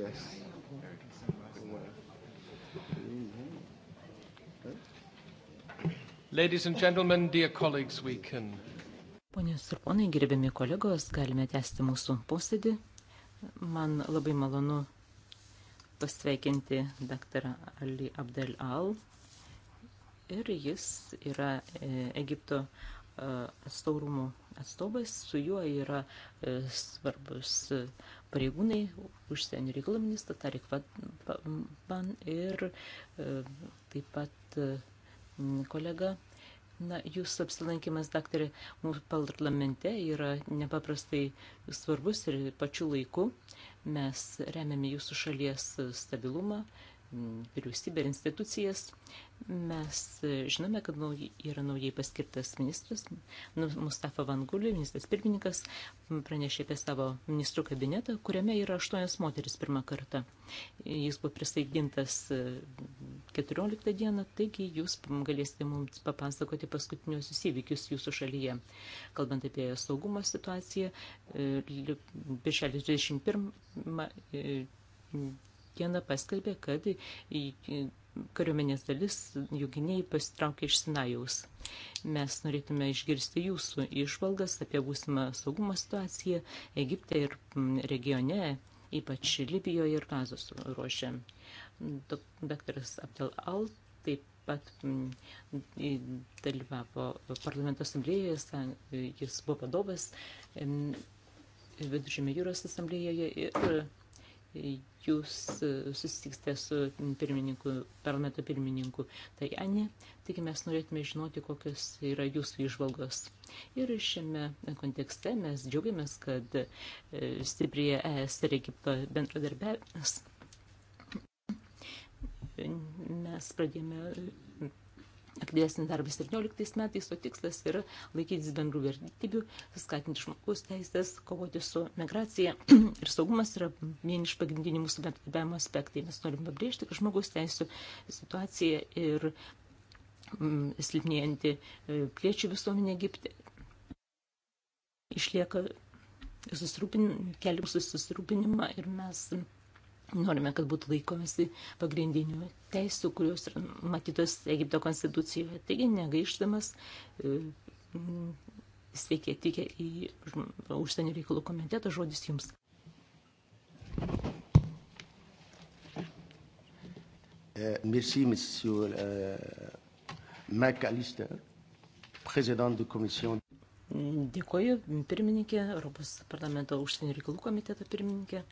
Yes. Ladies and gentlemen, dear colleagues, we can. Ponios ir ponai, gerbiami kolegos, galime tęsti mūsų posėdį. Man labai malonu pasveikinti daktarą Ali Abdel Al. Ir jis yra e, Egipto e, atstovų rūmų atstovas, su juo yra e, svarbus e, pareigūnai, užsienio reikalų ministras Tarik Van ir e, taip pat kolega. Na, jūsų apsilankimas, daktarė, mūsų parlamente yra nepaprastai svarbus ir pačiu laiku. Mes remiame jūsų šalies stabilumą, uh, vyriausybę ir institucijas. Mes žinome, kad nauji, yra naujai paskirtas ministras nu, Mustafa Vangulė, ministras pirmininkas, pranešė apie savo ministrų kabinetą, kuriame yra aštuonios moteris pirmą kartą. Jis buvo prisaigdintas 14 e, dieną, taigi jūs galėsite mums papasakoti paskutiniosius įvykius jūsų šalyje. Kalbant apie saugumo situaciją, e, birželio 21 dieną paskelbė, kad kariuomenės dalis jų gynėjai pasitraukė iš Sinajaus. Mes norėtume išgirsti jūsų išvalgas apie būsimą saugumo situaciją Egipte ir regione, ypač Libijoje ir Gazos ruošė. Daktaras Abdel Al taip pat dalyvavo parlamento asamblėjoje, jis buvo vadovas Viduržėmė jūros asamblėjoje ir jūs e, susitiksite su pirmininku, parlamento pirmininku Tajani, taigi mes norėtume žinoti, kokios yra jūsų išvalgos. Ir šiame kontekste mes džiaugiamės, kad e, stiprėja ES ir Egipto bendradarbiavimas. Mes pradėjome aktyvesnį darbą 17 metais, o tikslas yra laikytis bendrų vertybių, skatinti žmogus teisės, kovoti su migracija ir saugumas yra vieni iš pagrindinių mūsų bendradarbiavimo aspektai. Mes norim pabrėžti, kad žmogus teisų situacija ir mm, silpnėjanti e, piliečių visuomenė Egipte išlieka susirūpin, keliam susirūpinimą ir mes Norime, kad būtų laikomasi pagrindinių teisų, kurios yra matytos Egipto konstitucijoje. Taigi, negaišdamas, e, sveiki atvykę į užsienio reikalų komitetą, žodis jums. Eh, merci, monsieur eh, McAllister, président de commission. Dėkoju, pirmininkė, Europos parlamento užsienio reikalų komiteto pirmininkė.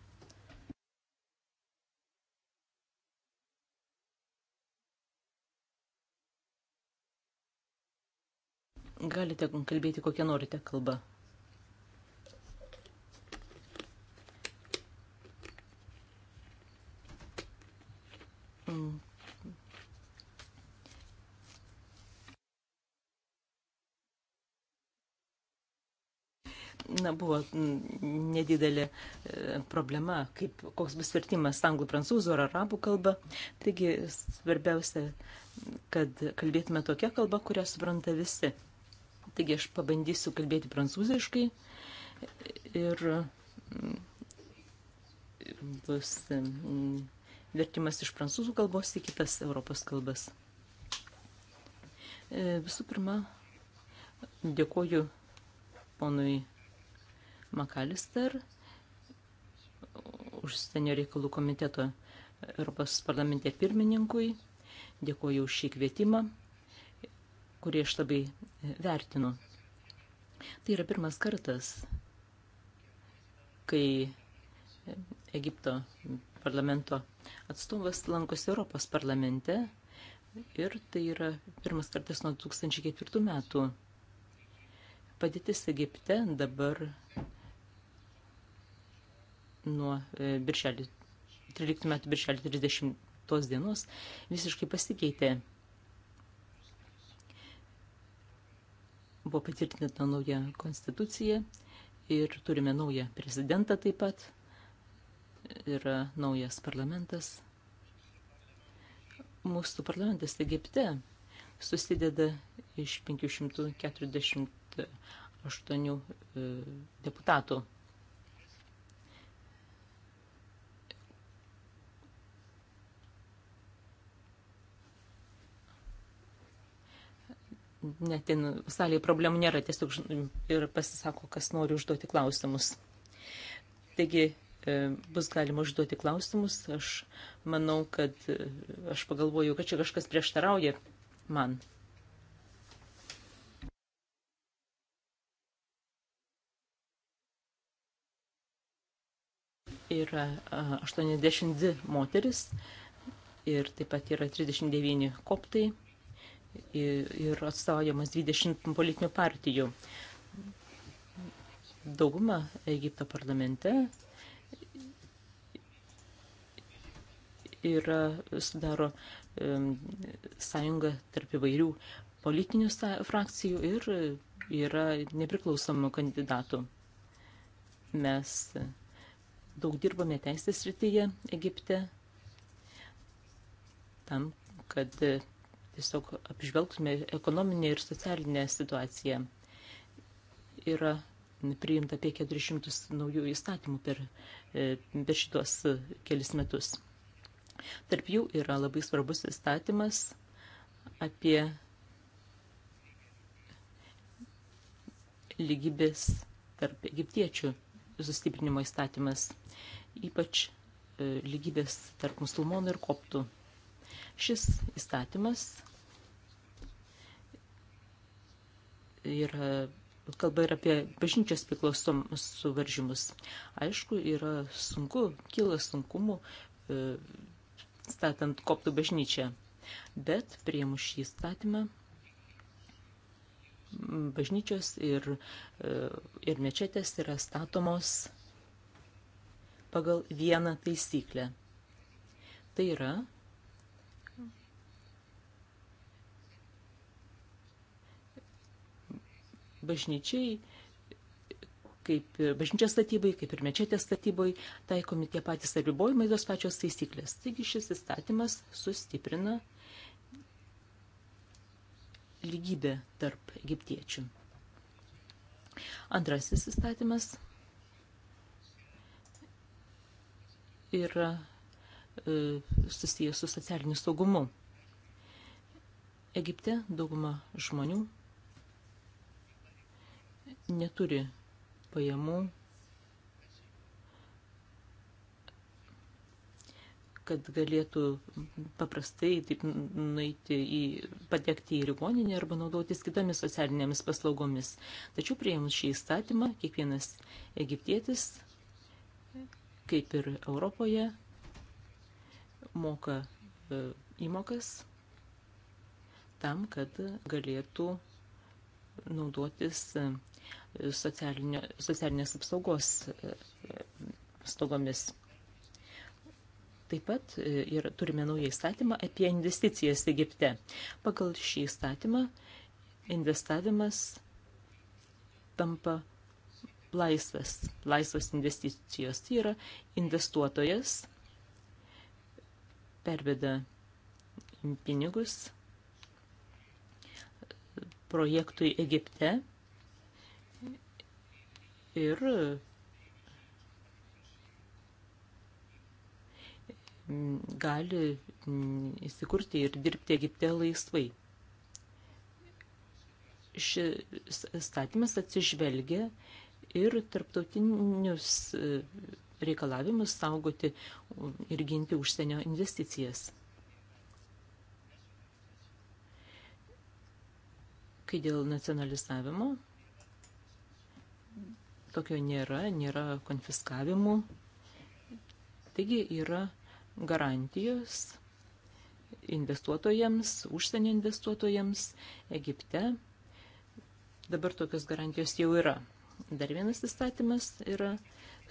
Galite kalbėti kokią norite kalbą. Na, buvo nedidelė e, problema, kaip, koks bus vertimas anglų, prancūzų ar arabų kalba. Taigi, svarbiausia, kad kalbėtume tokią kalbą, kurią supranta visi. Taigi aš pabandysiu kalbėti prancūziškai ir bus mm, vertimas iš prancūzų kalbos į kitas Europos kalbas. E, visų pirma, dėkoju ponui Makalister užsienio reikalų komiteto Europos parlamente pirmininkui. Dėkoju už šį kvietimą kurį aš labai e, vertinu. Tai yra pirmas kartas, kai e, Egipto parlamento atstovas lankosi Europos parlamente ir tai yra pirmas kartas nuo 2004 metų. Padėtis Egipte dabar nuo e, birželį, 13 metų birželį 30 dienos visiškai pasikeitė. Buvo patvirtinta nauja konstitucija ir turime naują prezidentą taip pat. Yra naujas parlamentas. Mūsų parlamentas Egipte susideda iš 548 e, deputatų net ten salėje problemų nėra, tiesiog ir pasisako, kas nori užduoti klausimus. Taigi e, bus galima užduoti klausimus. Aš manau, kad e, aš pagalvoju, kad čia kažkas prieštarauja man. Yra 82 moteris ir taip pat yra 39 koptai ir atstovaujamas 20 politinių partijų. Dauguma Egipto parlamente yra sudaro sąjunga tarp įvairių politinių frakcijų ir yra nepriklausomų kandidatų. Mes daug dirbame teisės rytyje Egipte tam, kad tiesiog apžvelgtume ekonominę ir socialinę situaciją. Yra priimta apie 400 naujų įstatymų per, e, per šitos e, kelis metus. Tarp jų yra labai svarbus įstatymas apie lygybės tarp egiptiečių sustiprinimo įstatymas, ypač e, lygybės tarp musulmonų ir koptų Šis įstatymas yra kalba ir apie bažnyčios priklausom suvaržymus. Aišku, yra sunku, kyla sunkumų e, statant koptų bažnyčią, bet prieimu šį statymą bažnyčios ir, e, ir mečetės yra statomos pagal vieną taisyklę. Tai yra bažnyčiai, kaip ir bažnyčios statybai, kaip ir mečetės statybai, taikomi tie patys apribojimai, tos pačios taisyklės. Taigi šis įstatymas sustiprina lygybę tarp egiptiečių. Antrasis įstatymas yra e, susijęs su socialiniu saugumu. Egipte dauguma žmonių neturi pajamų, kad galėtų paprastai taip nueiti į, patekti į ligoninę arba naudotis kitomis socialinėmis paslaugomis. Tačiau prieimus šį įstatymą, kiekvienas egiptietis, kaip ir Europoje, moka e, įmokas tam, kad galėtų naudotis e, socialinės apsaugos e, stogomis. Taip pat e, ir turime naują įstatymą apie investicijas Egipte. Pagal šį įstatymą investavimas tampa laisvas, laisvas investicijos. Tai yra investuotojas perveda pinigus projektui Egipte ir gali įsikurti ir dirbti Egipte laisvai. Šis statymas atsižvelgia ir tarptautinius reikalavimus saugoti ir ginti užsienio investicijas. Kai dėl nacionalizavimo tokio nėra, nėra konfiskavimų. Taigi yra garantijos investuotojams, užsienio investuotojams Egipte. Dabar tokios garantijos jau yra. Dar vienas įstatymas yra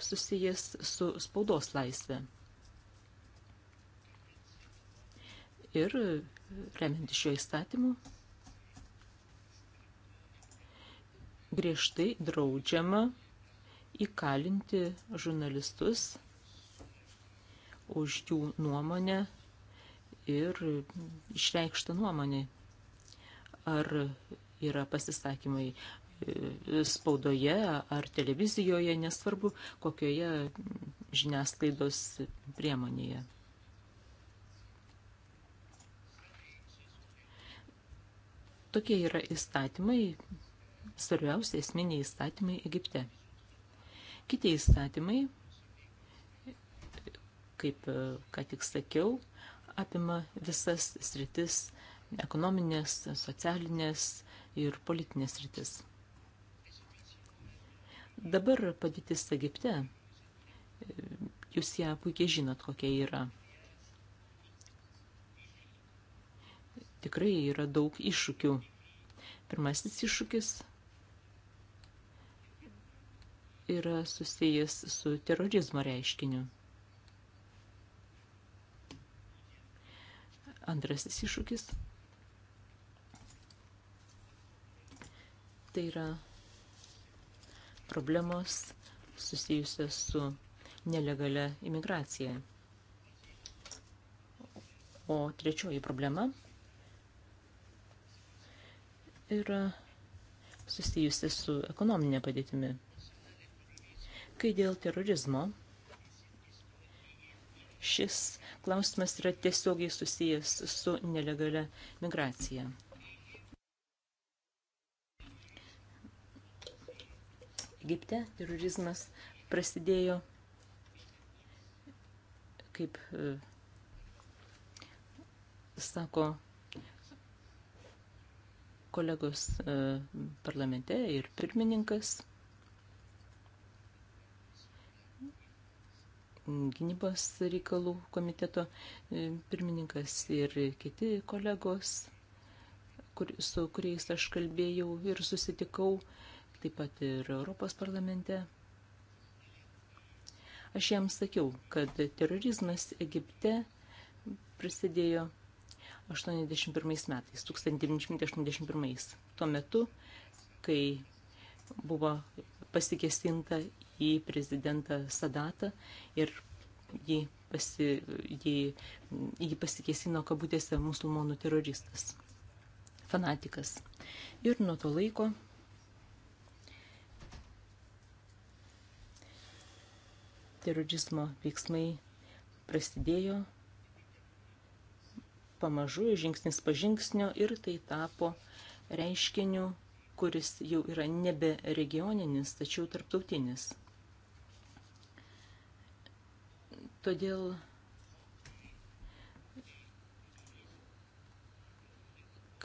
susijęs su spaudos laisvė. Ir remiant šio įstatymu, griežtai draudžiama įkalinti žurnalistus už jų nuomonę ir išreikštą nuomonę. Ar yra pasisakymai e, spaudoje ar televizijoje, nesvarbu, kokioje žiniasklaidos priemonėje. Tokie yra įstatymai, svarbiausia esminiai įstatymai Egipte. Kiti įstatymai, kaip e, ką tik sakiau, apima visas sritis - ekonominės, socialinės ir politinės sritis. Dabar padėtis Egipte, jūs ją puikiai žinot, kokia yra. Tikrai yra daug iššūkių. Pirmasis iššūkis yra susijęs su terorizmo reiškiniu. Antrasis iššūkis tai yra problemos susijusios su nelegalia imigracija. O trečioji problema yra susijusi su ekonominė padėtimi. Kai dėl terorizmo, šis klausimas yra tiesiogiai susijęs su nelegalia migracija. Egipte terorizmas prasidėjo kaip e, sako kolegos e, parlamente ir pirmininkas gynybos reikalų komiteto e, pirmininkas ir kiti kolegos, kur, su kuriais aš kalbėjau ir susitikau, taip pat ir Europos parlamente. Aš jam sakiau, kad terorizmas Egipte prasidėjo 81 metais, 1981. Tuo metu, kai buvo pasikesinta į prezidentą Sadatą ir jį, pasi, jį, jį pasikesino kabutėse musulmonų teroristas, fanatikas. Ir nuo to laiko terorizmo veiksmai prasidėjo pamažu, žingsnis po žingsnio ir tai tapo reiškiniu kuris jau yra nebe regioninis, tačiau tarptautinis. Todėl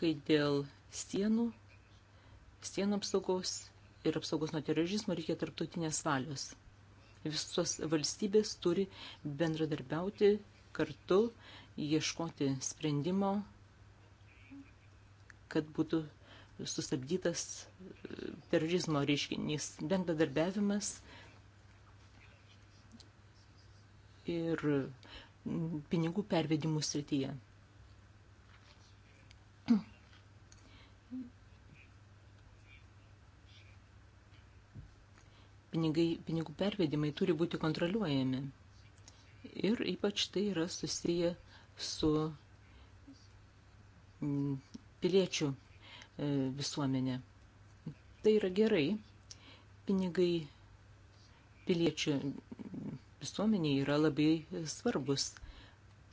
kai dėl sienų, sienų apsaugos ir apsaugos nuo terorizmo reikia tarptautinės valios. Visos valstybės turi bendradarbiauti kartu, ieškoti sprendimo, kad būtų sustabdytas e, terorizmo reiškinys, bendradarbiavimas ir pinigų pervedimų srityje. Pinigai, pinigų pervedimai turi būti kontroliuojami. Ir ypač tai yra susiję su piliečių E, visuomenę. Tai yra gerai. Pinigai piliečių visuomeniai yra labai svarbus,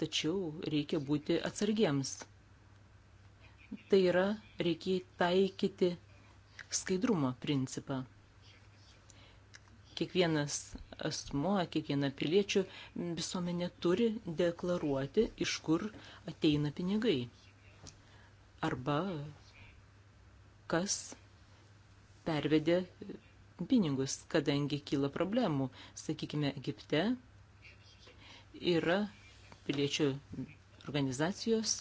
tačiau reikia būti atsargiems. Tai yra, reikia taikyti skaidrumo principą. Kiekvienas asmo, kiekviena piliečių visuomenė turi deklaruoti, iš kur ateina pinigai. Arba kas pervedė pinigus, kadangi kyla problemų. Sakykime, Egipte yra piliečių organizacijos,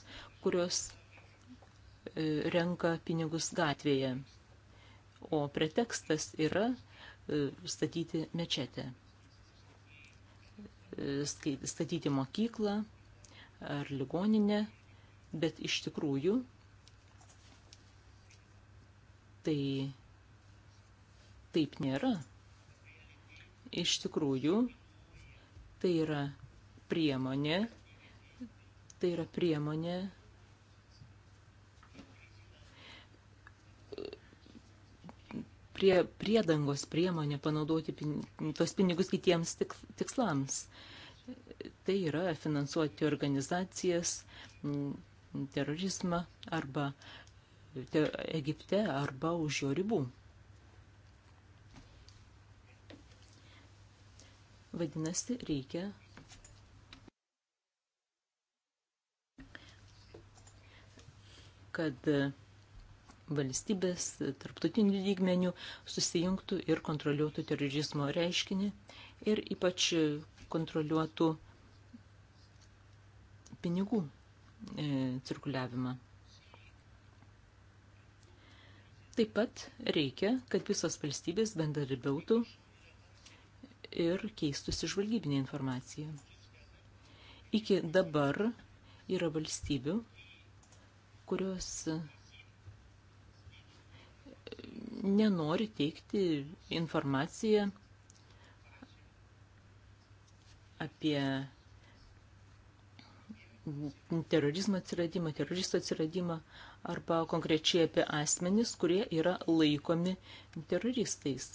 kurios e, renka pinigus gatvėje, o pretekstas yra e, statyti mečetę, e, statyti mokyklą ar ligoninę, bet iš tikrųjų Tai taip nėra. Iš tikrųjų, tai yra priemonė, tai yra priemonė prie priedangos priemonė panaudoti pin, tuos pinigus kitiems tik, tikslams. Tai yra finansuoti organizacijas, terorizmą arba Egipte arba už jo ribų. Vadinasi, reikia kad valstybės tarptautinių lygmenių susijungtų ir kontroliuotų terorizmo reiškinį ir ypač kontroliuotų pinigų e, cirkuliavimą. Taip pat reikia, kad visos valstybės bendradarbiautų ir keistųsi žvalgybinė informacija. Iki dabar yra valstybių, kurios nenori teikti informaciją apie terorizmo atsiradimą, teroristų atsiradimą arba konkrečiai apie asmenis, kurie yra laikomi teroristais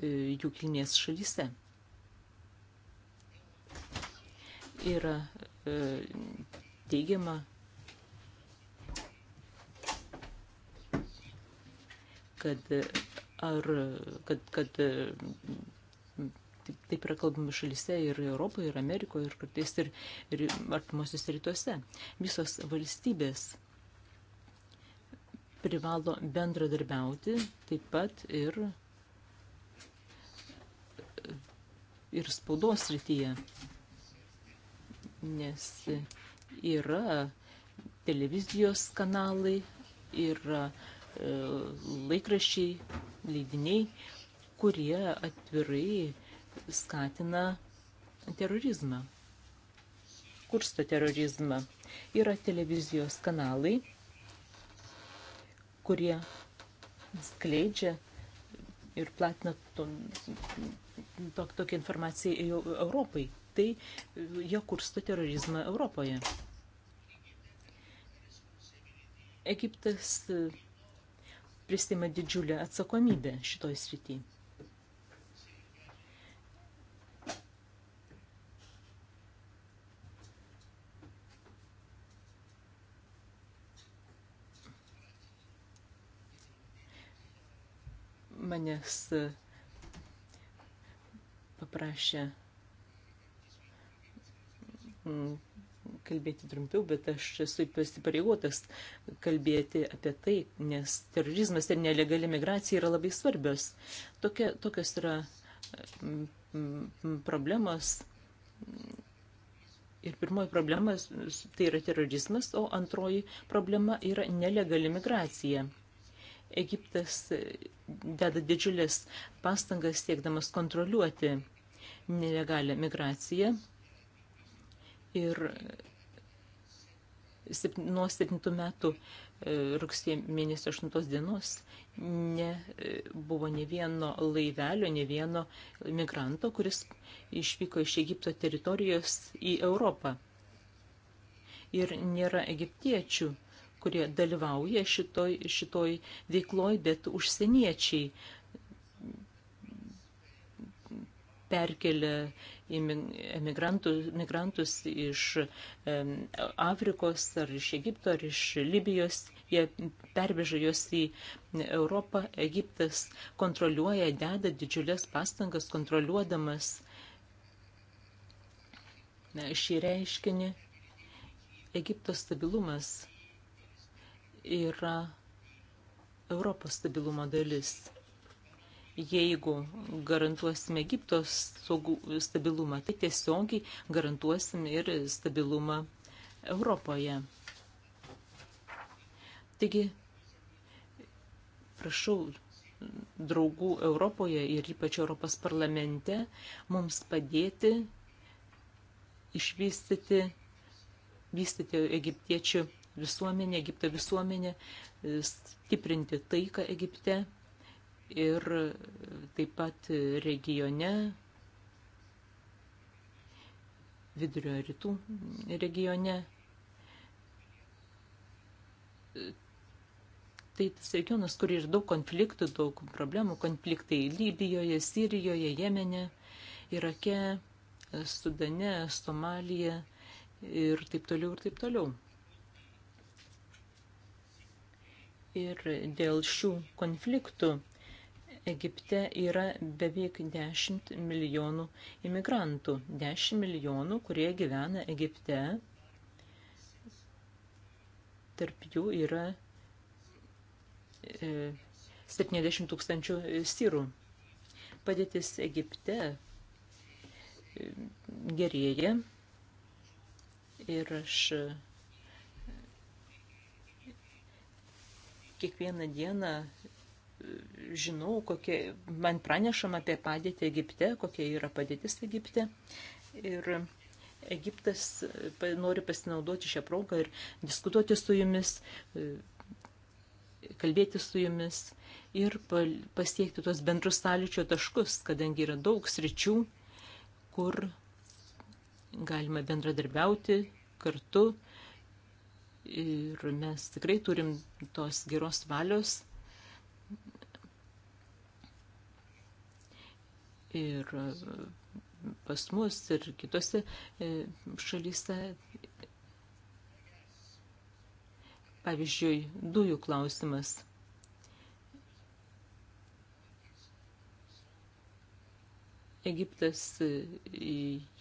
e, jų kilnės šalyse. Yra e, teigiama, kad, ar, kad, kad taip, taip yra kalbama šalyse ir Europoje, ir Amerikoje, ir kartais ir, ir artimuosiuose rytuose. Visos valstybės privalo bendradarbiauti taip pat ir, ir spaudos srityje, nes yra televizijos kanalai, yra e, laikraščiai, leidiniai, kurie atvirai skatina terorizmą, kursto terorizmą. Yra televizijos kanalai, kurie skleidžia ir platina to, to, tokią informaciją Europai. Tai jie kursto terorizmą Europoje. Egiptas prisima didžiulę atsakomybę šitoj srityje. žmonės e, paprašė mm, kalbėti trumpiau, bet aš esu pasipareigotas kalbėti apie tai, nes terorizmas ir nelegali migracija yra labai svarbios. Tokia, tokios yra mm, mm, problemos. Ir pirmoji problema tai yra terorizmas, o antroji problema yra nelegali migracija. Egiptas e, deda didžiulės pastangas siekdamas kontroliuoti nelegalią migraciją. Ir e, nuo 7 metų e, rugsėjo mėnesio 8 dienos ne, buvo ne vieno laivelio, ne vieno migranto, kuris išvyko iš Egipto teritorijos į Europą. Ir nėra egiptiečių, kurie dalyvauja šitoj, šitoj veikloj, bet užsieniečiai perkelia emigrantų, migrantus iš Afrikos ar iš Egipto ar iš Libijos, jie perveža juos į Europą, Egiptas kontroliuoja, deda didžiulės pastangas kontroliuodamas šį reiškinį. Egipto stabilumas yra Europos stabilumo dalis. Jeigu garantuosime Egipto stabilumą, tai tiesiogiai garantuosime ir stabilumą Europoje. Taigi, prašau draugų Europoje ir ypač Europos parlamente mums padėti išvystyti vystyti egiptiečių visuomenę, Egipto visuomenę, e, stiprinti taiką Egipte ir taip pat regione, vidurio rytų regione. Tai tas regionas, kur yra daug konfliktų, daug problemų, konfliktai Libijoje, Sirijoje, Jemene, Irake, Sudane, Somalija ir taip toliau ir taip toliau. Ir dėl šių konfliktų Egipte yra beveik 10 milijonų imigrantų. 10 milijonų, kurie gyvena Egipte. Tarp jų yra 70 e, tūkstančių sirų. Padėtis Egipte e, gerėja ir aš kiekvieną dieną e, žinau, kokie, man pranešama apie padėtį Egipte, kokia yra padėtis Egipte. Ir Egiptas e, nori pasinaudoti šią progą ir diskutuoti su jumis, e, kalbėti su jumis ir pasiekti tos bendrus sąlyčio taškus, kadangi yra daug sričių, kur galima bendradarbiauti kartu Ir mes tikrai turim tos geros valios. Ir pas mus ir kitose e, šalyse. Pavyzdžiui, dujų klausimas. Egiptas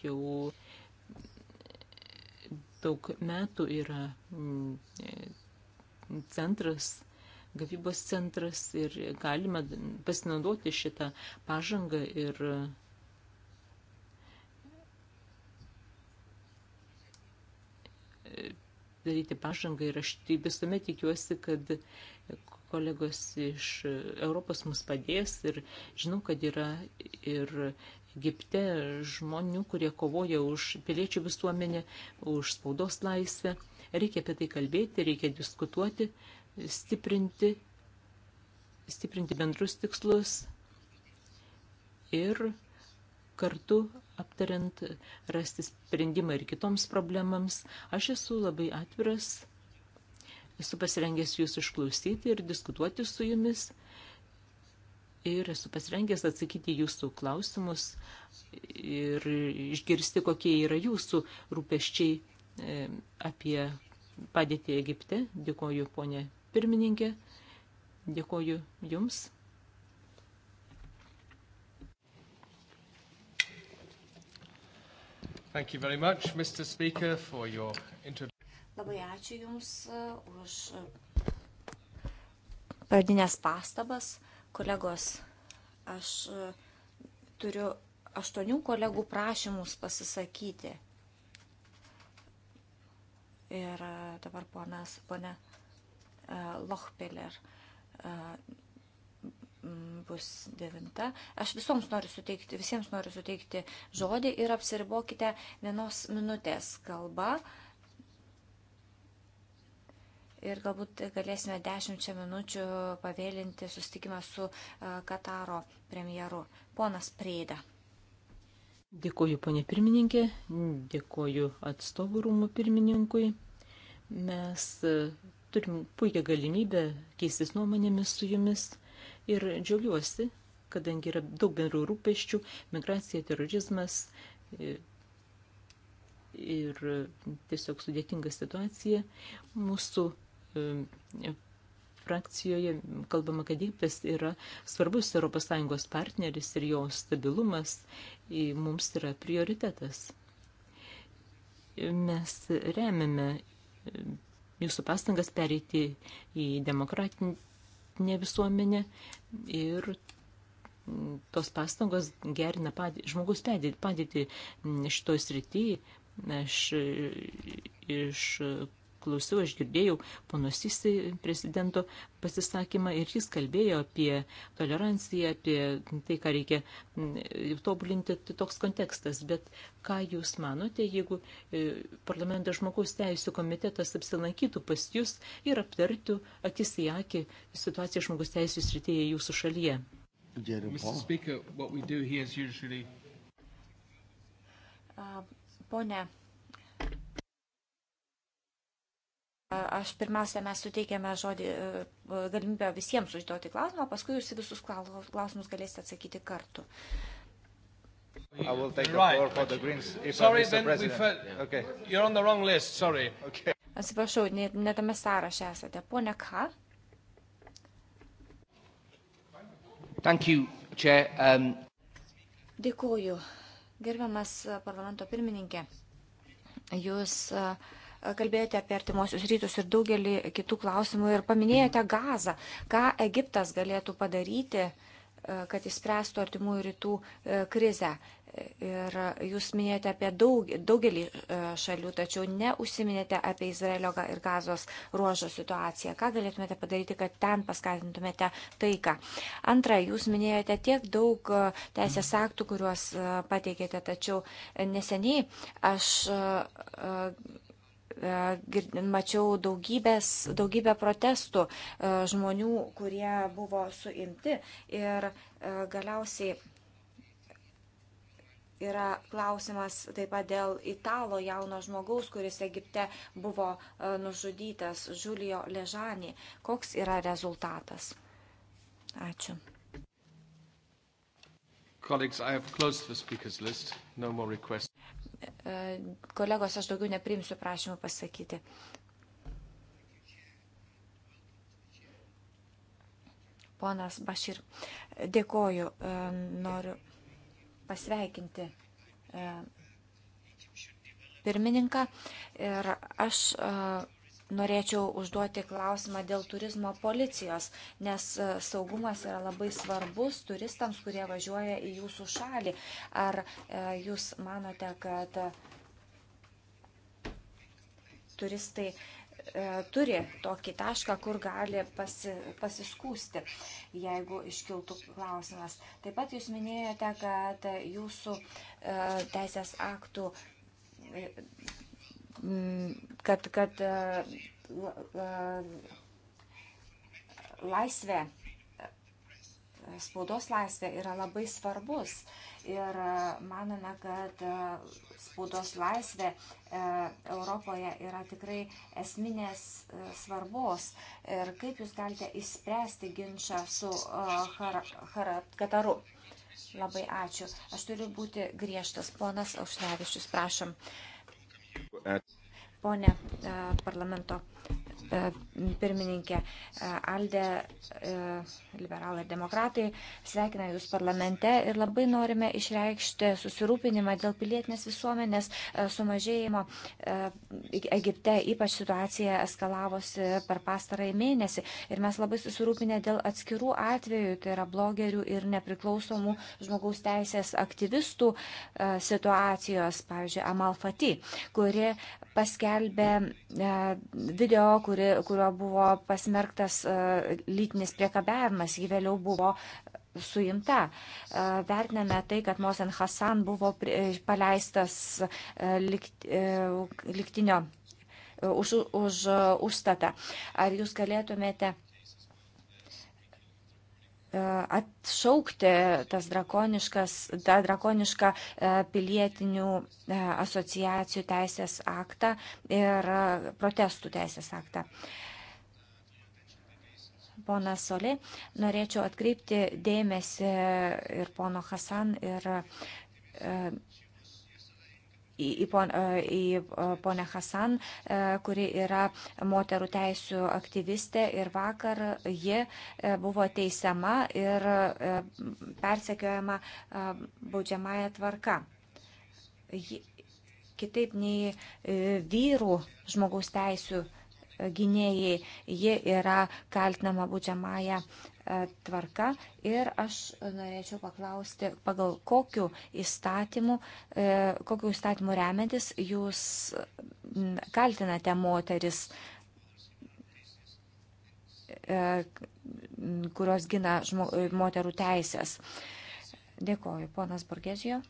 jau daug metų yra mm, centras, gavybos centras ir galime pasinaudoti šitą pažangą ir e, daryti pažangą ir aš tai visuomet tikiuosi, kad kolegos iš Europos mums padės ir žinau, kad yra ir Egipte žmonių, kurie kovoja už piliečių visuomenę, už spaudos laisvę. Reikia apie tai kalbėti, reikia diskutuoti, stiprinti, stiprinti bendrus tikslus ir kartu aptariant rasti sprendimą ir kitoms problemams. Aš esu labai atviras, esu pasirengęs jūs išklausyti ir diskutuoti su jumis ir esu pasirengęs atsakyti jūsų klausimus ir išgirsti, kokie yra jūsų rūpeščiai e, apie padėtį Egipte. Dėkoju, ponė pirmininkė. Dėkoju jums. Thank you very much, Mr. Speaker, for your introduction. Labai ačiū Jums e, už pradinės pastabas. Kolegos, aš e, turiu aštuonių kolegų prašymus pasisakyti. Ir e, dabar ponas, ponė e, Lochpiller bus devinta. Aš visoms noriu suteikti, visiems noriu suteikti žodį ir apsiribokite vienos minutės kalbą. Uh, ir galbūt galėsime dešimčia minučių pavėlinti susitikimą su e, Kataro premjeru. Ponas Prėda. Dėkoju, ponė pirmininkė, dėkoju atstovų rūmų pirmininkui. Mes e, turim puikią galimybę keistis nuomonėmis su jumis ir džiaugiuosi, kadangi yra daug bendrų rūpeščių - migracija, terorizmas e, ir tiesiog sudėtinga situacija. Mūsų E, frakcijoje kalbama, kad Egiptas yra svarbus ES partneris ir jo stabilumas mums yra prioritetas. Mes remiame e, jūsų pastangas pereiti į demokratinę visuomenę ir tos pastangos gerina padė, žmogus padėti, padėti šitoj srityje. Aš e, iš klausiau, aš girdėjau ponus Sisi prezidento pasisakymą ir jis kalbėjo apie toleranciją, apie tai, ką reikia tobulinti, tai toks kontekstas. Bet ką jūs manote, jeigu e, parlamento žmogaus teisų komitetas apsilankytų pas jūs ir aptartų akis į akį situaciją žmogaus teisų srityje jūsų šalyje? Speaker, usually... uh, pone Aš pirmiausia, mes suteikėme žodį, e, galimybę visiems užduoti klausimą, paskui jūs visus klausimus galėsite atsakyti kartu. I will take right. the floor for the Greens. If sorry, then we fell. Okay. You're on the wrong list, sorry. Okay. Atsiprašau, netame sąraše esate. Pone K. Thank you, Chair. Um... Dėkuoju. Gerbiamas e, parlamento pirmininkė, jūs uh, kalbėjote apie artimuosius rytus ir daugelį kitų klausimų ir paminėjote gazą. Ką Egiptas galėtų padaryti, e, kad įspręstų artimųjų rytų e, krizę? Ir jūs minėjote apie daug, daugelį e, šalių, tačiau neužsiminėte apie Izraelio ir gazos ruožo situaciją. Ką galėtumėte padaryti, kad ten paskatintumėte taiką? Antra, jūs minėjote tiek daug teisės aktų, kuriuos pateikėte, tačiau neseniai aš E, mačiau daugybės, daugybę protestų e, žmonių, kurie buvo suimti ir e, galiausiai yra klausimas taip pat dėl italo jauno žmogaus, kuris Egipte buvo nužudytas, Žulio Ležanį. Koks yra rezultatas? Ačiū. Colleagues, I have closed the speakers list. No more requests. E, kolegos, aš daugiau neprimsiu prašymų pasakyti. Ponas Bašir, dėkoju, e, noriu pasveikinti e, pirmininką ir aš norėčiau užduoti klausimą dėl turizmo policijos, nes e, saugumas yra labai svarbus turistams, kurie važiuoja į jūsų šalį. Ar e, jūs manote, kad turistai e, turi tokį tašką, kur gali pasi, pasiskūsti, jeigu iškiltų klausimas. Taip pat jūs minėjote, kad jūsų teisės aktų Mm, kad, kad e, e, laisvė, e, spaudos laisvė yra labai svarbus. Ir manome, kad spaudos laisvė Europoje yra tikrai esminės svarbos. Ir kaip jūs galite išspręsti ginčą su Kataru? Labai ačiū. Aš turiu būti griežtas. Ponas Aušnevičius, prašom. Uh, Pone e, parlamento E, pirmininkė. E, Alde, e, liberalai ir demokratai, sveikina Jūs parlamente ir labai norime išreikšti susirūpinimą dėl pilietinės visuomenės sumažėjimo Egipte. Ypač situacija eskalavosi per pastarąjį mėnesį ir mes labai susirūpinę dėl atskirų atvejų, tai yra blogerių ir nepriklausomų žmogaus teisės aktyvistų situacijos, pavyzdžiui, Amalfati, kuri paskelbė e, video, kuri, kurio buvo pasmerktas e, lytinis priekabiavimas, ji vėliau buvo suimta. E, vertiname tai, kad Mosen Hassan buvo paleistas liktinio už, už užstatą. Ar jūs galėtumėte E, atšaukti tas drakoniškas, tą drakonišką e, pilietinių e, asociacijų teisės aktą ir protestų teisės aktą. Pona Solė, norėčiau atkreipti dėmesį ir pono Hasan ir į, į, pon, e, į e, ponę Hasan, e, kuri yra moterų teisų aktyvistė ir vakar ji buvo teisiama ir persekiojama baudžiamąją tvarką. Kitaip nei vyrų žmogaus teisų gynėjai, ji yra kaltinama būdžiamąją E, tvarka ir aš norėčiau paklausti, pagal kokiu įstatymu, e, kokiu įstatymu remiantis jūs kaltinate moteris e, kurios gina žmo, moterų teisės. Dėkoju, ponas Borgesijo.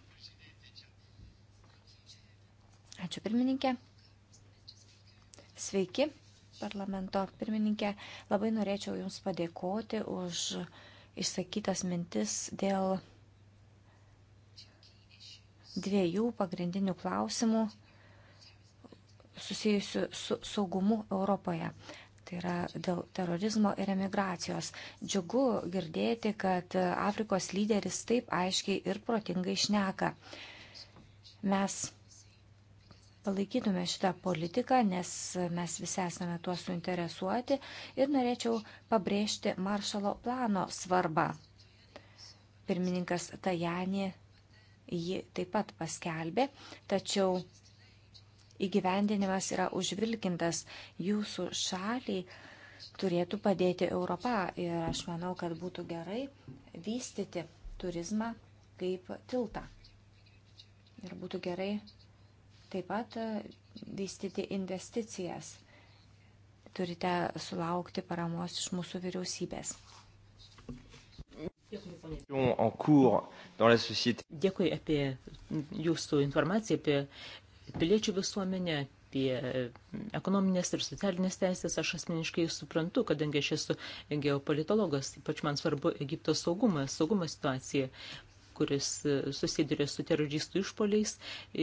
Ačiū pirmininkė. Sveiki parlamento pirmininkė, labai norėčiau Jums padėkoti už išsakytas mintis dėl dviejų pagrindinių klausimų susijusių su saugumu Europoje. Tai yra dėl terorizmo ir emigracijos. Džiugu girdėti, kad Afrikos lyderis taip aiškiai ir protingai šneka. Mes palaikytume šitą politiką, nes mes visi esame tuo suinteresuoti ir norėčiau pabrėžti maršalo plano svarbą. Pirmininkas Tajani jį taip pat paskelbė, tačiau įgyvendinimas yra užvilkintas jūsų šaliai turėtų padėti Europa ir aš manau, kad būtų gerai vystyti turizmą kaip tiltą. Ir būtų gerai Taip pat e, vystyti investicijas. Turite sulaukti paramos iš mūsų vyriausybės. Dėkui apie jūsų informaciją apie piliečių visuomenę, apie ekonominės ir socialinės teisės aš asmeniškai suprantu, kadangi aš esu geopolitologas, ypač man svarbu Egipto saugumas, saugumo situacija kuris e, susiduria su teroristų išpoliais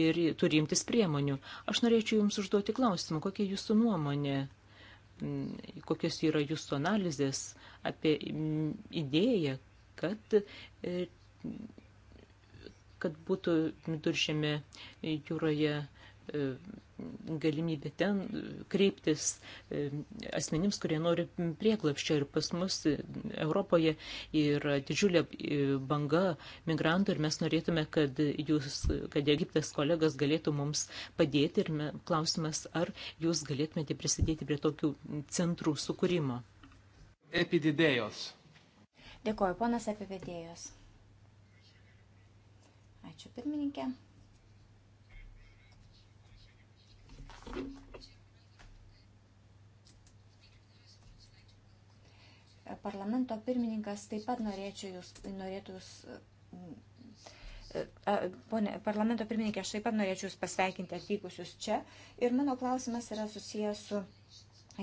ir turi imtis priemonių. Aš norėčiau Jums užduoti klausimą, kokia Jūsų nuomonė, kokios yra Jūsų analizės apie idėją, kad e, kad būtų viduržėme jūroje E, galimybė ten kreiptis e, asmenims, kurie nori prieklapščio ir pas mus Europoje yra didžiulė e, banga migrantų ir mes norėtume, kad jūs, kad Egiptas kolegas galėtų mums padėti ir klausimas, ar jūs galėtumėte prisidėti prie tokių centrų sukūrimo. Epididėjos. Dėkuoju, ponas Epididėjos. Ačiū pirmininkė. Parlamento pirmininkas taip pat norėčiau jūs, norėtų jūs mm, Pone, parlamento pirmininkė, aš taip pat norėčiau Jūs pasveikinti atvykusius čia. Ir mano klausimas yra susijęs su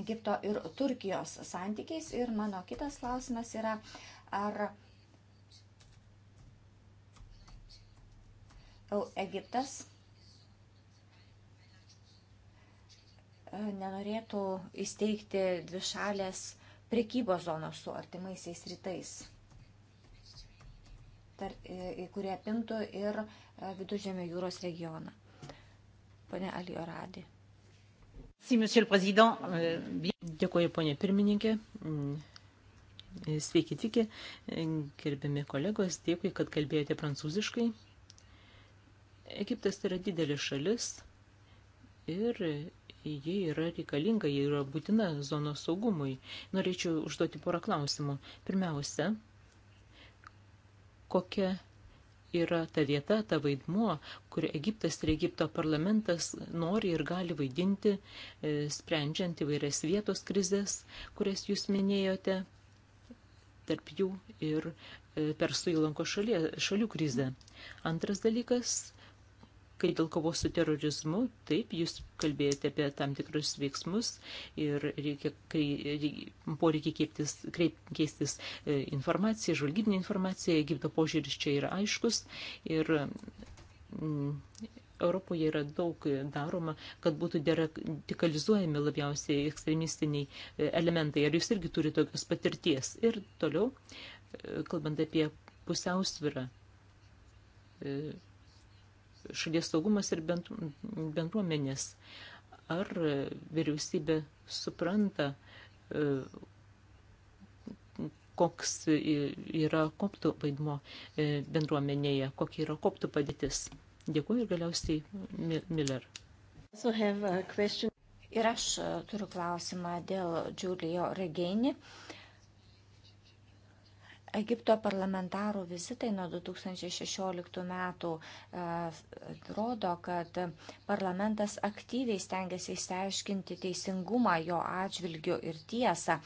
Egipto ir Turkijos santykiais. Ir mano kitas klausimas yra, ar Egiptas nenorėtų įsteigti dvišalės prekybos zonos su artimaisiais rytais, tar, kurie apimtų ir e, Viduržėmio jūros regioną. Pone Alioradį. Euh, Dėkuoju, ponė pirmininkė. Mm, sveiki tiki, gerbiami kolegos, dėkui, kad kalbėjote prancūziškai. Egiptas yra didelis šalis ir ji yra reikalinga, ji yra būtina zonos saugumui. Norėčiau užduoti porą klausimų. Pirmiausia, kokia yra ta vieta, ta vaidmuo, kur Egiptas ir Egipto parlamentas nori ir gali vaidinti, e, sprendžiant įvairias vietos krizės, kurias jūs minėjote, tarp jų ir e, Persų įlanko šalių krizę. Antras dalykas kai dėl kovos su terorizmu, taip, jūs kalbėjote apie tam tikrus veiksmus ir reikia, kai, poreikia keiptis, kreip, keistis informaciją, žvalgybinę informaciją, Egipto požiūris čia yra aiškus ir mm, Europoje yra daug daroma, kad būtų deradikalizuojami labiausiai ekstremistiniai e, elementai. Ar jūs irgi turite tokios patirties? Ir toliau, e, kalbant apie pusiausvyrą. E, šalies saugumas ir bendruomenės. Ar vyriausybė supranta, e, koks yra koptų vaidmo e, bendruomenėje, kokia yra koptų padėtis? Dėkuoju ir galiausiai Miller. Ir aš e, turiu klausimą dėl Giulio Regeni. Uh, Egipto parlamentarų vizitai nuo 2016 metų e, rodo, kad parlamentas aktyviai stengiasi įsiaiškinti teisingumą jo atžvilgiu ir tiesą.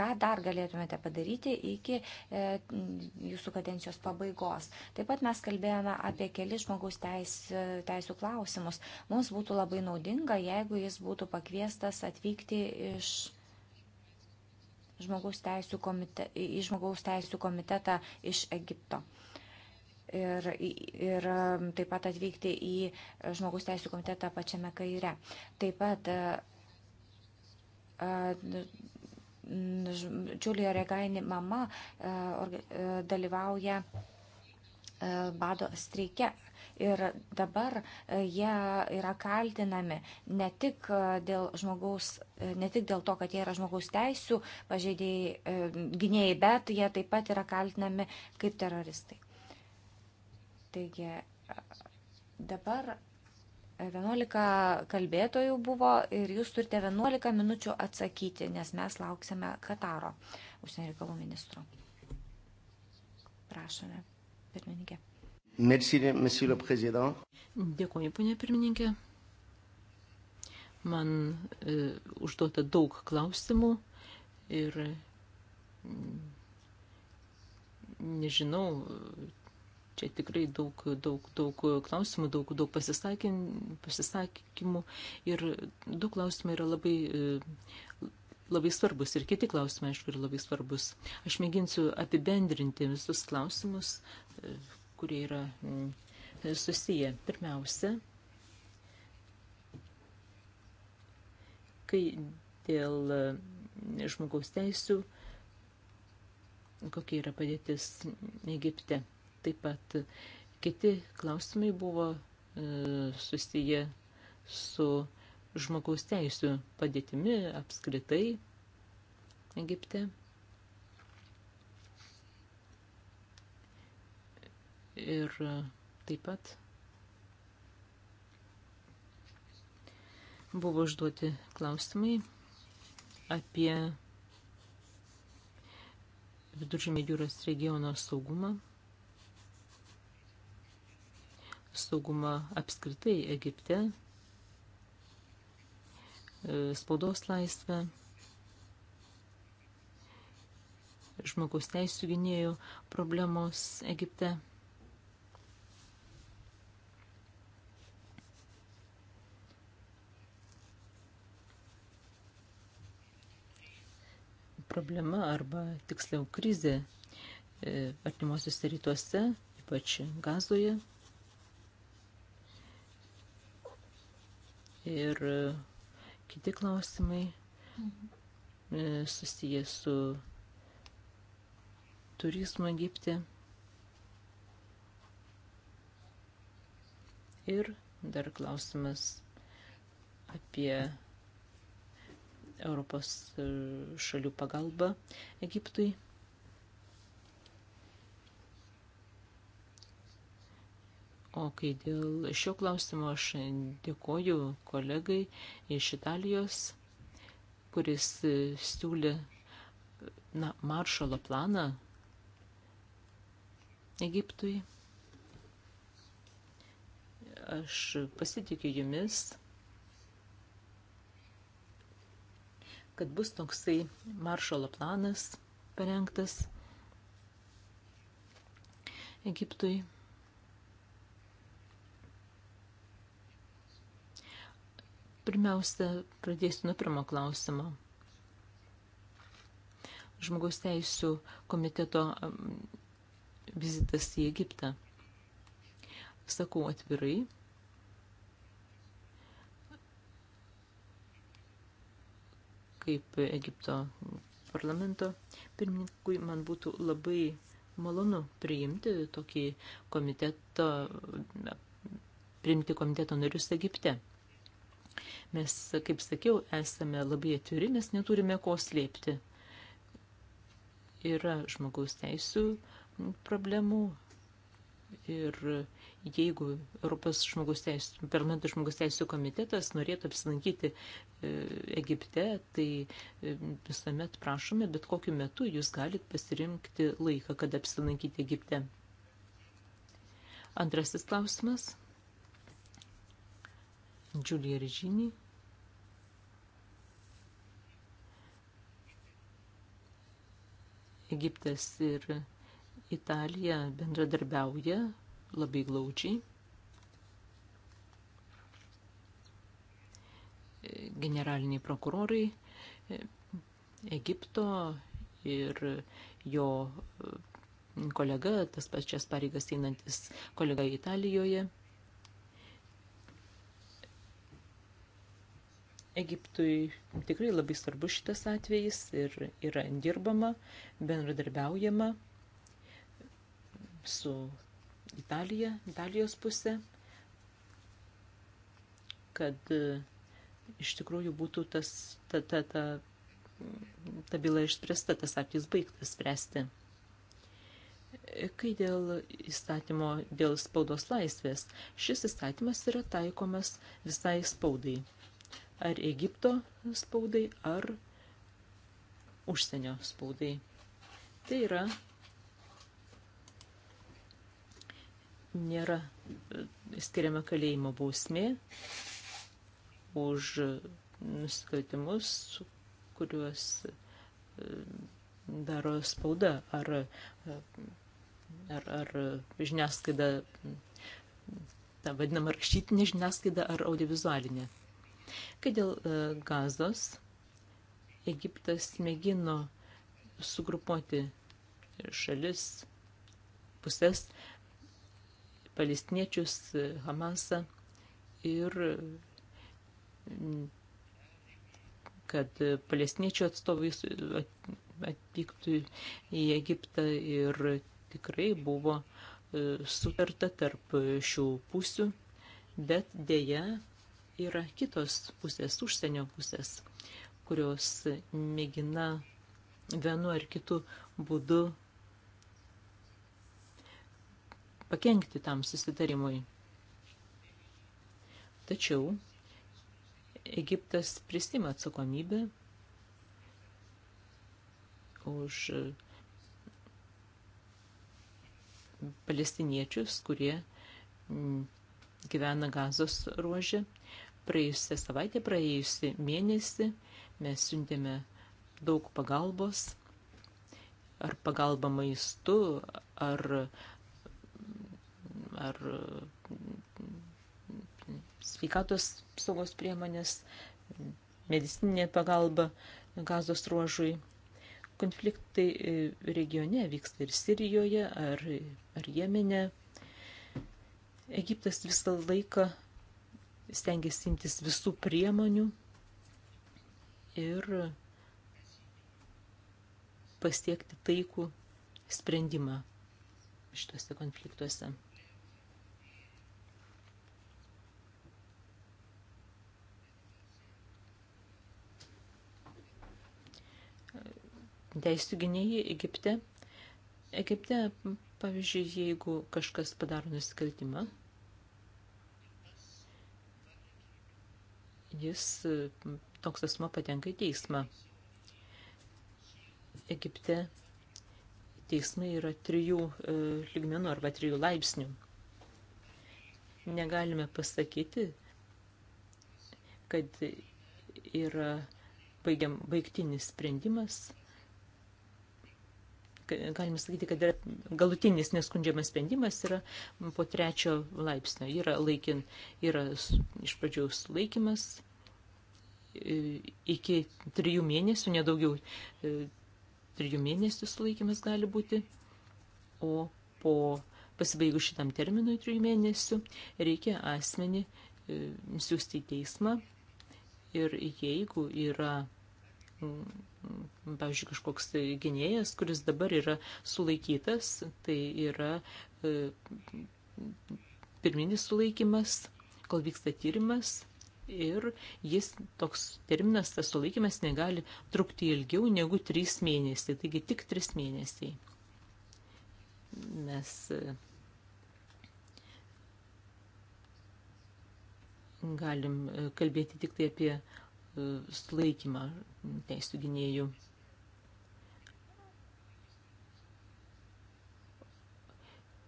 Ką dar galėtumėte padaryti iki e, jūsų kadencijos pabaigos? Taip pat mes kalbėjome apie keli žmogaus teis, e, teisų klausimus. Mums būtų labai naudinga, jeigu jis būtų pakviestas atvykti iš žmogaus teisų komite, į žmogaus teisų komitetą iš Egipto. Ir, ir um, taip pat atvykti į žmogaus teisų komitetą pačiame kaire. Taip pat Džiulija Regaini mama dalyvauja bado streike Ir dabar e, jie yra kaltinami ne tik e, dėl, žmogaus, e, ne tik dėl to, kad jie yra žmogaus teisų pažeidėjai, gynėjai, bet jie taip pat yra kaltinami kaip teroristai. Taigi dabar 11 kalbėtojų buvo ir jūs turite 11 minučių atsakyti, nes mes lauksime Kataro užsienio reikalų ministro. Prašome, pirmininkė. Merci, monsieur le président. Dėkuoju, ponė pirmininkė. Man e, užduota daug klausimų ir mm, nežinau, čia tikrai daug, daug, daug klausimų, daug, daug pasisakymų ir du klausimai yra labai, e, labai svarbus ir kiti klausimai, aišku, yra labai svarbus. Aš mėginsiu apibendrinti visus klausimus, e, kurie yra mm, susiję. Pirmiausia, kai dėl mm, žmogaus teisų, kokia yra padėtis Egipte. Taip pat kiti klausimai buvo e, susiję su žmogaus teisų padėtimi apskritai Egipte. ir e, taip pat buvo užduoti klausimai apie Viduržėmė jūros regiono saugumą, saugumą apskritai Egipte, e, spaudos laisvę, žmogaus teisų gynėjų problemos Egipte. problema arba tiksliau krizė e, artimuosiuose rytuose, ypač gazoje. Ir e, kiti klausimai e, susiję su turizmu Egipte. Ir dar klausimas apie Europos e, šalių pagalba Egiptui. O kai dėl šio klausimo aš dėkoju kolegai iš Italijos, kuris siūlė na, maršalo planą Egiptui. Aš pasitikiu jumis. kad bus toksai maršalo planas parengtas Egiptui. Pirmiausia, pradėsiu nuo pirmo klausimo. Žmogaus teisų komiteto um, vizitas į Egiptą. Sakau atvirai, kaip Egipto parlamento pirmininkui, man būtų labai malonu priimti tokį komiteto, priimti komiteto narius Egipte. Mes, kaip sakiau, esame labai atviri, mes neturime ko slėpti. Yra žmogaus teisų problemų, Ir jeigu Europos žmogus teisų, parlamento žmogus teisų komitetas norėtų apsilankyti e, Egipte, tai e, visuomet prašome, bet kokiu metu jūs galit pasirinkti laiką, kada apsilankyti Egipte. Antrasis klausimas. Džiulija Režinį. Egiptas ir Italija bendradarbiauja labai glaudžiai. Generaliniai prokurorai e, Egipto ir jo e, kolega, tas pačias pareigas einantis kolega Italijoje. Egiptui tikrai labai svarbu šitas atvejis ir yra dirbama, bendradarbiaujama su Italija, Italijos pusė, kad e, iš tikrųjų būtų tas, ta, ta, ta, ta byla išspręsta, tas atvejis baigtas spręsti. E, kai dėl įstatymo, dėl spaudos laisvės, šis įstatymas yra taikomas visai spaudai. Ar Egipto spaudai, ar užsienio spaudai. Tai yra nėra e, skiriama kalėjimo bausmė už nusikaltimus, kuriuos e, daro spauda ar, e, ar, ar žiniasklaida, ta vadinama rašytinė žiniasklaida ar audiovizualinė. Kai dėl gazos Egiptas mėgino sugrupuoti šalis pusės, palestiniečius, Hamasą ir mm, kad palestiniečių atstovai atvyktų į Egiptą ir tikrai buvo e, sutarta tarp šių pusių, bet dėja yra kitos pusės, užsienio pusės, kurios mėgina vienu ar kitu būdu pakengti tam susitarimui. Tačiau Egiptas prisima atsakomybę už palestiniečius, kurie mm, gyvena gazos ruožė. Praėjusią savaitę, praėjusią mėnesį mes siuntėme daug pagalbos, ar pagalba maistu, ar ar sveikatos saugos priemonės, medicininė pagalba gazos ruožui. Konfliktai e, regione vyksta ir Sirijoje, ar, ar Jemene. Egiptas visą laiką stengiasi imtis visų priemonių ir pasiekti taikų sprendimą šituose konfliktuose. teisų gynėjai Egipte. Egipte, pavyzdžiui, jeigu kažkas padaro nusikaltimą, jis toks asmo patenka į teismą. Egipte teismai yra trijų e, lygmenų arba trijų laipsnių. Negalime pasakyti, kad yra baigiam, baigtinis sprendimas galime sakyti, kad yra galutinis neskundžiamas sprendimas yra po trečio laipsnio. Yra, laikin, yra iš pradžių sulaikimas iki trijų mėnesių, nedaugiau trijų mėnesių sulaikimas gali būti, o po pasibaigus šitam terminui trijų mėnesių reikia asmenį siūsti į teismą ir jeigu yra Mm, pavyzdžiui, kažkoks tai gynėjas, kuris dabar yra sulaikytas, tai yra e, pirminis sulaikimas, kol vyksta tyrimas ir jis toks terminas, tas sulaikimas negali trukti ilgiau negu 3 mėnesiai, taigi tik 3 mėnesiai. Mes e, galim e, kalbėti tik tai apie sulaikymą teisų gynėjų.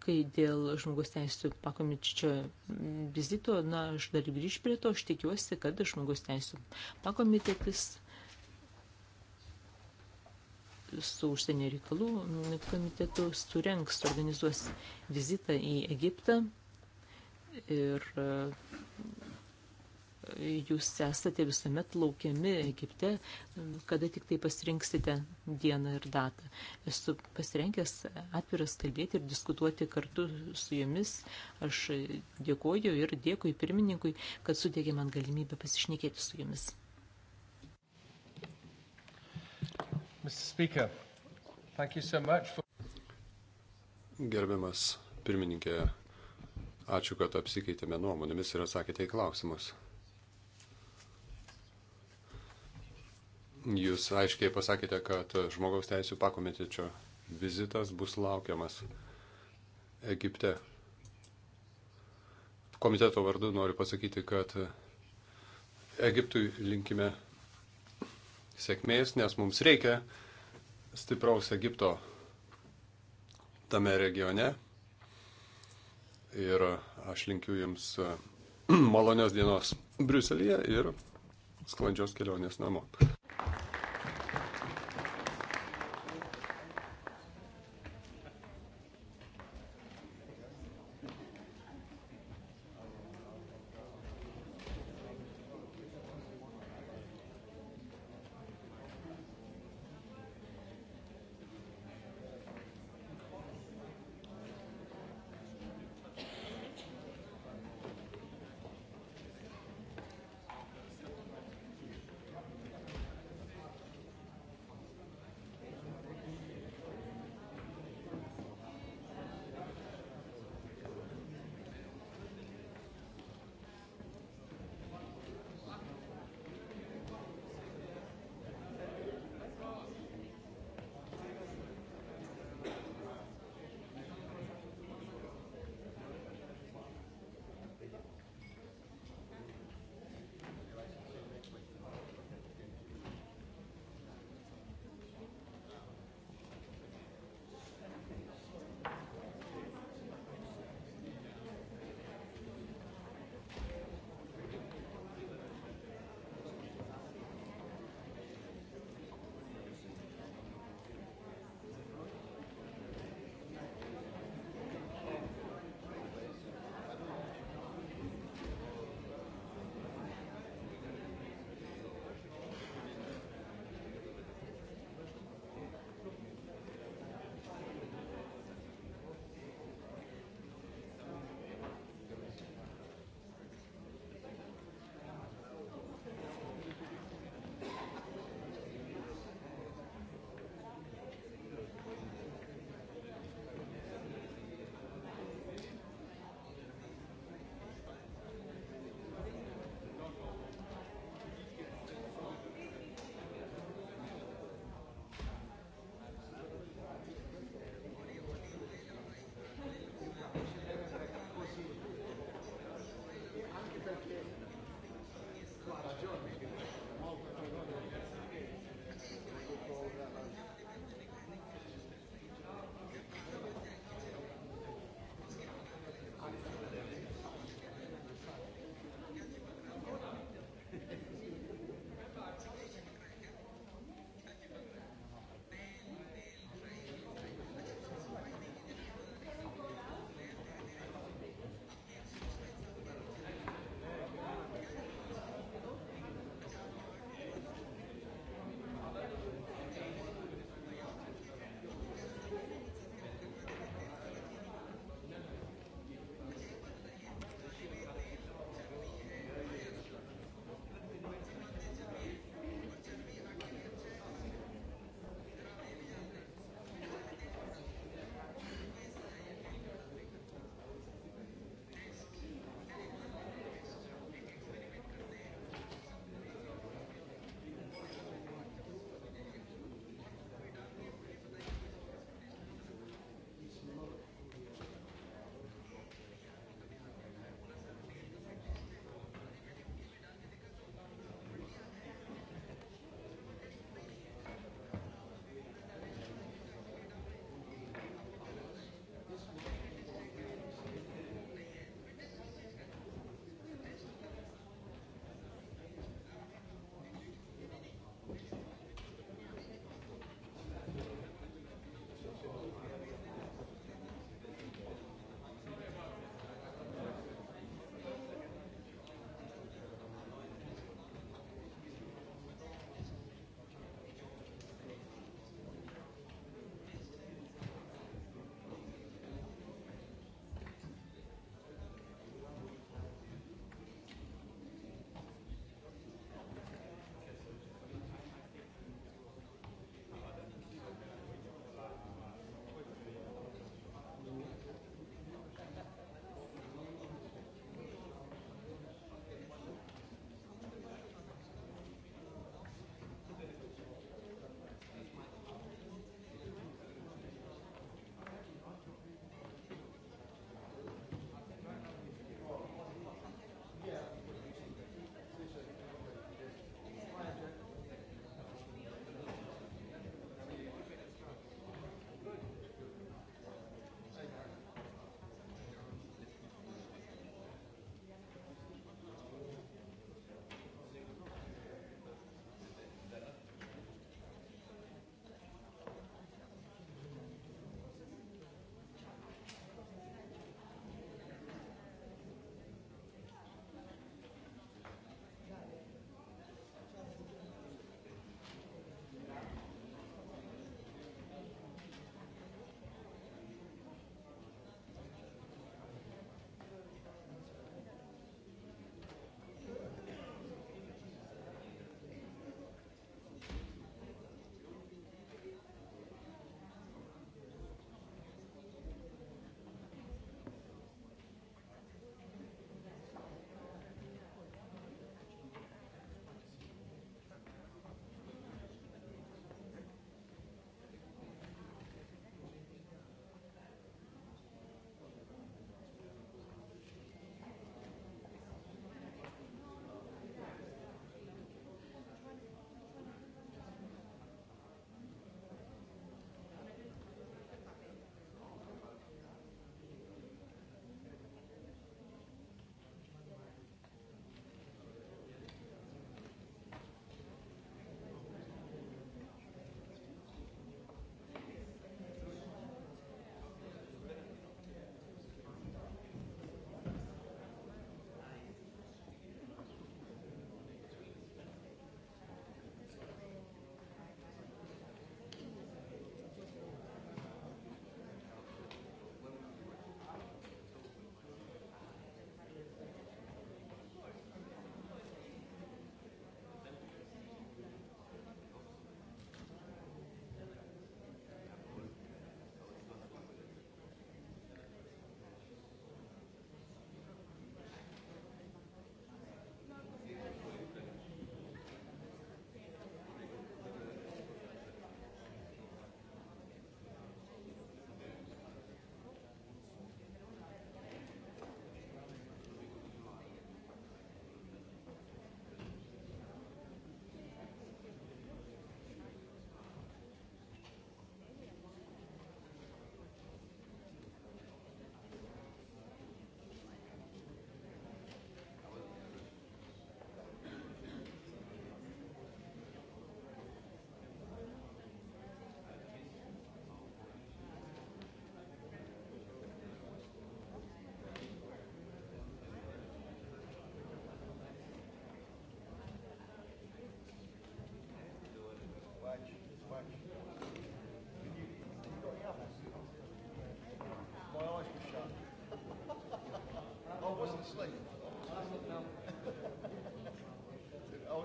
Kai dėl žmogus teisų pakomitečio vizito, na, aš dar grįžtu prie to, aš tikiuosi, kad žmogus teisų pakomitetis su užsienio reikalų komitetu surenks, organizuos vizitą į Egiptą ir jūs esate visuomet laukiami Egipte, kada tik tai pasirinksite dieną ir datą. Esu pasirinkęs atviras kalbėti ir diskutuoti kartu su jumis. Aš dėkoju ir dėkui pirmininkui, kad suteikė man galimybę pasišnekėti su jumis. So for... Gerbiamas pirmininkė, ačiū, kad apsikeitėme nuomonėmis ir atsakėte į klausimus. Jūs aiškiai pasakėte, kad žmogaus teisų pakomitečio vizitas bus laukiamas Egipte. Komiteto vardu noriu pasakyti, kad Egiptui linkime sėkmės, nes mums reikia stipraus Egipto tame regione. Ir aš linkiu Jums malonios dienos Briuselėje ir sklandžios kelionės namo.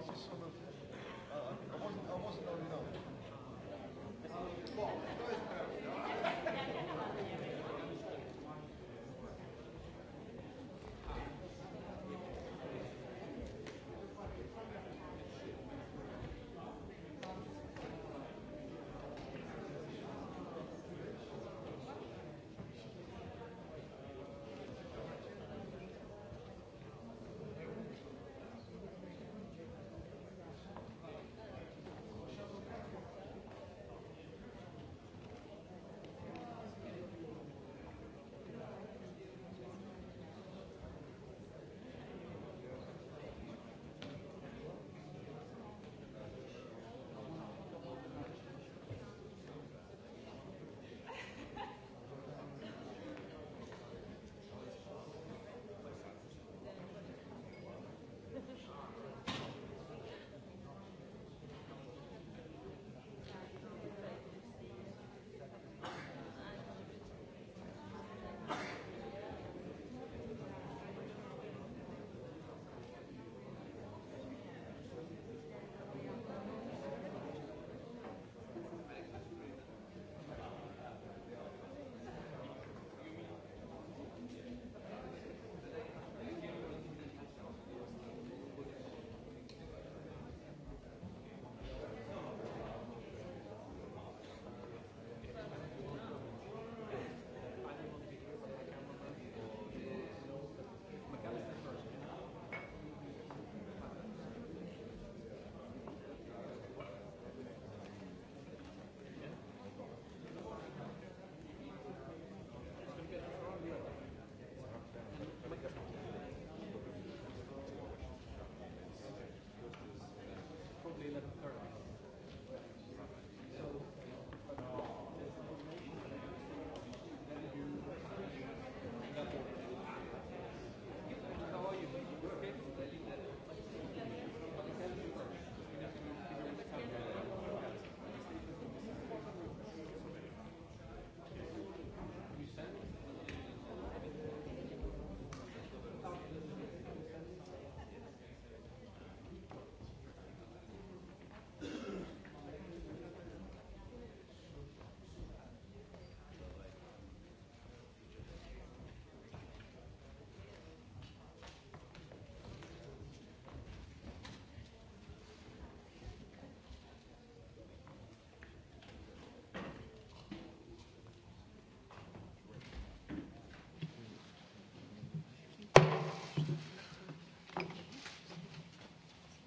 Thank you so much.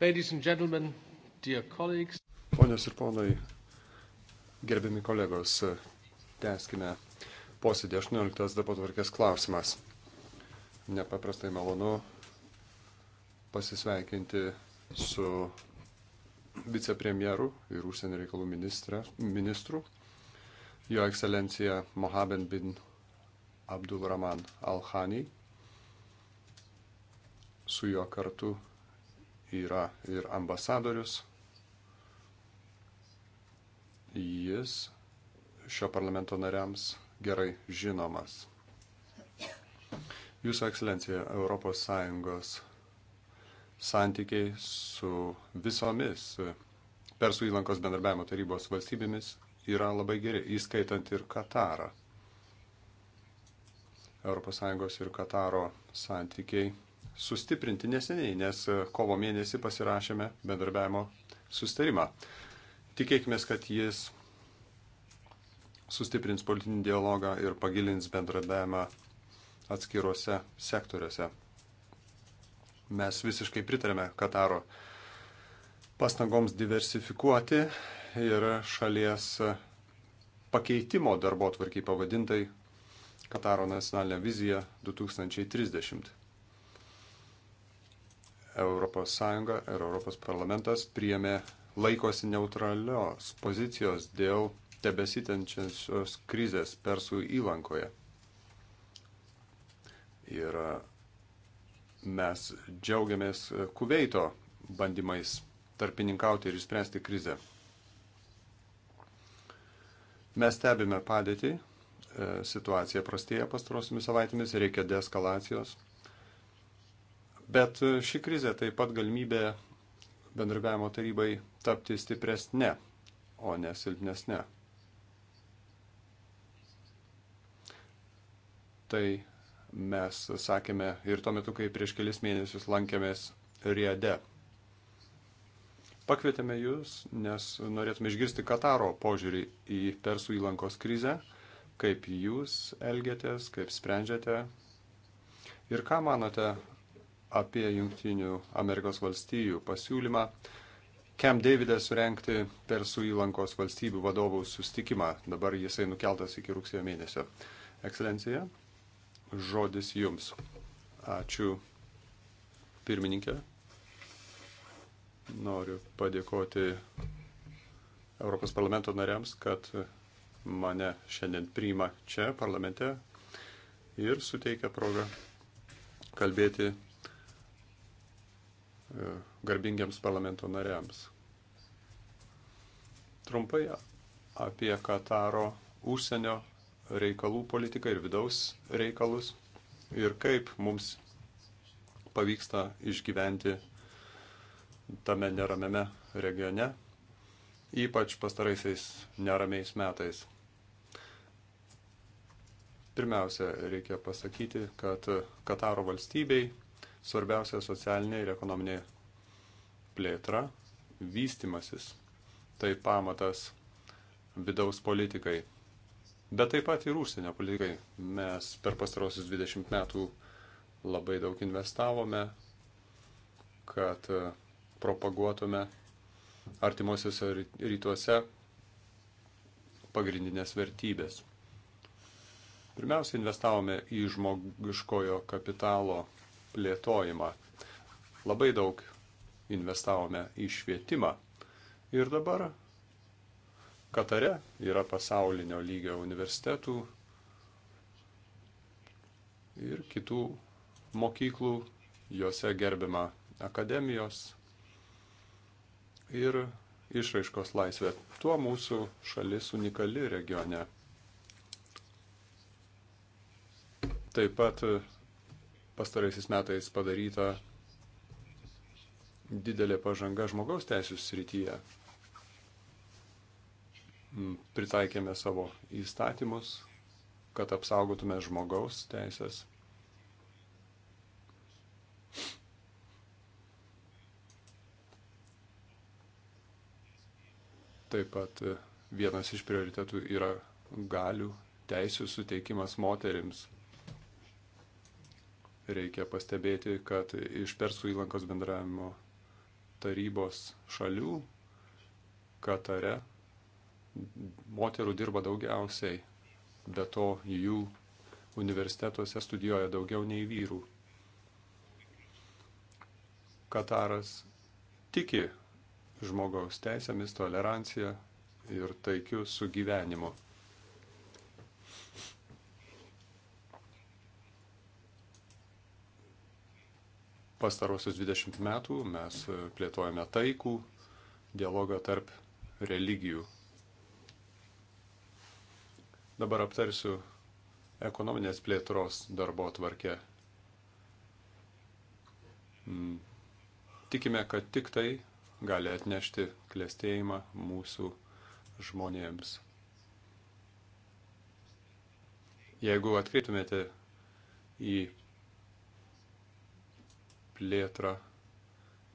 Ladies and gentlemen, dear colleagues. Ponios ir ponai, gerbiami kolegos, tęskime posėdį 18 darbo tvarkės klausimas. Nepaprastai malonu pasisveikinti su vicepremjeru ir užsienio reikalų ministra, ministru, jo ekscelencija Mohamed bin Abdul Rahman Al-Hani. Su juo kartu yra ir ambasadorius. Jis šio parlamento nariams gerai žinomas. Jūsų ekscelencija, ES santykiai su visomis Persų įlankos bendarbiavimo tarybos valstybėmis yra labai geri, įskaitant ir Katarą. ES ir Kataro santykiai sustiprinti neseniai, nes e, kovo mėnesį pasirašėme bendarbiavimo sustarimą. Tikėkime, kad jis sustiprins politinį dialogą ir pagilins bendradavimą atskiruose sektoriuose. Mes visiškai pritarėme Kataro pastangoms diversifikuoti ir šalies pakeitimo darbo tvarkiai pavadintai Kataro nacionalinė vizija 2030. ES ir ES parlamentas priėmė laikosi neutralios pozicijos dėl tebesitenčiančios krizės Persų įlankoje. Ir e, mes džiaugiamės Kuveito bandymais tarpininkauti ir išspręsti krizę. Mes stebime padėtį, e, situacija prastėja pastarosiomis savaitėmis, reikia deeskalacijos. Bet e, ši krizė taip pat galimybė bendrabiavimo tarybai tapti stipresne, o ne silpnesne. Tai mes sakėme ir tuo metu, kai prieš kelis mėnesius lankėmės Riade. Pakvietėme jūs, nes norėtume išgirsti Kataro požiūrį į Persų įlankos krizę, kaip jūs elgėtės, kaip sprendžiate ir ką manote apie Junktinių Amerikos valstijų pasiūlymą Kem Davidas surenkti Persų įlankos valstybių vadovų sustikimą. Dabar jisai nukeltas iki rugsėjo mėnesio. Ekscelencija, žodis jums. Ačiū, pirmininkė. Noriu padėkoti Europos parlamento nariams, kad mane šiandien priima čia parlamente ir suteikia progą kalbėti E, garbingiams parlamento nariams. Trumpai apie Kataro užsienio reikalų politiką ir vidaus reikalus ir kaip mums pavyksta išgyventi tame neramiame regione, ypač pastaraisiais neramiais metais. Pirmiausia, reikia pasakyti, kad Kataro valstybei Svarbiausia socialinė ir ekonominė plėtra, vystimasis. Tai pamatas vidaus politikai. Bet taip pat ir užsienio politikai. Mes per pastarosius 20 metų labai daug investavome, kad e, propaguotume artimuosiuose rytuose pagrindinės vertybės. Pirmiausia, investavome į žmogiškojo kapitalo plėtojimą. Labai daug investavome į švietimą. Ir dabar Katare yra pasaulinio lygio universitetų ir kitų mokyklų, juose gerbima akademijos ir išraiškos laisvė. Tuo mūsų šalis unikali regione. Taip pat pastaraisiais metais padaryta didelė pažanga žmogaus teisų srityje. Mm, pritaikėme savo įstatymus, kad apsaugotume žmogaus teisės. Taip pat e, vienas iš prioritetų yra galių teisų suteikimas moterims Reikia pastebėti, kad iš Persų įlankos bendravimo tarybos šalių Katare moterų dirba daugiausiai, be to jų universitetuose studijuoja daugiau nei vyrų. Kataras tiki žmogaus teisėmis, tolerancija ir taikiu sugyvenimu. Pastarosius 20 metų mes e, plėtojame taikų dialogą tarp religijų. Dabar aptarsiu ekonominės plėtros darbo tvarkę. Mm. Tikime, kad tik tai gali atnešti klėstėjimą mūsų žmonėms. Jeigu atkreiptumėte į plėtrą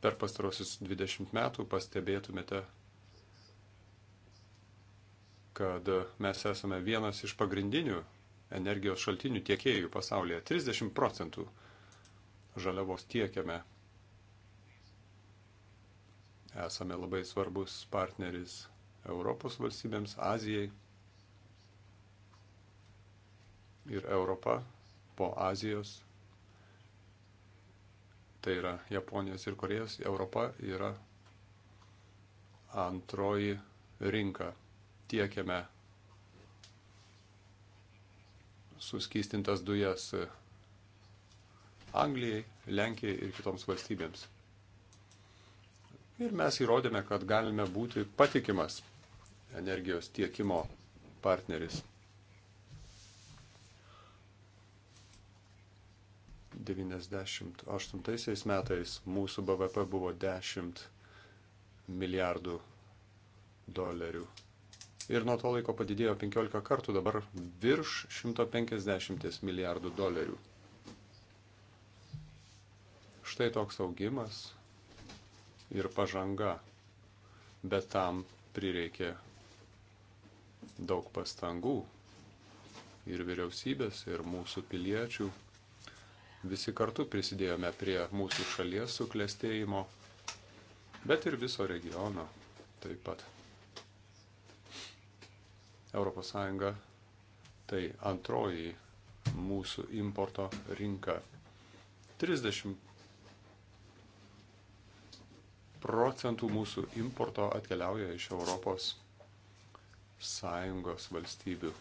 per pastarosius 20 metų pastebėtumėte, kad mes esame vienas iš pagrindinių energijos šaltinių tiekėjų pasaulyje. 30 procentų žaliavos tiekiame. Esame labai svarbus partneris Europos valstybėms, Azijai. Ir Europa po Azijos tai yra Japonijos ir Korejos, Europa yra antroji rinka. Tiekiame suskystintas dujas Anglijai, Lenkijai ir kitoms valstybėms. Ir mes įrodėme, kad galime būti patikimas energijos tiekimo partneris. 98 metais mūsų BVP buvo 10 milijardų dolerių. Ir nuo to laiko padidėjo 15 kartų, dabar virš 150 milijardų dolerių. Štai toks augimas ir pažanga. Bet tam prireikė daug pastangų ir vyriausybės, ir mūsų piliečių Visi kartu prisidėjome prie mūsų šalies suklestėjimo, bet ir viso regiono taip pat. ES tai antroji mūsų importo rinka. 30 procentų mūsų importo atkeliauja iš Europos Sąjungos valstybių.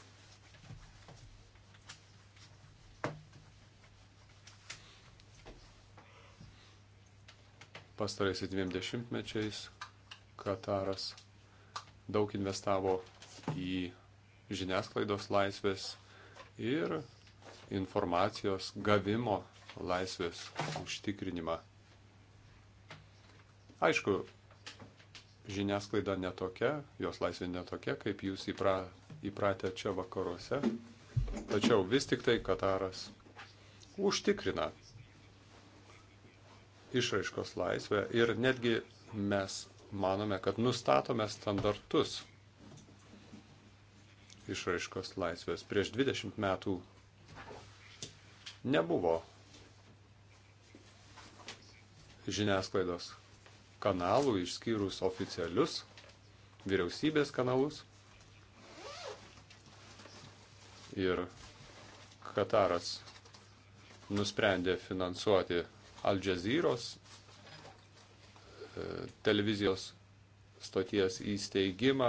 pastaraisiais dviem dešimtmečiais Kataras daug investavo į žiniasklaidos laisvės ir informacijos gavimo laisvės užtikrinimą. Aišku, žiniasklaida netokia, jos laisvė netokia, kaip jūs įpra, įpratę čia vakaruose, tačiau vis tik tai Kataras užtikrina išraiškos laisvę ir netgi mes manome, kad nustatome standartus išraiškos laisvės. Prieš 20 metų nebuvo žiniasklaidos kanalų išskyrus oficialius vyriausybės kanalus. Ir Kataras nusprendė finansuoti Al Jazeeros e, televizijos stoties įsteigimą.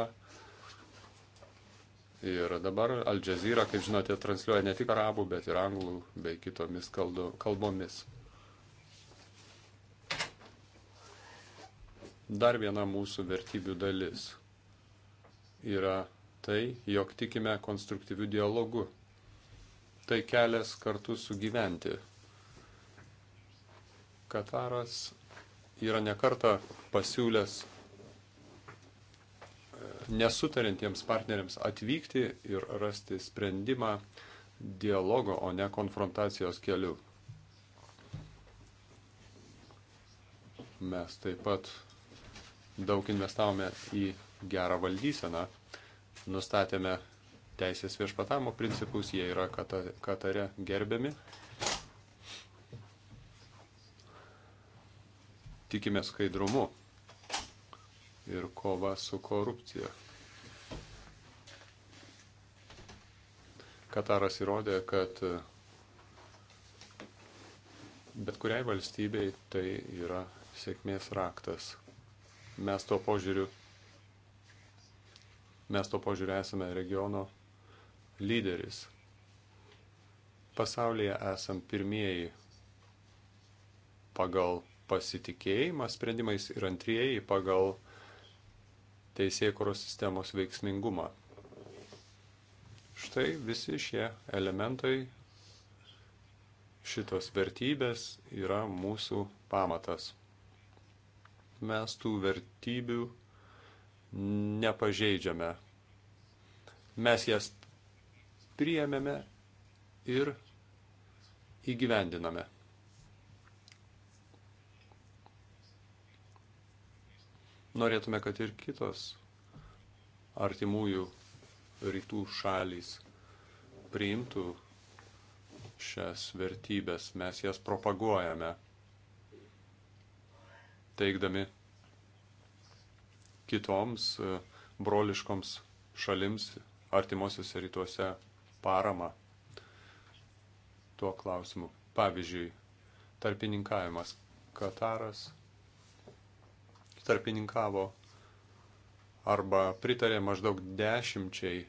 Ir dabar Al Jazeera, kaip žinote, transliuoja ne tik arabų, bet ir anglų bei kitomis kalbomis. Dar viena mūsų vertybių dalis yra tai, jog tikime konstruktyviu dialogu. Tai kelias kartu sugyventi Kataras yra nekarta pasiūlęs e, nesutarintiems partneriams atvykti ir rasti sprendimą dialogo, o ne konfrontacijos keliu. Mes taip pat daug investavome į gerą valdyseną, nustatėme teisės viešpatavimo principus, jie yra Katare gerbiami tikime skaidrumu ir kova su korupcija. Kataras įrodė, kad bet kuriai valstybei tai yra sėkmės raktas. Mes to požiūriu, mes to požiūriu esame regiono lyderis. Pasaulyje esam pirmieji pagal pasitikėjimą sprendimais ir antrieji pagal teisėkuros sistemos veiksmingumą. Štai visi šie elementai, šitos vertybės yra mūsų pamatas. Mes tų vertybių nepažeidžiame. Mes jas priėmėme ir įgyvendiname. Norėtume, kad ir kitos artimųjų rytų šalys priimtų šias vertybės, mes jas propaguojame, teikdami kitoms e, broliškoms šalims artimuosiuose rytuose paramą tuo klausimu. Pavyzdžiui, tarpininkavimas Kataras, tarpininkavo arba pritarė maždaug dešimčiai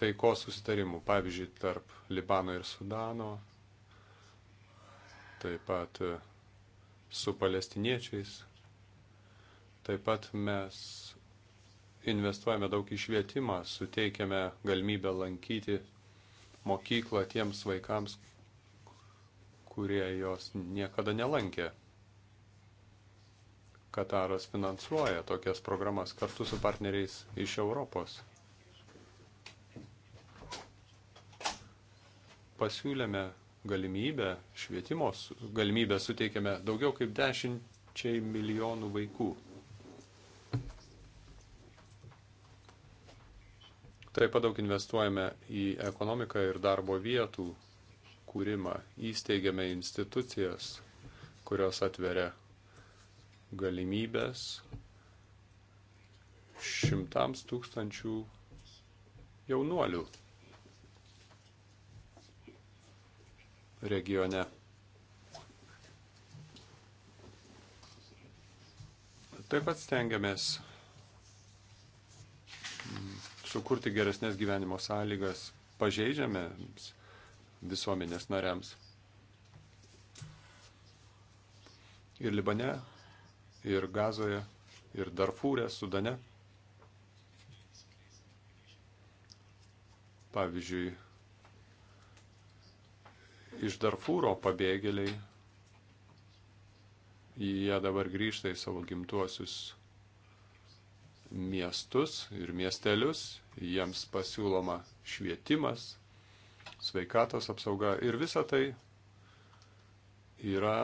taikos susitarimų, pavyzdžiui, tarp Libano ir Sudano, taip pat su palestiniečiais. Taip pat mes investuojame daug į švietimą, suteikiame galimybę lankyti mokyklą tiems vaikams, kurie jos niekada nelankė. Kataras finansuoja tokias programas kartu su partneriais iš Europos. Pasiūlėme galimybę, švietimos galimybę suteikėme daugiau kaip dešimčiai milijonų vaikų. Taip pat daug investuojame į ekonomiką ir darbo vietų kūrimą, įsteigiame institucijas, kurios atveria galimybės šimtams tūkstančių jaunuolių regione. Taip pat stengiamės sukurti geresnės gyvenimo sąlygas pažeidžiamiems visuomenės nariams. Ir Libane ir Gazoje, ir Darfūrė, Sudane. Pavyzdžiui, iš Darfūro pabėgėliai, jie dabar grįžta į savo gimtuosius miestus ir miestelius, jiems pasiūloma švietimas, sveikatos apsauga ir visa tai yra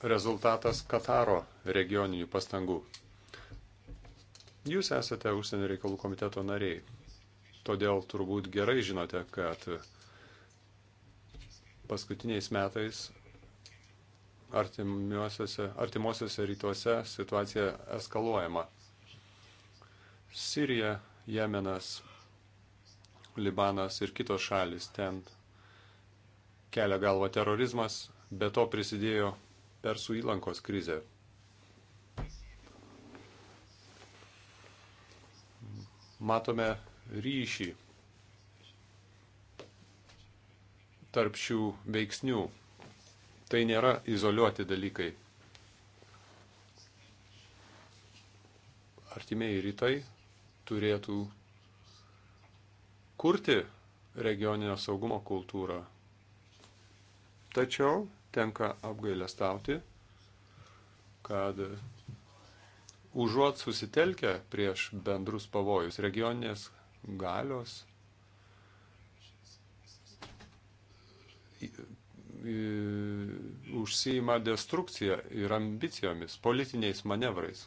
rezultatas Kataro regioninių pastangų. Jūs esate užsienio reikalų komiteto nariai, todėl turbūt gerai žinote, kad paskutiniais metais artimuosiuose rytuose situacija eskaluojama. Sirija, Jemenas, Libanas ir kitos šalis ten kelia galva terorizmas, be to prisidėjo Persų įlankos krizę. Matome ryšį tarp šių veiksnių. Tai nėra izoliuoti dalykai. Artimiai rytai turėtų kurti regioninio saugumo kultūrą. Tačiau tenka apgailestauti, kad užuot susitelkę prieš bendrus pavojus regioninės galios užsijima destrukcija ir ambicijomis, politiniais manevrais.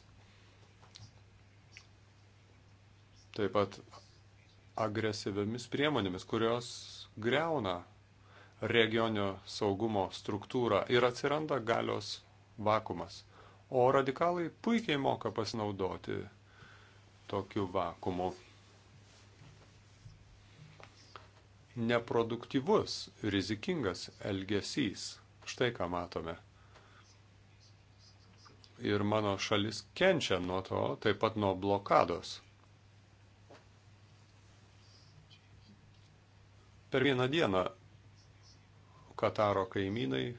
Taip pat agresyviamis priemonėmis, kurios greuna regioninio saugumo struktūrą ir atsiranda galios vakumas. O radikalai puikiai moka pasinaudoti tokiu vakumu. Neproduktyvus, rizikingas elgesys. Štai ką matome. Ir mano šalis kenčia nuo to, taip pat nuo blokados. Per vieną dieną Kataro kaimynai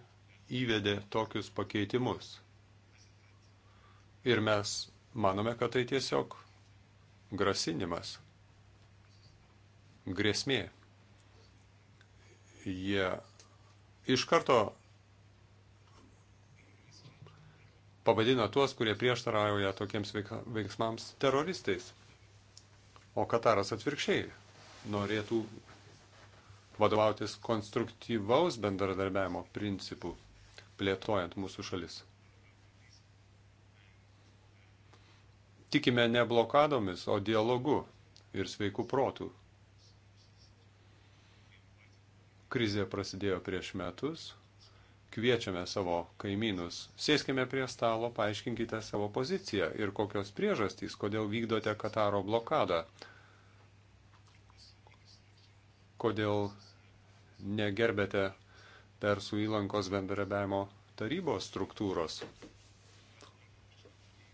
įvedė tokius pakeitimus. Ir mes manome, kad tai tiesiog grasinimas, grėsmė. Jie iš karto pavadino tuos, kurie prieštarauja tokiems veiksmams teroristais. O Kataras atvirkščiai norėtų vadovautis konstruktyvaus bendradarbiavimo principų, plėtojant mūsų šalis. Tikime ne blokadomis, o dialogu ir sveiku protu. Krizė prasidėjo prieš metus. Kviečiame savo kaimynus. Sėskime prie stalo, paaiškinkite savo poziciją ir kokios priežastys, kodėl vykdote Kataro blokadą kodėl negerbėte Persų įlankos bendrabiavimo tarybos struktūros.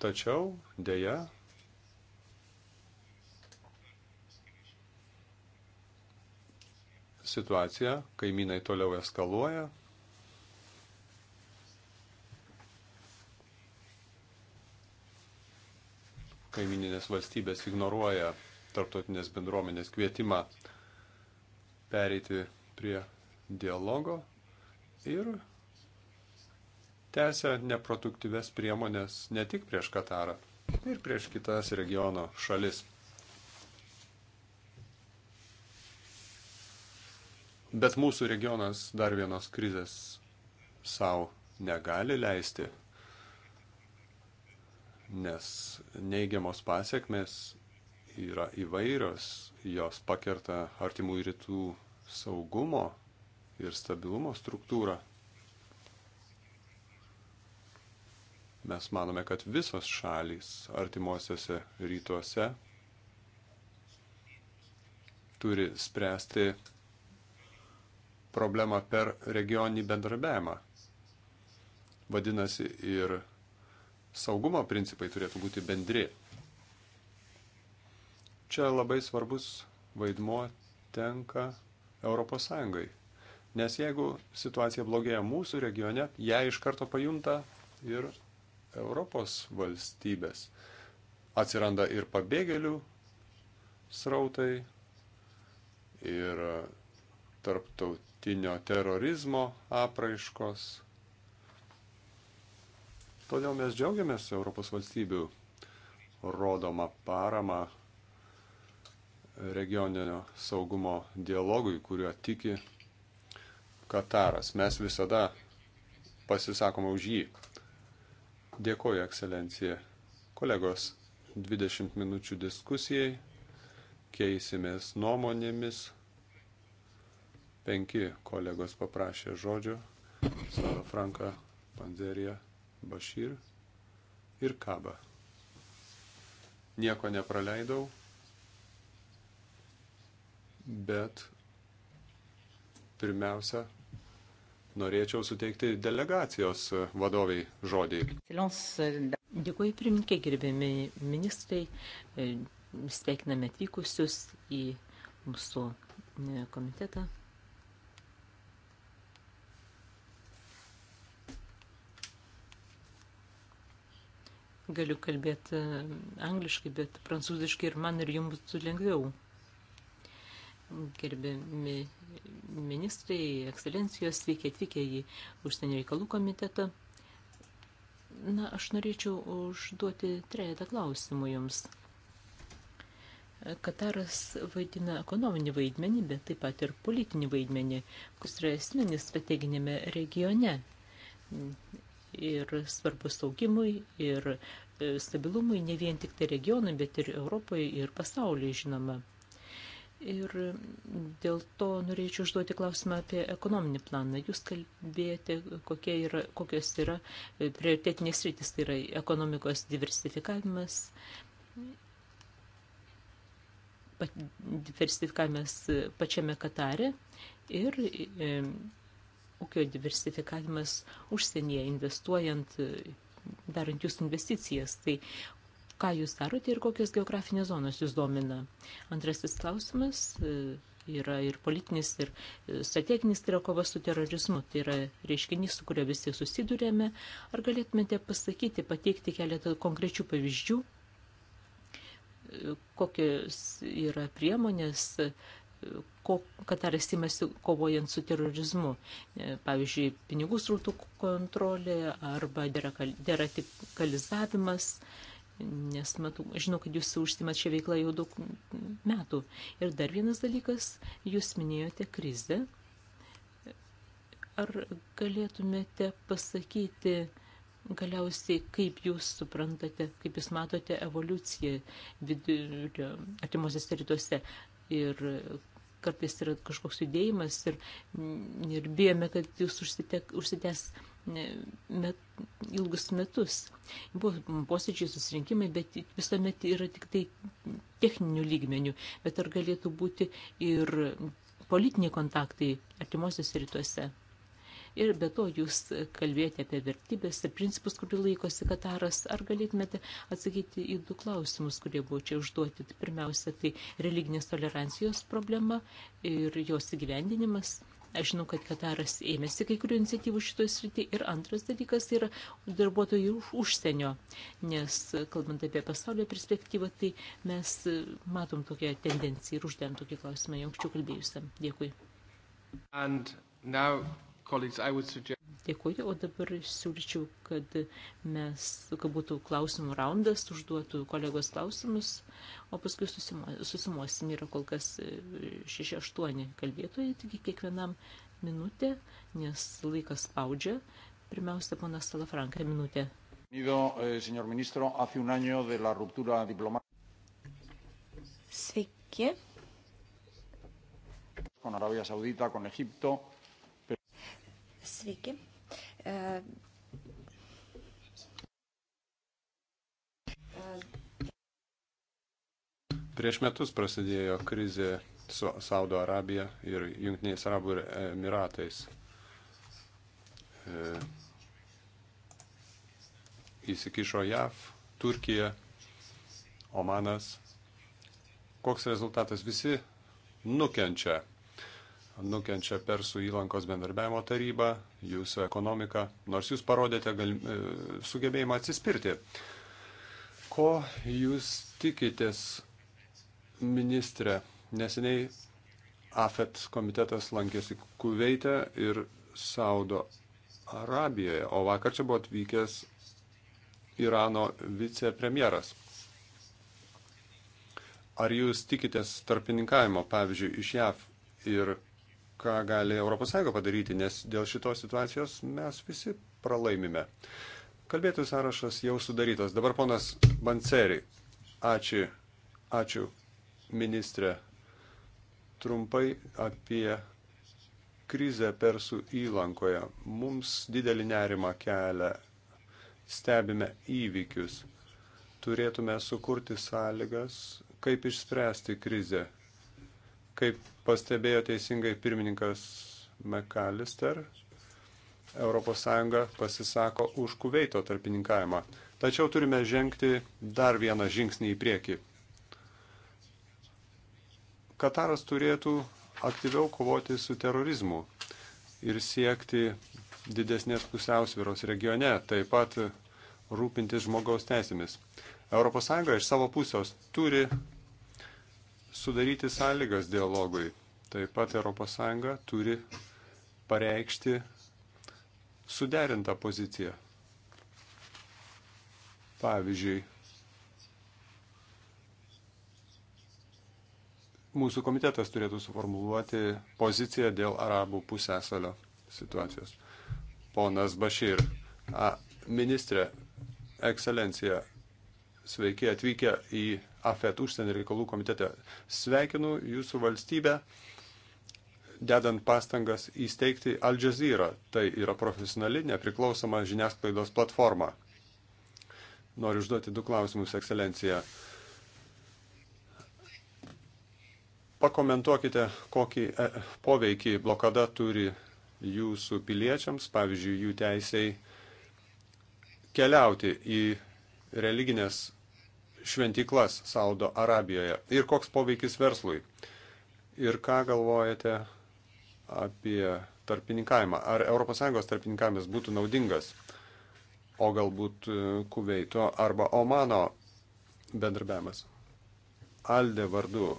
Tačiau, dėja, situacija kaimynai toliau eskaluoja. Kaimininės valstybės ignoruoja tarptautinės bendruomenės kvietimą pereiti prie dialogo ir tęsia neproduktyves priemonės ne tik prieš Katarą, ir prieš kitas regiono šalis. Bet mūsų regionas dar vienos krizės savo negali leisti, nes neigiamos pasiekmes yra įvairios, jos pakerta artimųjų rytų saugumo ir stabilumo struktūrą. Mes manome, kad visos šalys artimuosiuose rytuose turi spręsti problemą per regioninį bendrabiavimą. Vadinasi, ir saugumo principai turėtų būti bendri. Čia labai svarbus vaidmuo tenka ES. Nes jeigu situacija blogėja mūsų regione, ją iš karto pajunta ir Europos valstybės. Atsiranda ir pabėgėlių srautai, ir tarptautinio terorizmo apraiškos. Todėl mes džiaugiamės Europos valstybių rodomą paramą regioninio saugumo dialogui, kuriuo tiki Kataras. Mes visada pasisakome už jį. Dėkoju, ekscelencija. Kolegos, 20 minučių diskusijai, keisimės nuomonėmis. Penki kolegos paprašė žodžio. Sala Franka, Panzerija, Bashir ir Kaba. Nieko nepraleidau bet pirmiausia, norėčiau suteikti delegacijos vadoviai žodį. Dėkuoju, pirmininkė, gerbėmi ministrai, e, sveikiname atvykusius į mūsų e, komitetą. Galiu kalbėti e, angliškai, bet prancūziškai ir man ir jums būtų lengviau gerbiami ministrai, ekscelencijos, sveiki atvykę į užsienio reikalų komitetą. Na, aš norėčiau užduoti trejetą klausimų jums. Kataras vaidina ekonominį vaidmenį, bet taip pat ir politinį vaidmenį, kuris yra esminis strateginėme regione. Ir svarbus saugimui, ir e, stabilumui ne vien tik tai regionui, bet ir Europoje, ir pasaulyje, žinoma. Ir dėl to norėčiau užduoti klausimą apie ekonominį planą. Jūs kalbėjote, kokie yra, kokios yra e, prioritetinės rytis, tai yra ekonomikos diversifikavimas, diversifikavimas e, pačiame Katare ir e, ūkio diversifikavimas užsienyje investuojant e, darant jūsų investicijas, tai ką jūs darote ir kokios geografinės zonos jūs domina. Antrasis klausimas e, yra ir politinis, ir e, strateginis, tai yra kova su terorizmu, tai yra reiškinys, su kurio visi susidurėme. Ar galėtumėte pasakyti, pateikti keletą konkrečių pavyzdžių, e, kokios yra priemonės, ko, kad ar esimasi kovojant su terorizmu, pavyzdžiui, pinigų srautų kontrolė arba derakalizavimas. Derakal, nes matau, žinau, kad jūs užsimat šią veiklą jau daug metų. Ir dar vienas dalykas, jūs minėjote krizę. Ar galėtumėte pasakyti galiausiai, kaip jūs suprantate, kaip jūs matote evoliuciją vidurio artimuosios rytuose ir kartais yra kažkoks judėjimas ir, ir bijome, kad jūs užsitęs met, ilgus metus. Buvo posėdžiai susirinkimai, bet visuomet yra tik tai techninių lygmenių. Bet ar galėtų būti ir politiniai kontaktai artimuosiuose rytuose? Ir be to jūs kalbėjote apie vertybės ir principus, kurių laikosi Kataras. Ar galėtumėte atsakyti į du klausimus, kurie buvo čia užduoti? Tai pirmiausia, tai religinės tolerancijos problema ir jos įgyvendinimas. Aš žinau, kad Kataras ėmėsi kai kurių iniciatyvų šitoje srityje. Ir antras dalykas tai yra darbuotojų iš užsienio. Nes, kalbant apie pasaulio perspektyvą, tai mes e, matom tokią tendenciją ir uždėm tokį klausimą jau anksčiau kalbėjusiam. Dėkui. And now, colleagues, I would suggest... Dėkuoju, o dabar siūlyčiau, kad mes, kad būtų klausimų raundas, užduotų kolegos klausimus, o paskui susimo, susimuosim. Yra kol kas 6-8 e, kalbėtojai, taigi kiekvienam minutė, nes laikas spaudžia. Pirmiausia, ponas Salafranka, minutė. Eh, Sveiki. Con Arabia Saudita, con Egipto. Sveiki. E, Prieš metus prasidėjo krizė su Saudo Arabija ir Junktiniais Arabų Emiratais. E, įsikišo JAV, Turkija, Omanas. Koks rezultatas? Visi nukenčia nukenčia Persų įlankos bendarbiavimo taryba, jūsų ekonomika, nors jūs parodėte gal, e, sugebėjimą atsispirti. Ko jūs tikitės, ministrė? Neseniai AFET komitetas lankėsi Kuveite ir Saudo Arabijoje, o vakar čia buvo atvykęs Irano vicepremjeras. Ar jūs tikitės tarpininkavimo, pavyzdžiui, iš JAV ir ką gali ES padaryti, nes dėl šitos situacijos mes visi pralaimime. Kalbėtojų sąrašas jau sudarytas. Dabar ponas Banceri. Ačiū, ačiū ministrė. Trumpai apie krizę Persų įlankoje. Mums didelį nerimą kelia. Stebime įvykius. Turėtume sukurti sąlygas, kaip išspręsti krizę Kaip pastebėjo teisingai pirmininkas McAllister, ES pasisako už Kuveito tarpininkavimą. Tačiau turime žengti dar vieną žingsnį į priekį. Kataras turėtų aktyviau kovoti su terorizmu ir siekti didesnės pusiausviros regione, taip pat rūpintis žmogaus teisėmis. ES iš savo pusės turi sudaryti sąlygas dialogui. Taip pat ES turi pareikšti suderintą poziciją. Pavyzdžiui, mūsų komitetas turėtų suformuluoti poziciją dėl arabų pusėsalio situacijos. Ponas Bašir, a, ministrė, ekscelencija, sveiki atvykę į AFET užsienio reikalų komitete. Sveikinu jūsų valstybę, dedant pastangas įsteigti Al Jazeera. Tai yra profesionali, nepriklausoma žiniasklaidos platforma. Noriu užduoti du klausimus, ekscelencija. Pakomentuokite, kokį e, poveikį blokada turi jūsų piliečiams, pavyzdžiui, jų teisiai keliauti į religinės šventiklas Saudo Arabijoje ir koks poveikis verslui. Ir ką galvojate apie tarpininkavimą? Ar ES tarpininkavimas būtų naudingas, o galbūt e, Kuveito arba Omano bendrabiavimas? Alde vardu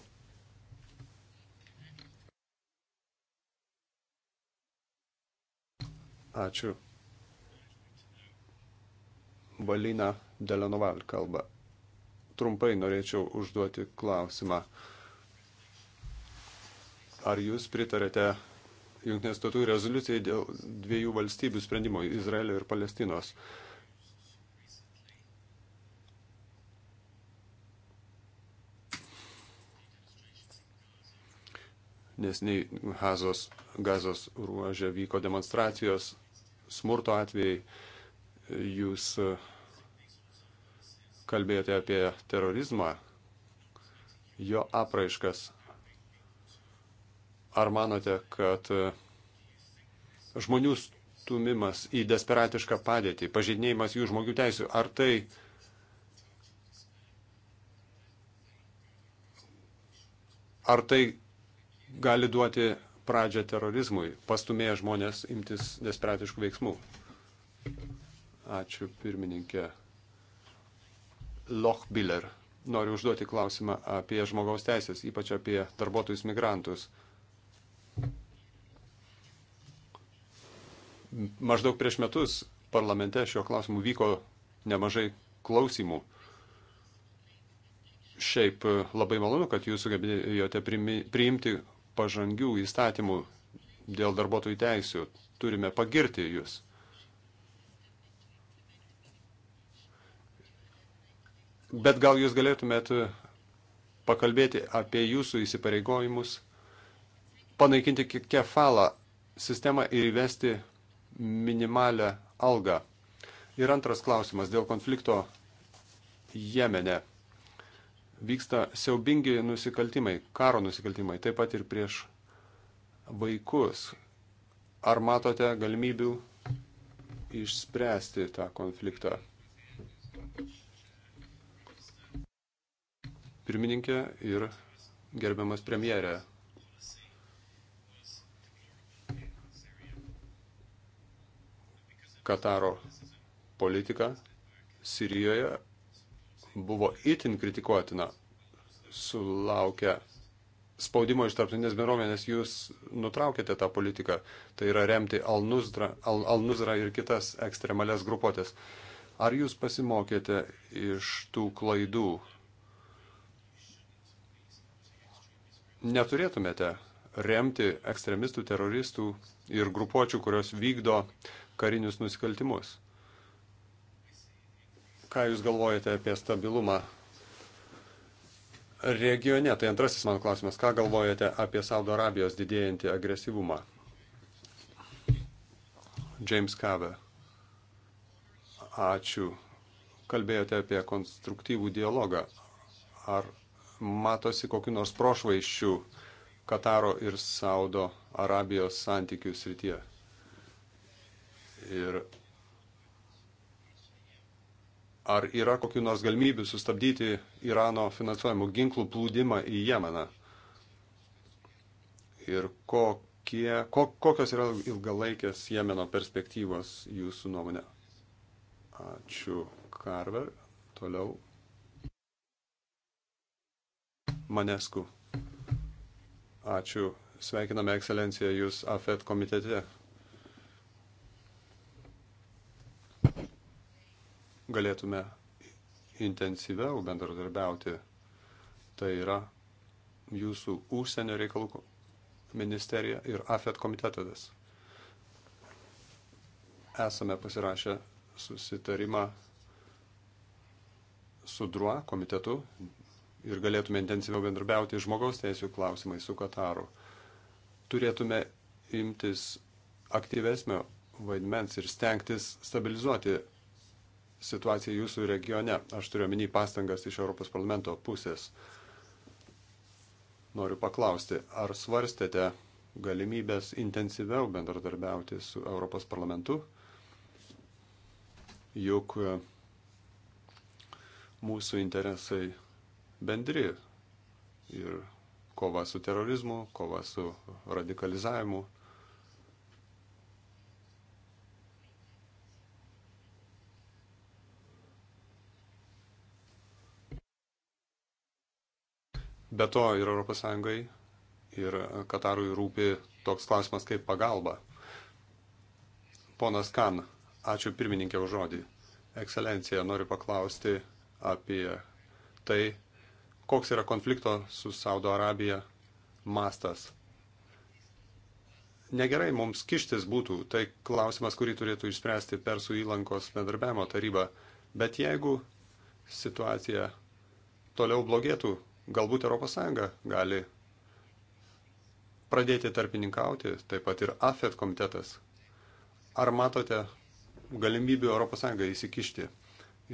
Ačiū. Valina Delanoval kalba trumpai norėčiau užduoti klausimą. Ar jūs pritarėte Junktinės tautų rezoliucijai dėl dviejų valstybių sprendimo - Izraelio ir Palestinos? nesiniai Gazos, Gazos ruožė vyko demonstracijos, smurto atvejai, jūs kalbėjote apie terorizmą, jo apraiškas. Ar manote, kad e, žmonių stumimas į desperatišką padėtį, pažeidinėjimas jų žmogių teisų, ar tai ar tai gali duoti pradžią terorizmui, pastumėja žmonės imtis desperatiškų veiksmų? Ačiū pirmininkė. Lochbiller. Noriu užduoti klausimą apie žmogaus teisės, ypač apie darbuotojus migrantus. Maždaug prieš metus parlamente šiuo klausimu vyko nemažai klausimų. Šiaip labai malonu, kad jūs sugebėjote priimti pažangių įstatymų dėl darbuotojų teisių. Turime pagirti jūs. Bet gal jūs galėtumėt e, pakalbėti apie jūsų įsipareigojimus, panaikinti kefalą sistemą ir įvesti minimalę algą. Ir antras klausimas dėl konflikto Jemene. Vyksta siaubingi nusikaltimai, karo nusikaltimai, taip pat ir prieš vaikus. Ar matote galimybių išspręsti tą konfliktą? pirmininkė ir gerbiamas premjerė. Kataro politika Sirijoje buvo itin kritikuotina, sulaukia spaudimo iš tarptautinės bendruomenės, jūs nutraukėte tą politiką, tai yra remti Al-Nuzra Al, Al ir kitas ekstremales grupuotės. Ar jūs pasimokėte iš tų klaidų, neturėtumėte remti ekstremistų, teroristų ir grupuočių, kurios vykdo karinius nusikaltimus. Ką Jūs galvojate apie stabilumą regione? Tai antrasis mano klausimas. Ką galvojate apie Saudo Arabijos didėjantį agresyvumą? James Cave. Ačiū. Kalbėjote apie konstruktyvų dialogą. Ar matosi kokiu nors prošvaiščių Kataro ir Saudo Arabijos santykių srityje. Ir ar yra kokiu nors galimybių sustabdyti Irano finansuojamų ginklų plūdimą į Jemeną? Ir kokie, ko, kokios yra ilgalaikės Jemeno perspektyvos jūsų nuomonė? Ačiū, Karver. Toliau Manesku. Ačiū. Sveikiname, ekscelencija, jūs AFET komitete. Galėtume intensyviau bendradarbiauti. Tai yra jūsų užsienio reikalų ministerija ir AFET komitetas. Esame pasirašę susitarimą su DRUA komitetu ir galėtume intensyviau bendrabiauti žmogaus teisų klausimai su Kataru. Turėtume imtis aktyvesnio vaidmens ir stengtis stabilizuoti situaciją jūsų regione. Aš turiu omeny pastangas iš Europos parlamento pusės. Noriu paklausti, ar svarstėte galimybės intensyviau bendradarbiauti su Europos parlamentu? Juk e, mūsų interesai bendri. Ir kova su terorizmu, kova su radikalizavimu. Be to ir ES ir Katarui rūpi toks klausimas kaip pagalba. Ponas Kan, ačiū pirmininkė už žodį. Ekscelencija, noriu paklausti apie tai, koks yra konflikto su Saudo Arabija mastas. Negerai mums kištis būtų, tai klausimas, kurį turėtų išspręsti Persų įlankos bendarbiavimo taryba, bet jeigu situacija toliau blogėtų, galbūt ES gali pradėti tarpininkauti, taip pat ir AFET komitetas. Ar matote galimybių ES įsikišti?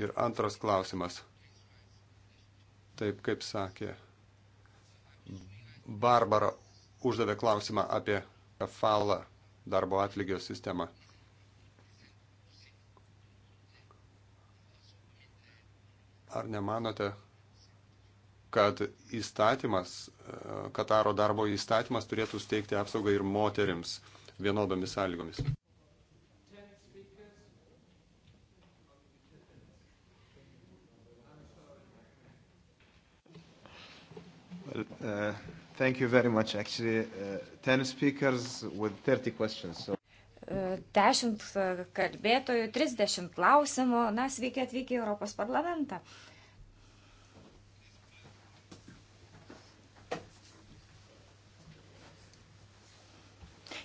Ir antras klausimas taip kaip sakė Barbara, uždavė klausimą apie falą darbo atlygio sistemą. Ar nemanote, kad įstatymas, Kataro darbo įstatymas turėtų steigti apsaugą ir moterims vienodomis sąlygomis? Uh, thank you very much. Actually, uh, 10 speakers with 30 questions. So. 10 uh, uh, kalbėtojų, 30 klausimų. Na, sveiki atvykę į Europos parlamentą.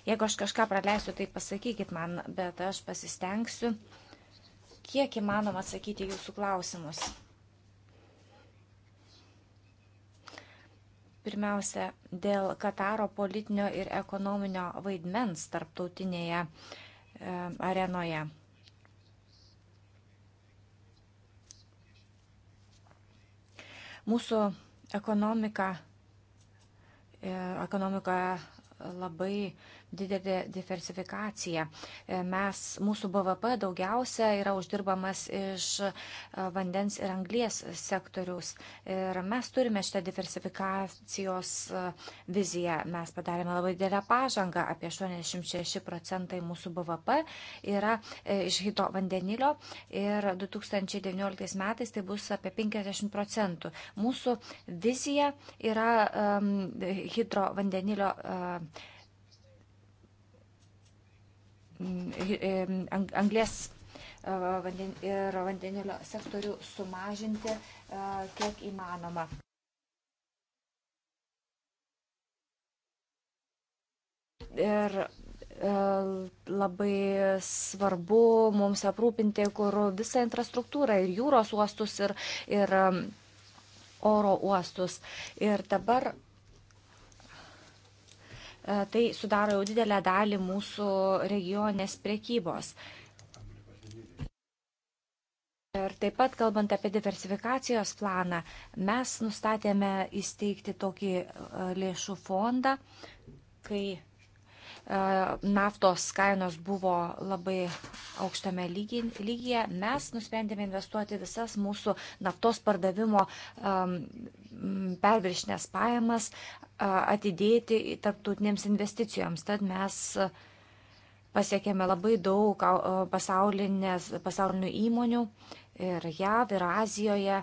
Jeigu aš kažką praleisiu, tai pasakykit man, bet aš pasistengsiu, kiek įmanoma atsakyti jūsų klausimus. Pirmiausia, dėl Kataro politinio ir ekonominio vaidmens tarptautinėje e, arenoje. Mūsų ekonomika, e, ekonomika labai didelė diversifikacija. E, mes, mūsų BVP daugiausia yra uždirbamas iš e, vandens ir anglies sektoriaus. Ir mes turime šitą diversifikacijos e, viziją. Mes padarėme labai didelę pažangą. Apie 86 procentai mūsų BVP yra iš hito vandenilio ir 2019 metais tai bus apie 50 procentų. Mūsų vizija yra um, hidro vandenilio uh, anglės e, ir vandenilio sektorių sumažinti e, kiek įmanoma. Ir e, labai svarbu mums aprūpinti kuru visą infrastruktūrą ir jūros uostus ir, ir oro uostus. Ir dabar E, tai sudaro jau didelę dalį mūsų regionės prekybos. Ir taip pat, kalbant apie diversifikacijos planą, mes nustatėme įsteigti tokį e, lėšų fondą, kai E, naftos kainos buvo labai aukštame lygyje, mes nusprendėme investuoti visas mūsų naftos pardavimo perviršinės pajamas e, atidėti tarptautinėms investicijoms. Tad mes pasiekėme labai daug e, pasaulinių įmonių ir JAV, ir Azijoje.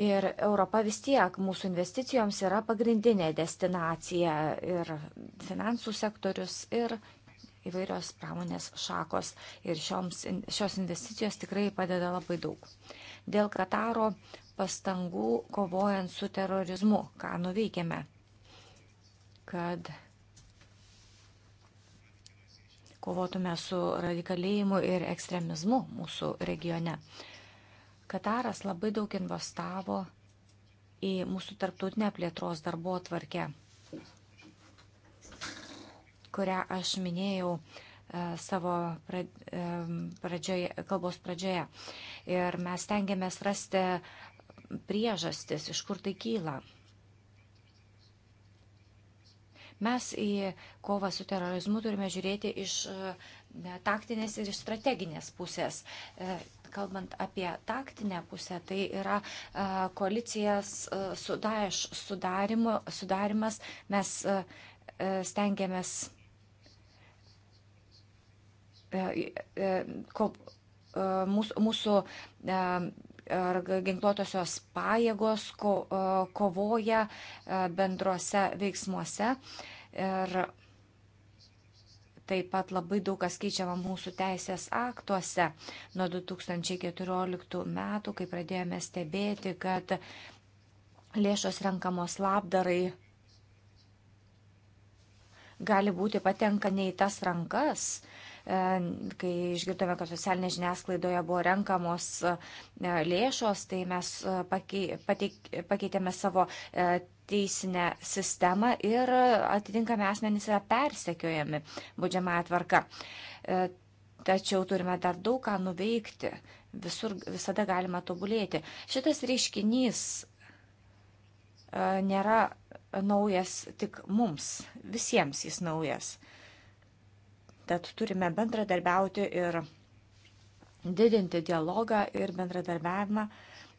Ir Europa vis tiek mūsų investicijoms yra pagrindinė destinacija ir finansų sektorius ir įvairios pramonės šakos. Ir šioms, šios investicijos tikrai padeda labai daug. Dėl Kataro pastangų kovojant su terorizmu, ką nuveikėme, kad kovotume su radikalėjimu ir ekstremizmu mūsų regione. Kataras labai daug investavo į mūsų tarptautinę plėtros darbo tvarkę, kurią aš minėjau e, savo e, pradžioje, kalbos pradžioje. Ir mes tengiamės rasti priežastis, iš kur tai kyla. Mes į kovą su terorizmu turime žiūrėti iš e, taktinės ir iš strateginės pusės kalbant apie taktinę pusę, tai yra e, koalicijas e, sudaš, sudarimas. Mes stengiamės mūsų, mūsų ginkluotosios pajėgos e, kovoja bendrose veiksmuose. Ir Taip pat labai daug kas keičiama mūsų teisės aktuose. Nuo 2014 metų, kai pradėjome stebėti, kad lėšos renkamos labdarai gali būti patenka ne į tas rankas, e, kai išgirdome, kad socialinė žiniasklaidoje buvo renkamos e, lėšos, tai mes e, pakeitėme savo teisinę sistemą ir atitinkami asmenys yra persekiojami būdžiamąją tvarką. E, tačiau turime dar daug ką nuveikti. Visur, visada galima tobulėti. Šitas reiškinys e, nėra naujas tik mums, visiems jis naujas. Tad turime bendradarbiauti ir didinti dialogą ir bendradarbiavimą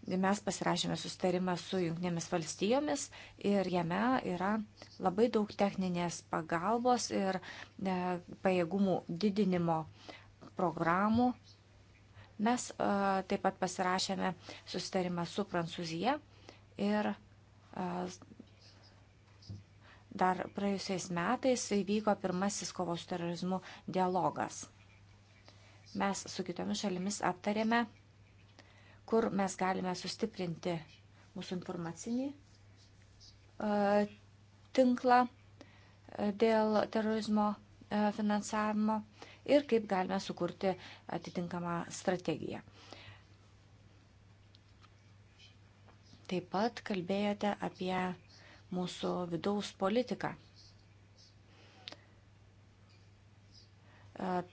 mes pasirašėme sustarimą su Junktinėmis valstijomis ir jame yra labai daug techninės pagalbos ir e, pajėgumų didinimo programų. Mes e, taip pat pasirašėme sustarimą su Prancūzija ir e, dar praėjusiais metais įvyko pirmasis kovos su terorizmu dialogas. Mes su kitomis šalimis aptarėme kur mes galime sustiprinti mūsų informacinį e, tinklą e, dėl terorizmo e, finansavimo ir kaip galime sukurti atitinkamą strategiją. Taip pat kalbėjote apie mūsų vidaus politiką.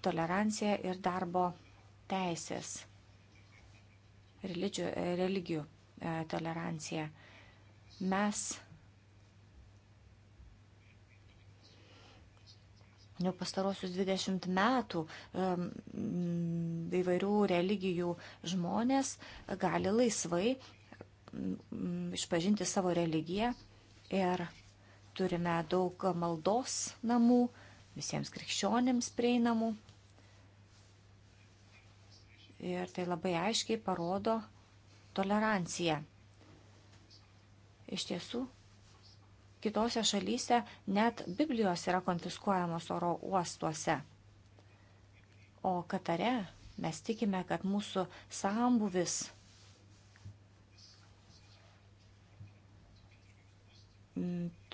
Tolerancija ir darbo teisės. E, religijų, religijų toleranciją. Mes jau pastarosius 20 metų e, įvairių religijų žmonės gali laisvai išpažinti savo religiją ir turime daug maldos namų, visiems krikščionėms prieinamų. Ir tai labai aiškiai parodo toleranciją. Iš tiesų, kitose šalyse net Biblijos yra konfiskuojamos oro uostuose. O Katare mes tikime, kad mūsų sambuvis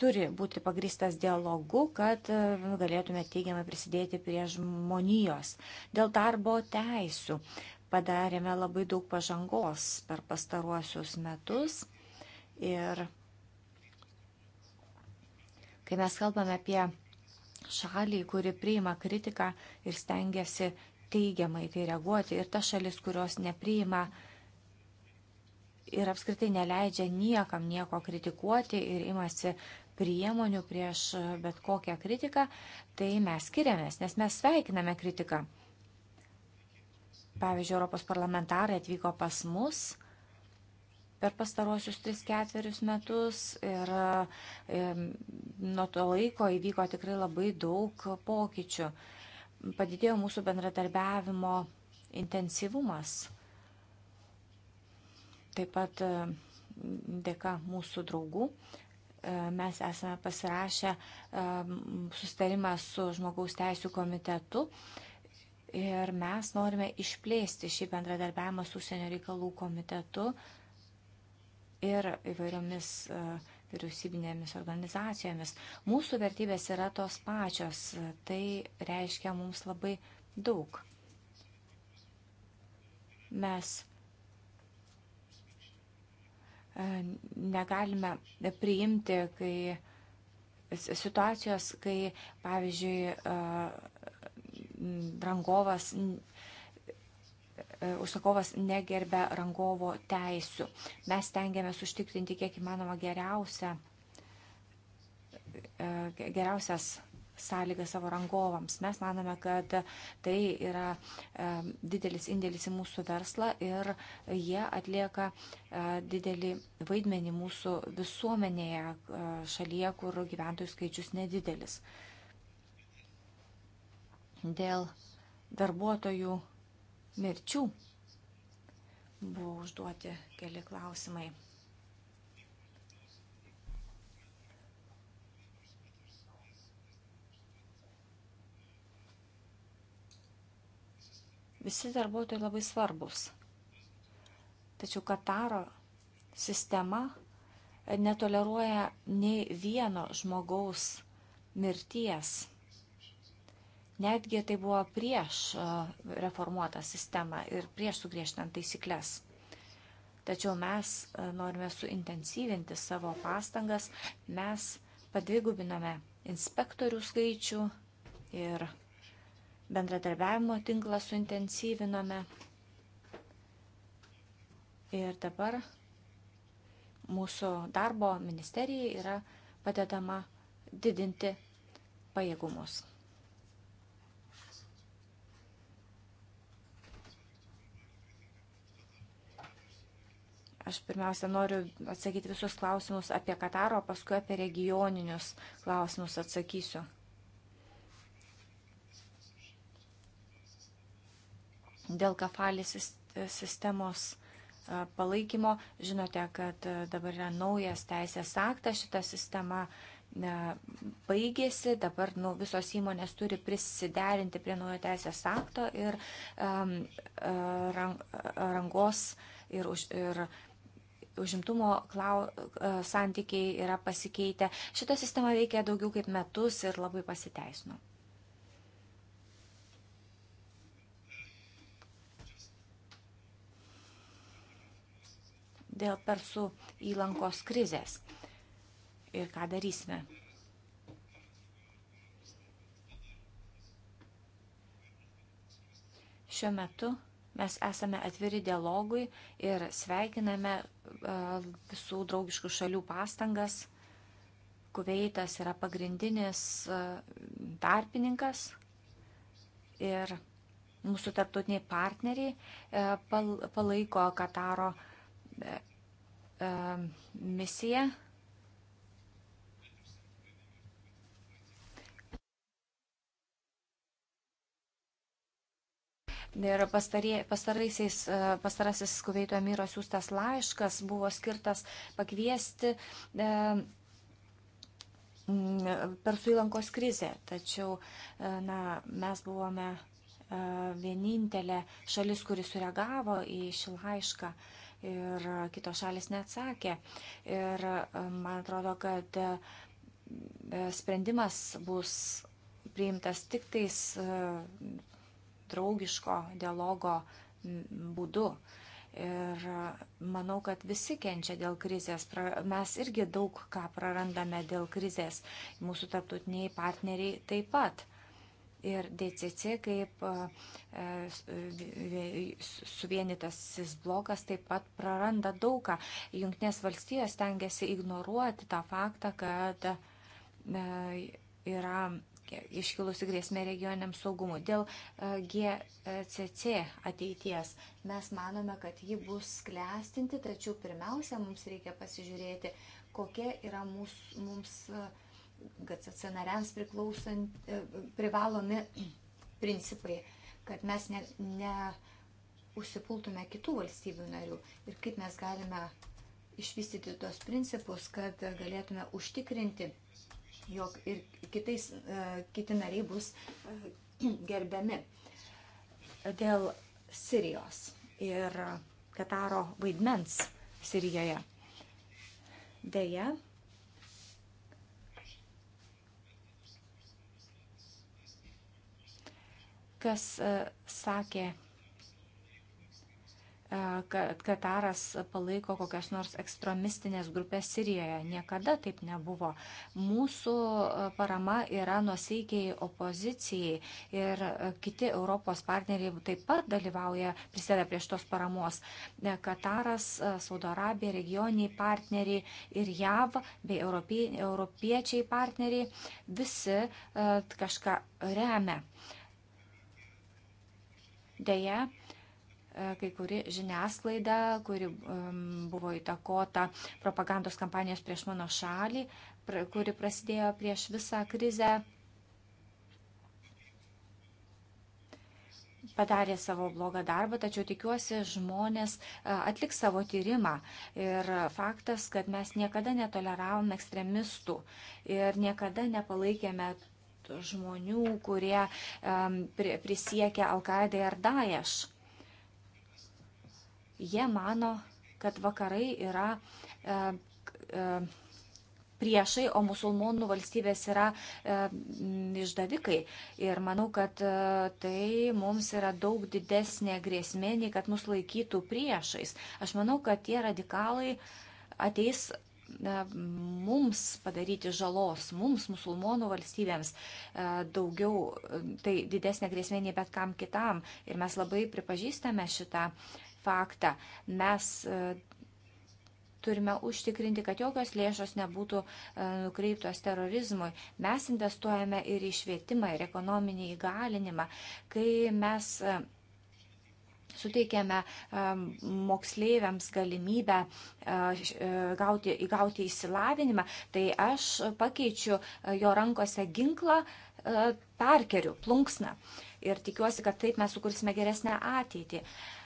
turi būti pagristas dialogu, kad e, galėtume teigiamai prisidėti prie žmonijos. Dėl darbo teisų padarėme labai daug pažangos per pastaruosius metus. Ir kai mes kalbame apie šalį, kuri priima kritiką ir stengiasi teigiamai tai reaguoti, ir ta šalis, kurios nepriima ir apskritai neleidžia niekam nieko kritikuoti ir imasi priemonių prieš bet kokią kritiką, tai mes skiriamės, nes mes sveikiname kritiką. Pavyzdžiui, Europos parlamentarai atvyko pas mus per pastaruosius 3-4 metus ir nuo to laiko įvyko tikrai labai daug pokyčių. Padidėjo mūsų bendradarbiavimo intensyvumas. Taip pat dėka mūsų draugų e, mes esame pasirašę susitarimą su žmogaus teisų komitetu Ir mes norime išplėsti šį bendradarbiavimą su užsienio reikalų komitetu ir įvairiomis e, vyriausybinėmis organizacijomis. Mūsų vertybės yra tos pačios. Tai reiškia mums labai daug. Mes e, negalime priimti, kai situacijos, kai, pavyzdžiui, e, rangovas, e, užsakovas negerbia rangovo teisių. Mes tengiamės užtikrinti kiek įmanoma geriausia, e, geriausias sąlygas savo rangovams. Mes manome, kad tai yra e, didelis indėlis į mūsų verslą ir jie atlieka didelį vaidmenį mūsų visuomenėje šalyje, kur gyventojų skaičius nedidelis dėl darbuotojų mirčių. Buvo užduoti keli klausimai. Visi darbuotojai labai svarbus. Tačiau Kataro sistema netoleruoja nei vieno žmogaus mirties. Netgi tai buvo prieš reformuotą sistemą ir prieš sugriežtinant taisyklės. Tačiau mes norime suintensyvinti savo pastangas, mes padvigubiname inspektorių skaičių ir bendradarbiavimo tinklą suintensyvinome. Ir dabar mūsų darbo ministerijai yra padedama didinti pajėgumus. Aš pirmiausia noriu atsakyti visus klausimus apie Kataro, paskui apie regioninius klausimus atsakysiu. Dėl kafalį sistemos palaikymo, žinote, kad dabar yra naujas teisės aktas, šita sistema baigėsi, dabar nu, visos įmonės turi prisiderinti prie naujo teisės akto ir um, rang, rangos ir, už, ir užimtumo klau, e, santykiai yra pasikeitę. Šita sistema veikia daugiau kaip metus ir labai pasiteisino. Dėl persų įlankos krizės. Ir ką darysime? Šiuo metu Mes esame atviri dialogui ir sveikiname e, visų draugiškų šalių pastangas. Kuveitas yra pagrindinis e, tarpininkas ir mūsų tarptautiniai partneriai e, palaiko Kataro misiją Ir pastaraisiais, e, pastarasis Kuveito emyro siūstas laiškas buvo skirtas pakviesti e, per suilankos krizę. Tačiau e, na, mes buvome e, vienintelė šalis, kuris sureagavo į šį laišką ir kitos šalis neatsakė. Ir man atrodo, kad sprendimas bus priimtas tik tais draugiško dialogo būdu. Ir manau, kad visi kenčia dėl krizės. Mes irgi daug ką prarandame dėl krizės. Mūsų tarptautiniai partneriai taip pat. Ir DCC kaip e, e, suvienitasis blokas taip pat praranda daugą. Junktinės valstijos tengiasi ignoruoti tą faktą, kad e, yra iškilusi grėsmė regioniniam saugumui. Dėl e, GCC ateities mes manome, kad ji bus klestinti, tačiau pirmiausia, mums reikia pasižiūrėti, kokia yra mūsų, mums e, GCC nariams e, privalomi principai, kad mes ne, ne užsipultume kitų valstybių narių ir kaip mes galime išvystyti tos principus, kad galėtume užtikrinti jog ir kitais, e, kiti nariai bus e, gerbiami dėl Sirijos ir Kataro vaidmens Sirijoje. Deja, kas e, sakė E, kad Kataras palaiko kokias nors ekstremistinės grupės Sirijoje. Niekada taip nebuvo. Mūsų e, parama yra nuosaikiai opozicijai ir e, kiti Europos partneriai taip pat dalyvauja, prisėda prie šitos paramos. Kataras, Saudo Arabija, regioniai partneriai ir JAV bei europiečiai partneriai visi kažką remia. Deja, E, kai kuri žiniasklaida, kuri buvo įtakota propagandos kampanijos prieš mano šalį, kuri prasidėjo prieš visą krizę, padarė savo blogą darbą, tačiau tikiuosi žmonės e, atliks savo tyrimą. Ir faktas, kad mes niekada netoleravome ekstremistų ir niekada nepalaikėme žmonių, kurie um, prisiekia Al-Qaeda ir Daesh. Jie mano, kad vakarai yra e, e, priešai, o musulmonų valstybės yra e, išdavikai. Ir manau, kad e, tai mums yra daug didesnė grėsmė, nei kad mus laikytų priešais. Aš manau, kad tie radikalai ateis e, mums padaryti žalos, mums, musulmonų valstybėms, e, daugiau, tai didesnė grėsmė nei bet kam kitam. Ir mes labai pripažįstame šitą. E, faktą. Mes e, turime užtikrinti, kad jokios lėšos nebūtų e, nukreiptos terorizmui. Mes investuojame ir į švietimą, ir ekonominį įgalinimą. Kai mes e, suteikėme moksleiviams galimybę gauti, įgauti įsilavinimą, tai aš pakeičiu jo rankose ginklą perkeriu, plunksną. Ir tikiuosi, kad taip mes sukursime geresnę ateitį. Uh,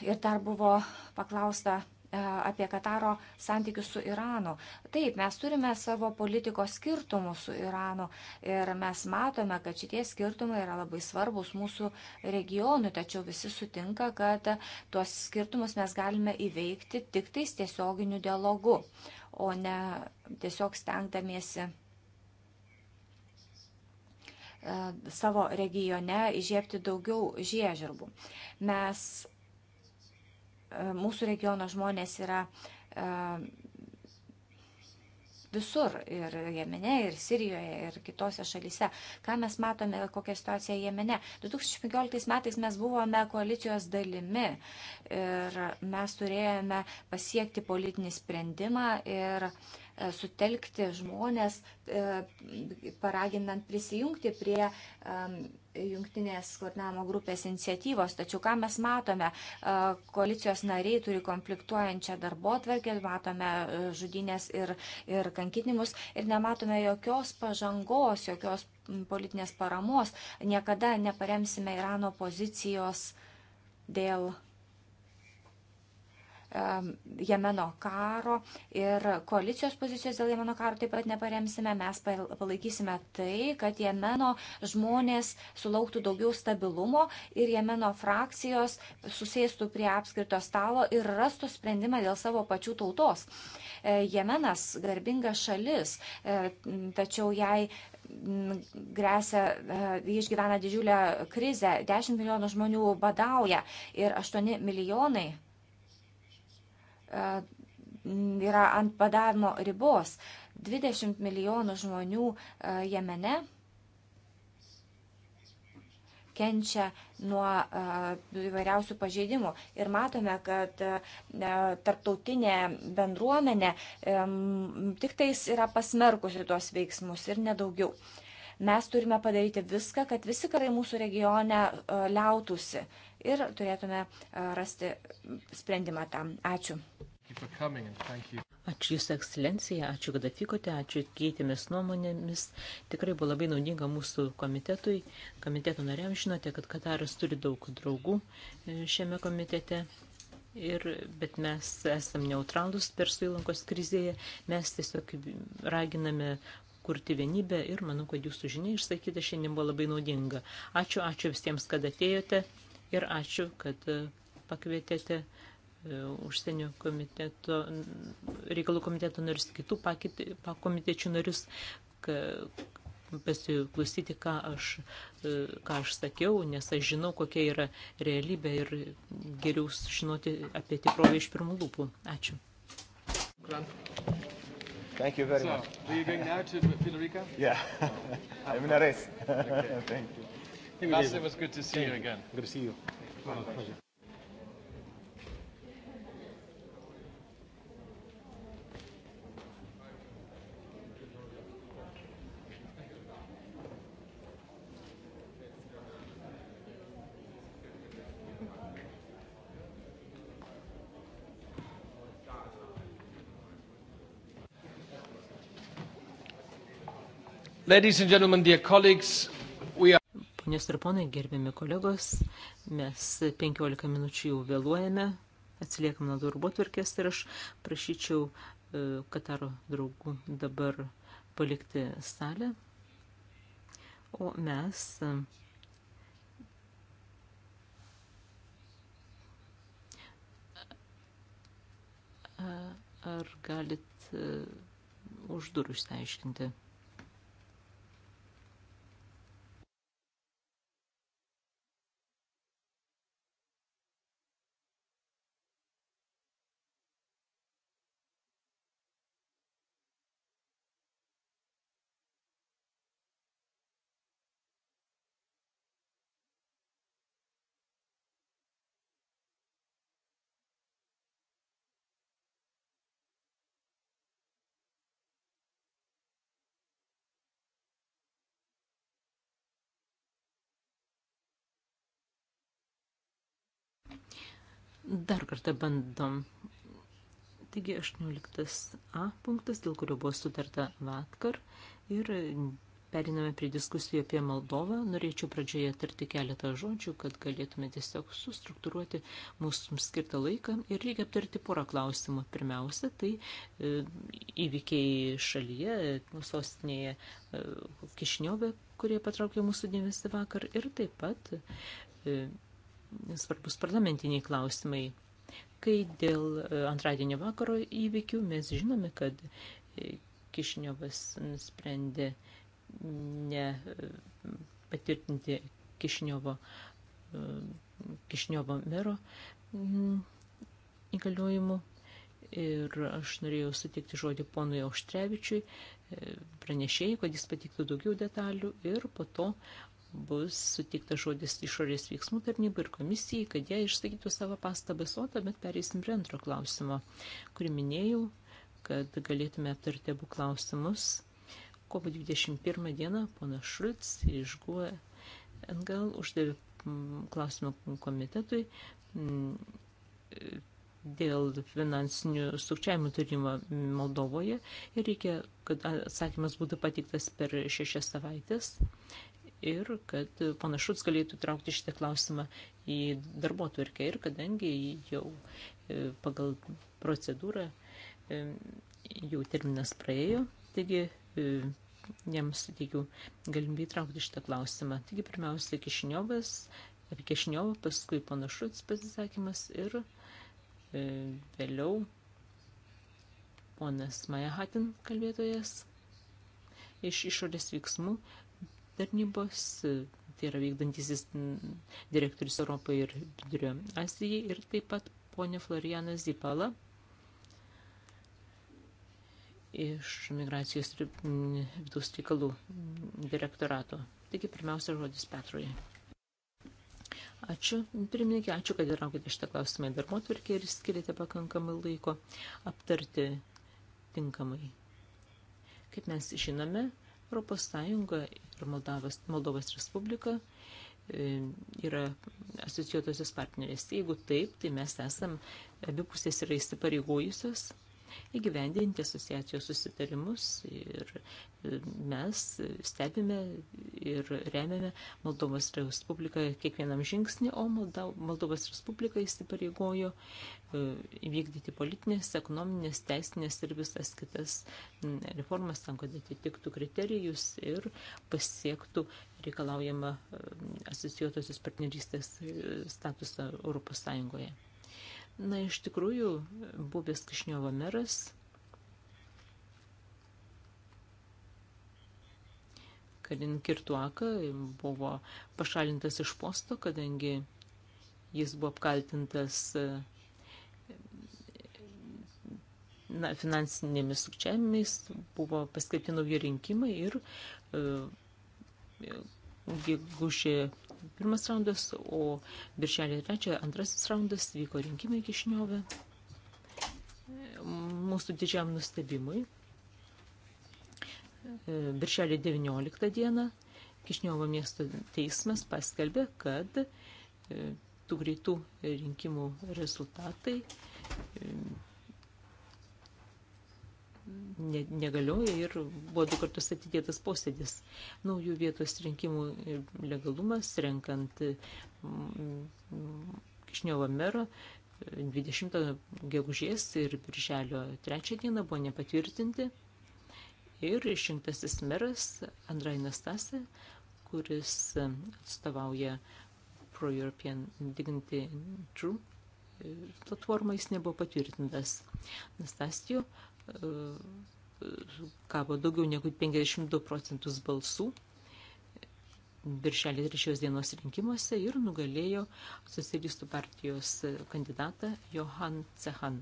Ir dar buvo paklausta e, apie Kataro santykius su Iranu. Taip, mes turime savo politikos skirtumus su Iranu ir mes matome, kad šitie skirtumai yra labai svarbus mūsų regionui, tačiau visi sutinka, kad tuos skirtumus mes galime įveikti tik tais tiesioginiu dialogu, o ne tiesiog stengdamiesi e, savo regione įžiepti daugiau žiežirbų. Mes E, mūsų regiono žmonės yra e, visur ir Jemene, ir Sirijoje, ir kitose šalyse. Ką mes matome, kokia situacija Jemene? 2015 metais mes buvome koalicijos dalimi ir mes turėjome pasiekti politinį sprendimą ir uh, E, sutelkti žmonės, e, paraginant prisijungti prie jungtinės koordinavimo grupės iniciatyvos. Tačiau ką mes matome, e, koalicijos nariai turi konfliktuojančią darbo atverkę, matome žudynės ir, ir kankinimus ir nematome jokios pažangos, jokios politinės paramos. Niekada neparemsime Irano pozicijos dėl Um, Jemeno karo ir koalicijos pozicijos dėl Jemeno karo taip pat neparemsime. Mes palaikysime tai, kad Jemeno žmonės sulauktų daugiau stabilumo ir Jemeno frakcijos susėstų prie apskrito stalo ir rastų sprendimą dėl savo pačių tautos. E, Jemenas garbinga šalis, e, tačiau jai mm, grėsia, e, jie išgyvena didžiulę krizę, 10 milijonų žmonių badauja ir 8 milijonai E, yra ant badavimo ribos. 20 milijonų žmonių e, Jemene kenčia nuo e, įvairiausių pažeidimų. Ir matome, kad tarptautinė bendruomenė tik tais yra pasmerkusi tuos veiksmus ir nedaugiau. Mes turime padaryti viską, kad visi karai mūsų regione e, liautųsi ir turėtume e, rasti sprendimą tam. Ačiū. Ačiū Jūsų ekscelencija, ačiū, kad atvykote, ačiū, keitėmės nuomonėmis. Tikrai buvo labai naudinga mūsų komitetui, komiteto nariam. Žinote, kad Kataras turi daug draugų e, šiame komitete. Ir, bet mes esam neutralus Persų įlankos krizėje, mes tiesiog raginame kurti vienybę ir manau, kad jūsų žinia išsakyta šiandien buvo labai naudinga. Ačiū, ačiū visiems, kad atėjote ir ačiū, kad e, pakvietėte e, užsienio komiteto, reikalų komiteto narius, kitų pakomitečių narius pasiklausyti, ką aš, e, ką aš sakiau, nes aš žinau, kokia yra realybė ir geriau žinoti apie tikrovę iš pirmų lūpų. Ačiū. Grand. Thank you very so, much. So, are you going now to Federica? Yeah. Ah. I'm in a race. Okay. Thank you. Last, it was good to see Thank you again. Good to see you. Oh, pleasure. Ladies and gentlemen, dear colleagues, we are... Ponios ir ponai, gerbiami kolegos, mes 15 minučių jau vėluojame, atsiliekam nuo darbotvarkės ir aš prašyčiau e, Kataro draugų dabar palikti salę. O mes e, ar galit e, už durų išsiaiškinti. Dar kartą bandom. Taigi 18a punktas, dėl kurio buvo sutarta vakar ir periname prie diskusijų apie Moldovą. Norėčiau pradžioje tarti keletą žodžių, kad galėtume tiesiog sustruktūruoti mūsų skirtą laiką ir reikia aptarti porą klausimų. Pirmiausia, tai e, įvykiai šalyje, sostinėje e, Kišniovė, kurie patraukė mūsų dėmesį vakar ir taip pat e, svarbus parlamentiniai klausimai. Kai dėl e, antradienio vakaro įvykių mes žinome, kad e, Kišiniovas nusprendė ne e, patvirtinti Kišiniovo, Kišiniovo mero mm, įgaliojimų. Ir aš norėjau sutikti žodį ponui Auštrevičiui, pranešėjai, kad jis patiktų daugiau detalių ir po to bus sutiktas žodis išorės veiksmų tarnybai ir komisijai, kad jie išsakytų savo pastabas, o tuomet pereisim prie antro klausimo, kurį minėjau, kad galėtume aptarti abu klausimus. Kovo 21 dieną ponas Šulc iš GUE NGL uždavė mm, klausimą komitetui mm, dėl finansinių sukčiavimų turimo Moldovoje ir reikia, kad atsakymas būtų patiktas per šešias savaitės ir kad panašus galėtų traukti šitą klausimą į darbo tvarkę ir kadangi jau e, pagal procedūrą e, jau terminas praėjo, taigi e, jam suteikiau galimybę įtraukti šitą klausimą. Taigi pirmiausia Kišiniovas, apie Kišiniovą, paskui panašus pasisakymas ir vėliau ponas Majahatin kalbėtojas iš išorės veiksmų tarnybos, tai yra vykdantisis direktorius Europai ir Vidurio Azijai ir taip pat ponė Floriana Zipala iš migracijos ir vidaus reikalų direktorato. Taigi pirmiausia žodis Petrui. Ačiū, pirmininkė, ačiū, kad įraukite šitą klausimą į darbo tvarkį ir skirite pakankamai laiko aptarti tinkamai. Kaip mes žinome, Europos Sąjunga ir Moldavas, Moldovas Respublika e, yra asociuotosios partnerės. Jeigu taip, tai mes esam abipusės yra įsipareigojusios įgyvendinti asociacijos susitarimus ir e, mes stebime ir remiame Moldovos Respubliką kiekvienam žingsnį, o Moldovos Respublika įsipareigojo e, įvykdyti politinės, ekonominės, teisinės ir visas kitas reformas tam, kad atitiktų kriterijus ir pasiektų reikalaujama asociuotosios partnerystės e, statusą Europos Sąjungoje. Na, iš tikrųjų, buvęs Kišniovo meras Kalin Kirtuaka buvo pašalintas iš posto, kadangi jis buvo apkaltintas na, finansinėmis sukčiavimais, buvo paskelbti nauji rinkimai ir e, gegužė pirmas raundas, o birželio trečią antrasis raundas vyko rinkimai Kišniovė. Mūsų didžiam nustebimui. E, birželio 19 dieną Kišniovo miesto teismas paskelbė, kad e, tų greitų rinkimų rezultatai e, ne, negalioja ir buvo du kartus atidėtas posėdis. Naujų vietos rinkimų legalumas renkant Kišniovo mero 20 gegužės ir birželio 3 dieną buvo nepatvirtinti. Ir išrinktasis meras Andrai Nastase, kuris atstovauja Pro-European Dignity True platformą, jis nebuvo patvirtintas. Nastasijų gavo daugiau negu 52 procentus balsų viršelį trečios dienos rinkimuose ir nugalėjo socialistų partijos kandidatą Johan Cehan.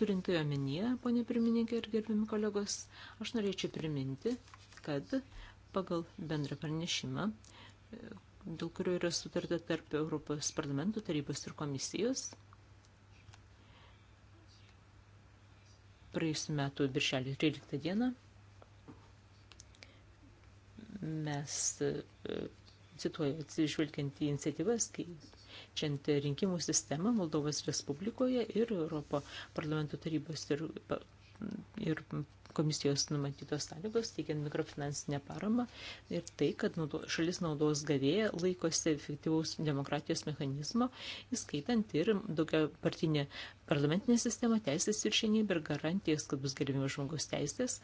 Turint tai omenyje, ponė pirmininkė ir gerbiami kolegos, aš norėčiau priminti, kad pagal bendrą pranešimą, dėl kurio yra sutarta tarp Europos parlamentų tarybos ir komisijos, praėjusiu metu birželį 13 dieną mes, e, cituoju, atsižvelgiant į iniciatyvas, keičiant rinkimų sistemą Moldovos Respublikoje ir Europo parlamento tarybos ir, ir komisijos numatytos sąlygos, teikiant mikrofinansinę paramą ir tai, kad naudo, šalis naudos gavėja laikosi efektyvaus demokratijos mechanizmo, įskaitant ir daugia partinė parlamentinė sistema, teisės ir šienybė ir garantijas, kad bus gerbiami žmogus teisės.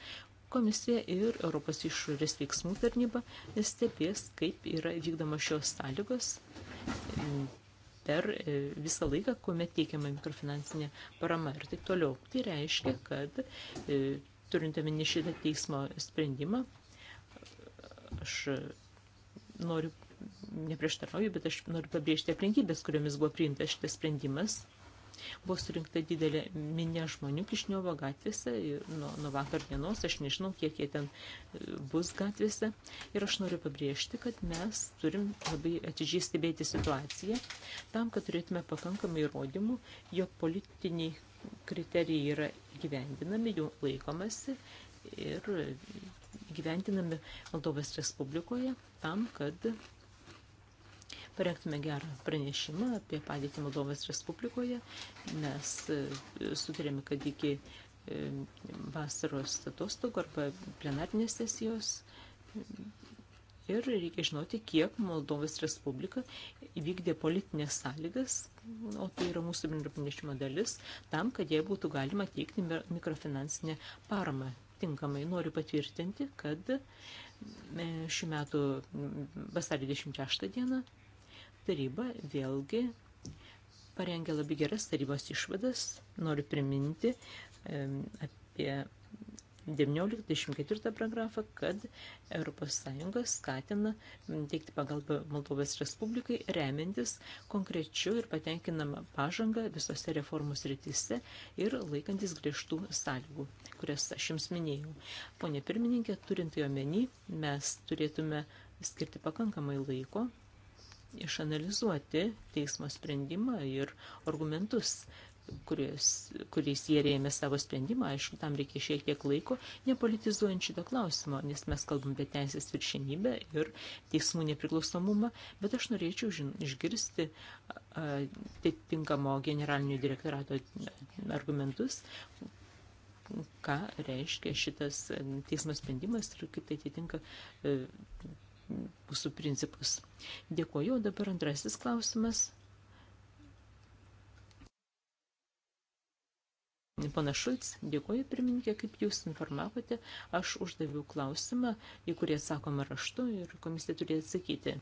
Komisija ir Europos išorės veiksmų tarnyba stebės, kaip yra vykdoma šios sąlygos per e, visą laiką, kuomet teikiama mikrofinansinė parama ir taip toliau. Tai reiškia, kad e, turint omeny šitą teismo sprendimą, aš noriu, neprieštarauju, bet aš noriu pabrėžti aplinkybės, kuriomis buvo priimtas šitas sprendimas. Buvo surinkta didelė minė žmonių Kišniovo gatvėse nuo, nuo vakar dienos, aš nežinau, kiek jie ten e, bus gatvėse. Ir aš noriu pabrėžti, kad mes turim labai atidžiai stebėti situaciją tam, kad turėtume pakankamai įrodymų, jog politiniai kriterijai yra gyvendinami, jų laikomasi ir gyvendinami Moldovos Respublikoje tam, kad parengtume gerą pranešimą apie padėtį Moldovos Respublikoje. Mes e, sutarėme, kad iki e, vasaros atostogų arba plenarnės sesijos ir reikia žinoti, kiek Moldovos Respublika įvykdė politinės sąlygas, o tai yra mūsų bendro pranešimo dalis, tam, kad jai būtų galima teikti mikrofinansinę paramą. Tinkamai noriu patvirtinti, kad e, šių metų vasarį 26 dieną taryba vėlgi parengė labai geras tarybos išvadas. Noriu priminti apie 19-24 paragrafą, kad ES skatina teikti pagalbą Moldovos Respublikai, remiantis konkrečiu ir patenkinamą pažangą visose reformų srityse ir laikantis griežtų sąlygų, kurias aš jums minėjau. Pone pirmininkė, turint į tai omeny, mes turėtume skirti pakankamai laiko išanalizuoti teismo sprendimą ir argumentus kuriais, kuriais jie rėmė savo sprendimą, aišku, tam reikia šiek tiek laiko, nepolitizuojant šito klausimo, nes mes kalbam apie teisės viršenybę ir teismų nepriklausomumą, bet aš norėčiau žin, išgirsti atitinkamo generalinio direktorato argumentus, ką reiškia šitas teismo sprendimas ir kaip tai atitinka e, mūsų principus. Dėkuoju, o dabar antrasis klausimas. Pana Šulc, dėkuoju pirmininkė, kaip jūs informavote, aš uždaviau klausimą, į kurį atsakoma raštu ir komisija turėjo atsakyti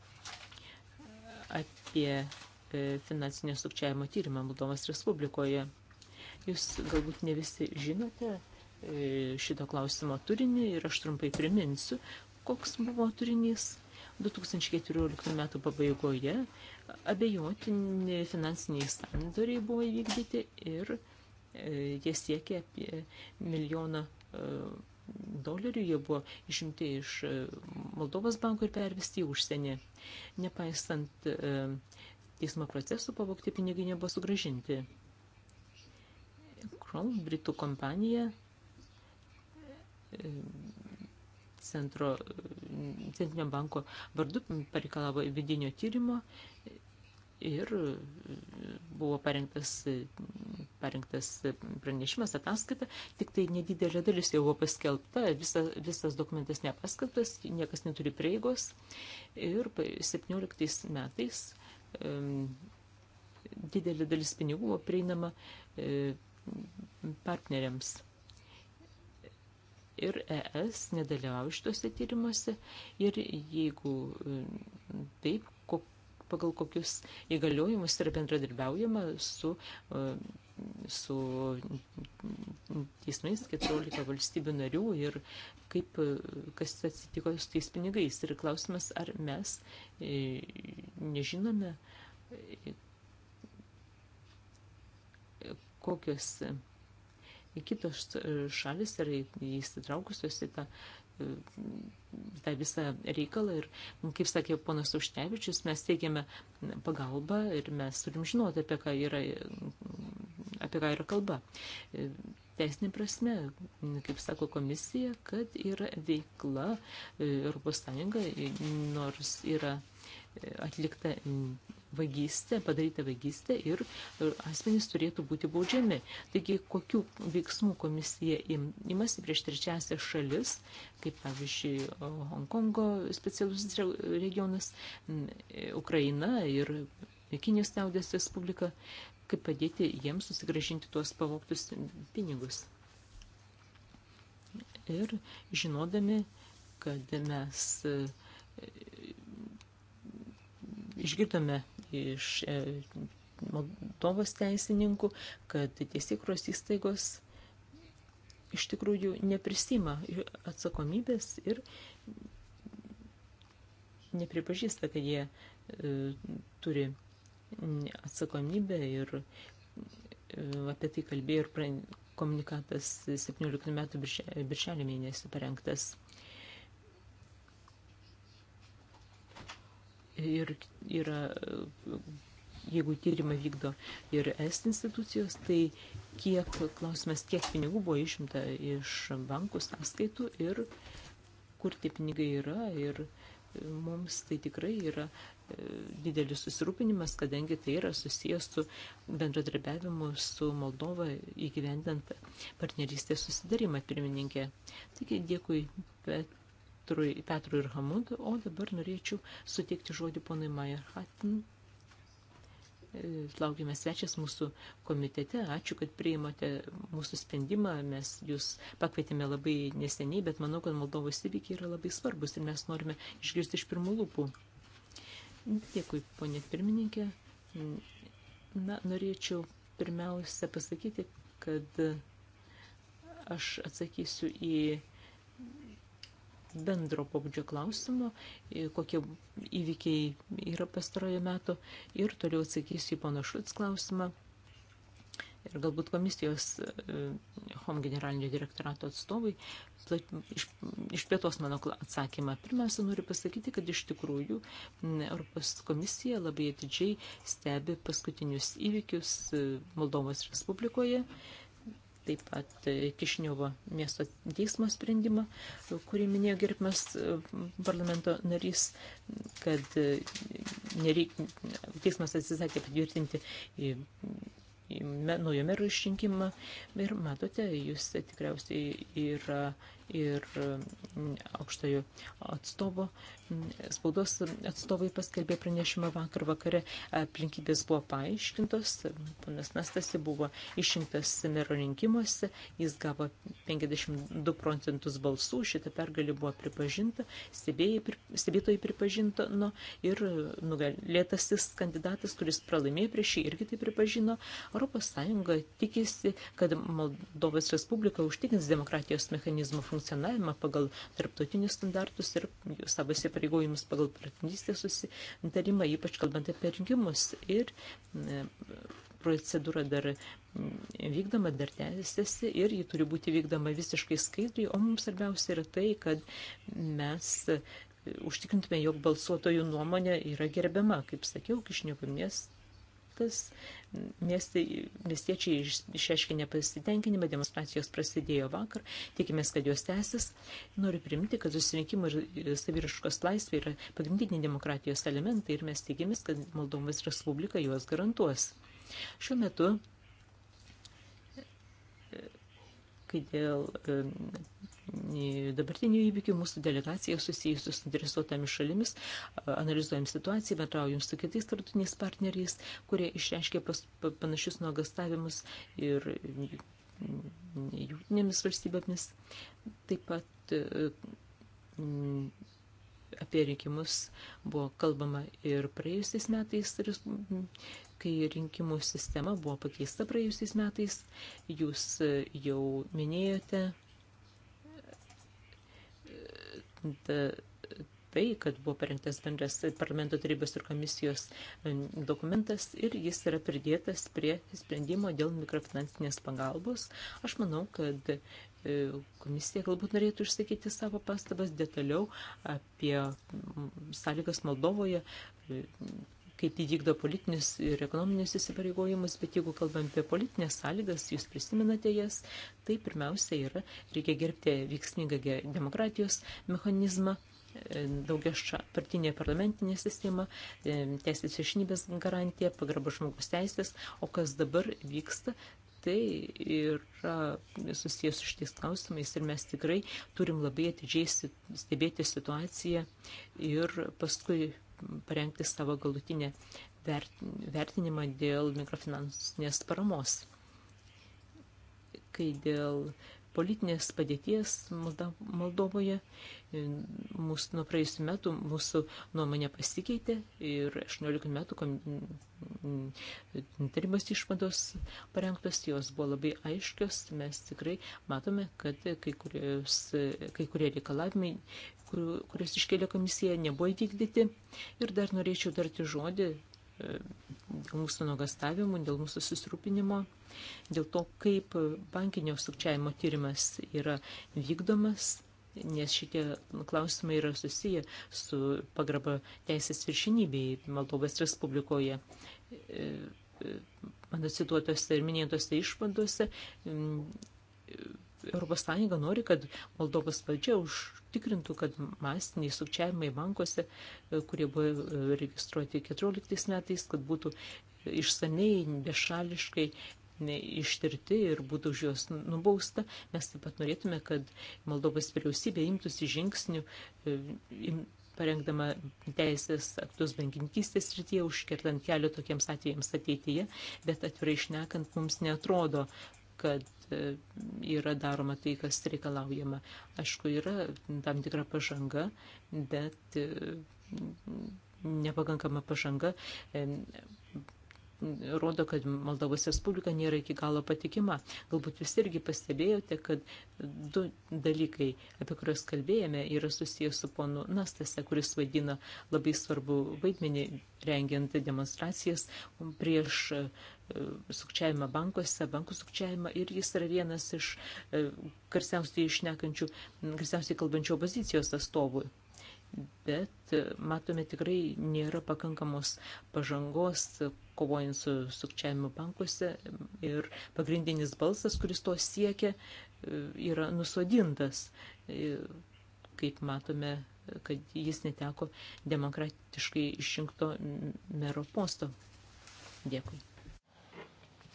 apie e, finansinio sukčiavimo tyrimą Moldovos Respublikoje. Jūs galbūt ne visi žinote e, šito klausimo turinį ir aš trumpai priminsiu, koks buvo turinys. 2014 metų pabaigoje abejotini finansiniai sandoriai buvo įvykdyti ir jie siekė apie milijoną e, dolerių, jie buvo išimti iš e, Moldovos banko ir pervesti į užsienį. Nepaisant e, teismo procesų, pavokti pinigai nebuvo sugražinti. Krom, Britų kompanija, centro, centrinio banko vardu pareikalavo vidinio tyrimo ir buvo parengtas, parengtas pranešimas, ataskaita, tik tai nedidelė dalis jau buvo paskelbta, visa, visas dokumentas nepaskelbtas, niekas neturi prieigos. Ir 17 metais um, didelė dalis pinigų buvo prieinama um, partneriams ir ES nedalyvauja šituose tyrimuose ir jeigu e, taip, pagal kokius įgaliojimus yra bendradarbiaujama su, e, su teismais 14 valstybių narių ir kaip, e, kas atsitiko su tais pinigais. Ir klausimas, ar mes e, nežinome, kokios kitos šalis yra įsitraukusios į tą tą visą reikalą ir, kaip sakė ponas Užtevičius, mes teikiame pagalbą ir mes turim žinoti, apie ką yra, apie ką yra kalba. Teisinė prasme, kaip sako komisija, kad yra veikla ES, nors yra atlikta vagystė, padaryta vagystė ir asmenys turėtų būti baudžiami. Taigi, kokių veiksmų komisija imasi prieš trečiasią šalis, kaip pavyzdžiui Hongkongo specialus regionas, Ukraina ir Kinijos Naudės Respublika, kaip padėti jiems susigražinti tuos pavoktus pinigus. Ir žinodami, kad mes išgirdome iš e, Moldovos teisininkų, kad teisėkros įstaigos iš tikrųjų neprisima atsakomybės ir nepripažįsta, kad jie e, turi atsakomybę ir e, apie tai kalbėjo ir komunikatas 17 metų birželio mėnesį parengtas. ir yra, jeigu tyrimą vykdo ir es institucijos, tai kiek, klausimas, kiek pinigų buvo išimta iš bankų sąskaitų ir kur tie pinigai yra ir mums tai tikrai yra e, didelis susirūpinimas, kadangi tai yra susijęs su bendradarbiavimu su Moldova įgyvendant partnerystės susidarimą pirmininkė. Taigi dėkui, bet Petrui, Petrui ir Hamudu, o dabar norėčiau suteikti žodį ponui Majer Hatin. E, laukiame svečias mūsų komitete. Ačiū, kad priimote mūsų sprendimą. Mes jūs pakvietėme labai neseniai, bet manau, kad Moldovos įvykiai yra labai svarbus ir mes norime išgirsti iš pirmų lūpų. Dėkui, ponė pirmininkė. Na, norėčiau pirmiausia pasakyti, kad aš atsakysiu į bendro pobūdžio klausimo, kokie įvykiai yra pastarojo metu ir toliau atsakysiu į panašus klausimą. Ir galbūt komisijos e, HOM generalinio direktorato atstovai išplėtos mano atsakymą. Pirmiausia, noriu pasakyti, kad iš tikrųjų Europos komisija labai atidžiai stebi paskutinius įvykius e, Moldovos Respublikoje taip pat e, Kišniovo miesto teismo sprendimą, kurį minėjo gerbimas e, parlamento narys, kad e, nereik, teismas atsisakė patvirtinti naujo mero išrinkimą. Ir matote, jūs tikriausiai yra ir mm, aukštojo atstovo, mm, spaudos atstovai paskelbė pranešimą vakar vakare, aplinkybės buvo paaiškintos, panas Nastasi buvo išrinktas mero rinkimuose, jis gavo 52 procentus balsų, šita pergalė buvo pripažinta, stebėtojai pripažinto, nu, ir nugalėtasis kandidatas, kuris pralaimėjo prieš jį, irgi tai pripažino, Europos Sąjunga tikisi, kad Moldovos Respublika užtikrins demokratijos mechanizmų funkciją funkcionavimą pagal tarptautinius standartus ir savo įsipareigojimus pagal partnerystės susitarimą, ypač kalbant apie rinkimus. Ir e, procedūra dar mm, vykdoma, dar tęsiasi ir ji turi būti vykdoma visiškai skaidriai, o mums svarbiausia yra tai, kad mes e, užtikrintume, jog balsuotojų nuomonė yra gerbiama. Kaip sakiau, kišnių paminės smurtas, miestiečiai išreiškė nepasitenkinimą, demonstracijos prasidėjo vakar, tikimės, kad jos tęsis. Noriu priminti, kad susirinkimo ir saviraškos laisvė yra pagrindiniai demokratijos elementai ir mes tikimės, kad Moldovos Respublika juos garantuos. Šiuo metu, e, kai dėl e, dabartinių įvykių mūsų delegacija susijusi su interesuotomis šalimis, analizuojam situaciją, bendraujam su kitais tartutiniais partneriais, kurie išreiškia pas, pa, panašius nuogastavimus ir jungtinėmis valstybėmis. Taip pat m, mm, apie rinkimus buvo kalbama ir praėjusiais metais ir mm, kai rinkimų sistema buvo pakeista praėjusiais metais, jūs jau minėjote E, tai, kad buvo parengtas bendras parlamento tarybos ir komisijos e, dokumentas ir jis yra pridėtas prie sprendimo dėl mikrofinansinės pagalbos. Aš manau, kad e, komisija galbūt norėtų išsakyti savo pastabas detaliau apie sąlygas Moldovoje, kaip įvykdo politinius ir ekonominius įsipareigojimus, bet jeigu kalbam apie politinės sąlygas, jūs prisiminate jas, tai pirmiausia yra, reikia gerbti veiksmingą demokratijos mechanizmą e, daugia partinė parlamentinė sistema, e, teisės išnybės garantija, pagarba žmogus teisės, o kas dabar vyksta, tai yra susijęs su šitais klausimais ir mes tikrai turim labai atidžiai stebėti situaciją ir paskui parengti savo galutinę vertinimą dėl mikrofinansinės paramos. Kai dėl politinės padėties Moldovoje. Mūsų nuo praėjusių metų mūsų nuomonė pasikeitė ir 18 metų tarybos išvados parengtos, jos buvo labai aiškios. Mes tikrai matome, kad kai, kurios, kai kurie reikalavimai, kur, kuriuos iškėlė komisija, nebuvo įvykdyti. Ir dar norėčiau tarti žodį mūsų nuogastavimų, dėl mūsų susirūpinimo, dėl to, kaip bankinio sukčiavimo tyrimas yra vykdomas, nes šitie klausimai yra susiję su pagraba teisės viršinybei Maltovės Respublikoje. E, e, mano cituotose ir minėtose išvadose ES nori, kad Moldovos valdžia užtikrintų, kad masiniai sukčiavimai bankuose, e, kurie buvo e, registruoti 14 metais, kad būtų išsamei, bešališkai ištirti ir būtų už juos nubausta. Mes taip pat norėtume, kad Moldovos vyriausybė imtųsi žingsnių e, parengdama teisės aktus bankininkystės rytyje, užkertant kelią tokiems atvejams ateityje, bet atvirai išnekant mums netrodo, kad E, yra daroma tai, kas reikalaujama. Aišku, yra tam tikra pažanga, bet e, nepakankama pažanga e, rodo, kad Moldovos Respublika nėra iki galo patikima. Galbūt jūs irgi pastebėjote, kad du dalykai, apie kuriuos kalbėjome, yra susijęs su ponu Nastase, kuris vaidina labai svarbu vaidmenį rengiant demonstracijas prieš e, sukčiavimą bankuose, bankų sukčiavimą ir jis yra vienas iš e, garsiausiai išnekančių, garsiausiai kalbančių opozicijos atstovų bet e, matome tikrai nėra pakankamos pažangos kovojant su sukčiavimu bankuose ir pagrindinis balsas, kuris to siekia, yra nusodintas. Kaip matome, kad jis neteko demokratiškai išrinkto mero posto. Dėkui.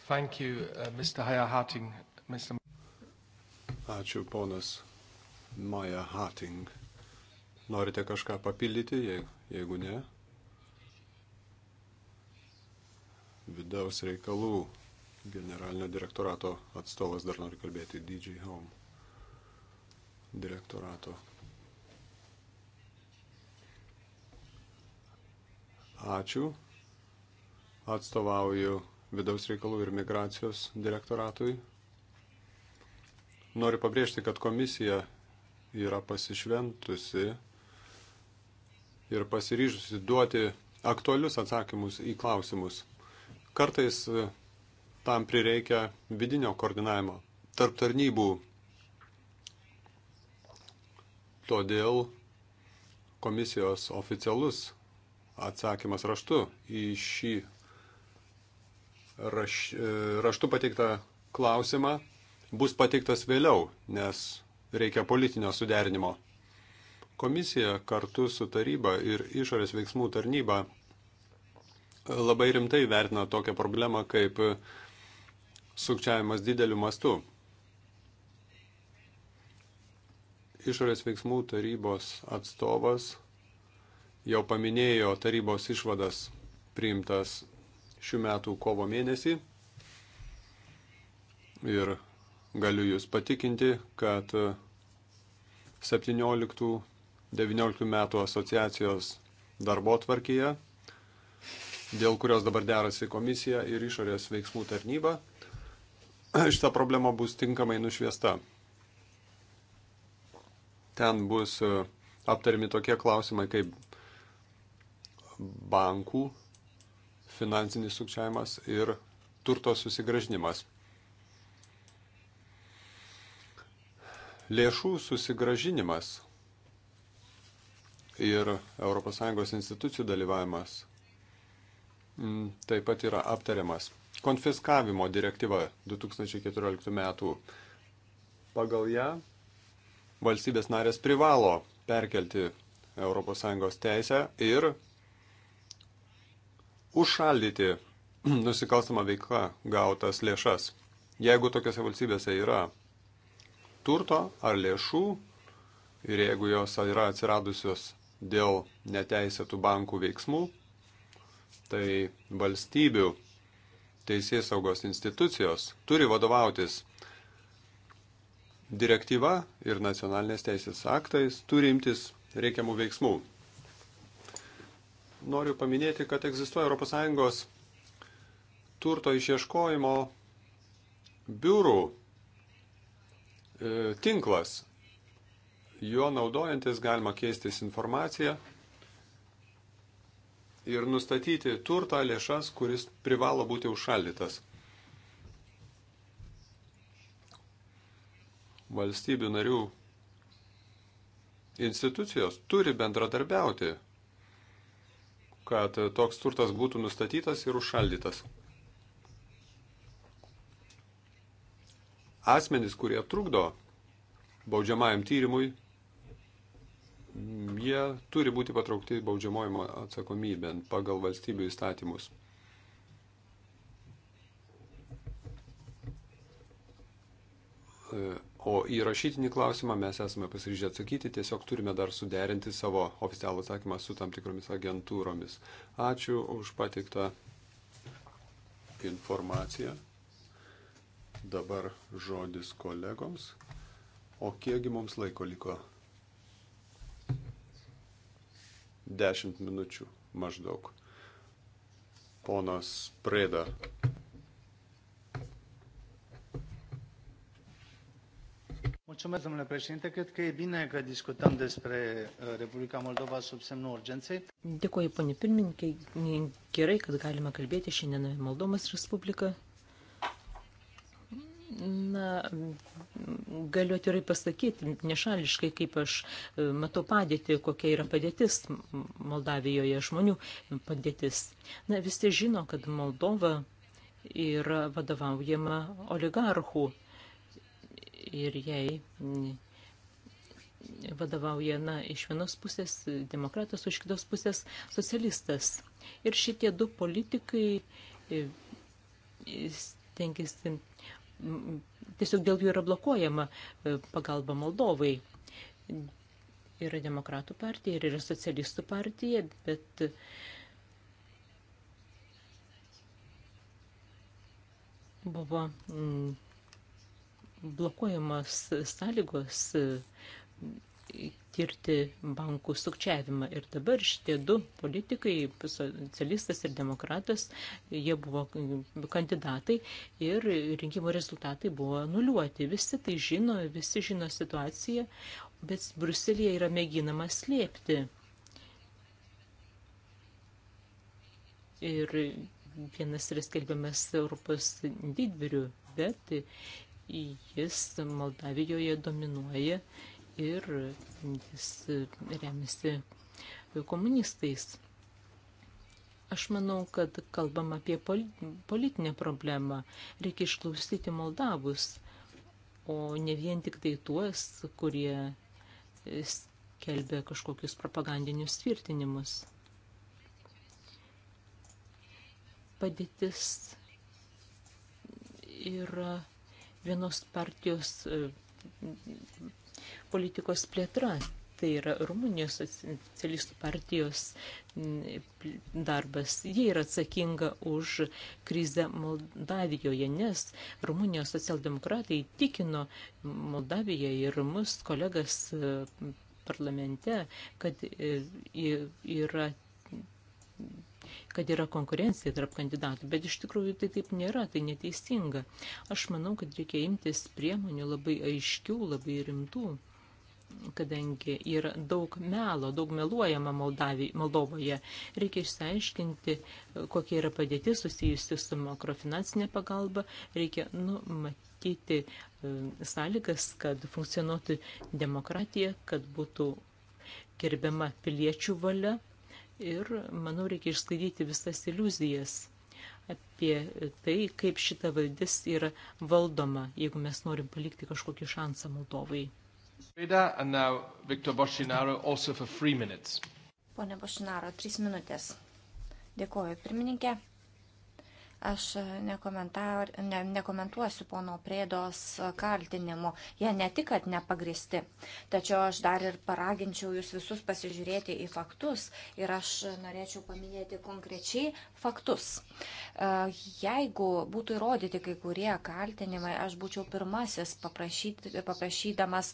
Thank you, uh, Mr. Hating, Mr. Ačiū, ponas Maja Hating. Norite kažką papildyti, jeigu ne? vidaus reikalų generalinio direktorato atstovas dar nori kalbėti, DJ Home direktorato. Ačiū. Atstovauju vidaus reikalų ir migracijos direktoratui. Noriu pabrėžti, kad komisija yra pasišventusi ir pasiryžusi duoti aktualius atsakymus į klausimus Kartais e, tam prireikia vidinio koordinavimo tarp tarnybų. Todėl komisijos oficialus atsakymas raštu į šį raš, e, raštu pateiktą klausimą bus pateiktas vėliau, nes reikia politinio suderinimo. Komisija kartu su taryba ir išorės veiksmų tarnyba labai rimtai vertina tokią problemą kaip sukčiavimas dideliu mastu. Išorės veiksmų tarybos atstovas jau paminėjo tarybos išvadas priimtas šių metų kovo mėnesį ir galiu Jūs patikinti, kad 17-19 metų asociacijos darbo tvarkyje dėl kurios dabar derasi komisija ir išorės veiksmų tarnyba, šita problema bus tinkamai nušviesta. Ten bus e, aptarimi tokie klausimai kaip bankų finansinis sukčiavimas ir turto susigražinimas. Lėšų susigražinimas ir ES institucijų dalyvavimas taip pat yra aptariamas. Konfiskavimo direktyva 2014 metų. Pagal ją valstybės narės privalo perkelti ES teisę ir užšaldyti nusikalstamą veiklą gautas lėšas. Jeigu tokiose valstybėse yra turto ar lėšų ir jeigu jos yra atsiradusios dėl neteisėtų bankų veiksmų, tai valstybių teisės saugos institucijos turi vadovautis direktyva ir nacionalinės teisės aktais, turi imtis reikiamų veiksmų. Noriu paminėti, kad egzistuoja ES turto išieškojimo biurų e, tinklas. Juo naudojantis galima keistis informaciją ir nustatyti turtą lėšas, kuris privalo būti užšaldytas. Valstybių narių institucijos turi bendradarbiauti, kad toks turtas būtų nustatytas ir užšaldytas. Asmenys, kurie trukdo baudžiamajam tyrimui, jie turi būti patraukti baudžiamojimo atsakomybę pagal valstybių įstatymus. O į rašytinį klausimą mes esame pasiryžę atsakyti, tiesiog turime dar suderinti savo oficialų atsakymą su tam tikromis agentūromis. Ačiū už patiktą informaciją. Dabar žodis kolegoms. O kiekgi mums laiko liko? 10 minučių maždaug. Ponas Preda. Mulțumesc, domnule președinte. Cred că e bine că discutăm despre uh, Republica Moldova sub semnul urgenței. Dėkuoju, ponė pirmininkė. Gerai, kad galime kalbėti šiandien Moldovos Respubliką Na, galiu atvirai pasakyti, nešališkai, kaip aš e, matau padėtį, kokia yra padėtis Moldavijoje žmonių padėtis. Na, visi žino, kad Moldova yra vadovaujama oligarchų ir jai mm, vadovauja, na, iš vienos pusės demokratas, iš kitos pusės socialistas. Ir šitie du politikai e, stengiasi tiesiog dėl jų yra blokuojama e, pagalba Moldovai. Yra demokratų partija ir yra socialistų partija, bet mm, buvo mm, blokuojamos sąlygos e, tirti bankų sukčiavimą. Ir dabar šitie du politikai, socialistas ir demokratas, jie buvo kandidatai ir rinkimo rezultatai buvo nuliuoti. Visi tai žino, visi žino situaciją, bet Bruselėje yra mėginama slėpti. Ir vienas yra skelbiamas Europos didvirių, bet jis Moldavijoje dominuoja ir jis remiasi komunistais. Aš manau, kad kalbam apie politinę problemą. Reikia išklausyti Moldavus, o ne vien tik tai tuos, kurie skelbia kažkokius propagandinius tvirtinimus. Padėtis yra vienos partijos politikos plėtra. Tai yra Rumunijos socialistų partijos mm, darbas. Jie yra atsakinga už krizę Moldavijoje, nes Rumunijos socialdemokratai tikino Moldaviją ir mus kolegas mm, parlamente, kad e, yra kad yra konkurencija tarp kandidatų, bet iš tikrųjų tai taip nėra, tai neteisinga. Aš manau, kad reikia imtis priemonių labai aiškių, labai rimtų kadangi yra daug melo, daug meluojama Moldavijai, Moldovoje. Reikia išsiaiškinti, kokia yra padėtis susijusi su makrofinansinė pagalba. Reikia numatyti e, sąlygas, kad funkcionuotų demokratija, kad būtų gerbiama piliečių valia. Ir, manau, reikia išsklaidyti visas iliuzijas apie tai, kaip šita valdys yra valdoma, jeigu mes norim palikti kažkokį šansą Moldovai. Pone Bošinaro, trys minutės. Dėkuoju, pirmininkė. Aš e, ne, nekomentuosiu pono priedos e, kaltinimu. Jie ne tik, kad nepagristi, tačiau aš dar ir paraginčiau jūs visus pasižiūrėti į faktus ir aš norėčiau paminėti konkrečiai faktus. E, jeigu būtų įrodyti kai kurie kaltinimai, aš būčiau pirmasis paprašydamas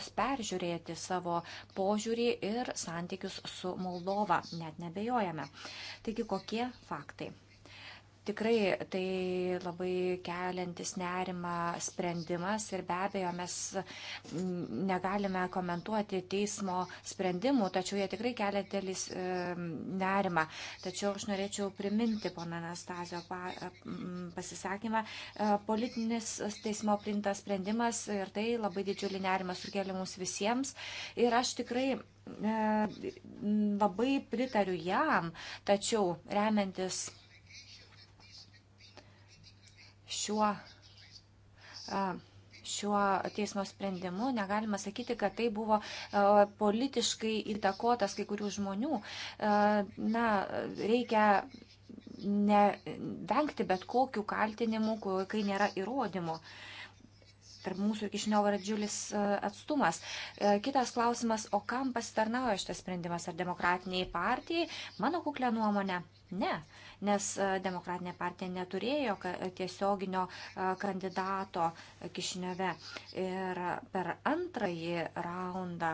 ES peržiūrėti savo požiūrį ir santykius su Moldova. Net nebejojame. Taigi kokie faktai? Tikrai tai labai keliantis nerima sprendimas ir be abejo mes negalime komentuoti teismo sprendimų, tačiau jie tikrai kelia dėlis nerima. Tačiau aš norėčiau priminti pono Anastasio pasisakymą. E, politinis teismo printas sprendimas ir tai labai didžiulį nerimą sukelia mums visiems. Ir aš tikrai e, labai pritariu jam, tačiau remiantis šiuo, šiuo teismo sprendimu negalima sakyti, kad tai buvo politiškai įtakotas kai kurių žmonių. Na, reikia nevengti bet kokių kaltinimų, kai nėra įrodymų. Tarp mūsų ir Kišiniovo yra didžiulis atstumas. Kitas klausimas, o kam pasitarnauja šitas sprendimas? Ar demokratiniai partijai? Mano kuklė nuomonė, ne. ne nes e, demokratinė partija neturėjo tiesioginio e, kandidato Kišiniove. Ir per antrąjį raundą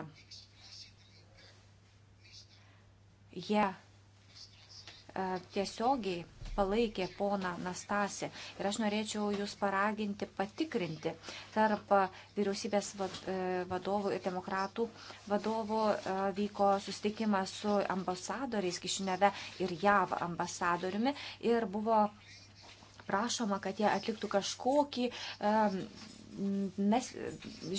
jie e, tiesiogiai palaikė poną Nastasį. Ir aš norėčiau jūs paraginti patikrinti tarp e, vyriausybės e, vadovų ir demokratų vadovų e, vyko susitikimas su ambasadoriais Kišineve ir JAV ambasadoriumi ir buvo prašoma, kad jie atliktų kažkokį um, mes,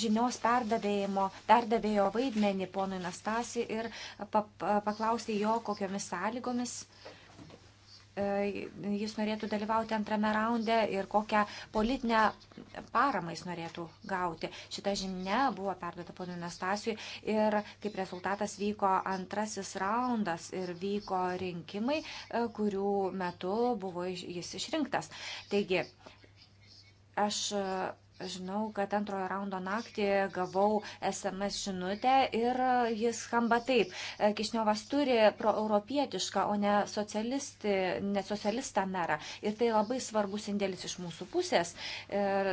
žinios perdavėjimo, perdavėjo vaidmenį ponui Nastasi ir pa, pa, paklausė jo, kokiomis sąlygomis uh, E, jis norėtų dalyvauti antrame raunde ir kokią politinę paramą jis norėtų gauti. Šita žinia buvo perduota ponui Nastasiui ir kaip rezultatas vyko antrasis raundas ir vyko rinkimai, e, kurių metu buvo jis išrinktas. Taigi, aš Žinau, kad antrojo raundo naktį gavau SMS žinutę ir e, jis skamba taip. E, Kišniovas turi proeuropietišką, o ne, ne socialistą merą. Ir tai labai svarbus indėlis iš mūsų pusės. Ir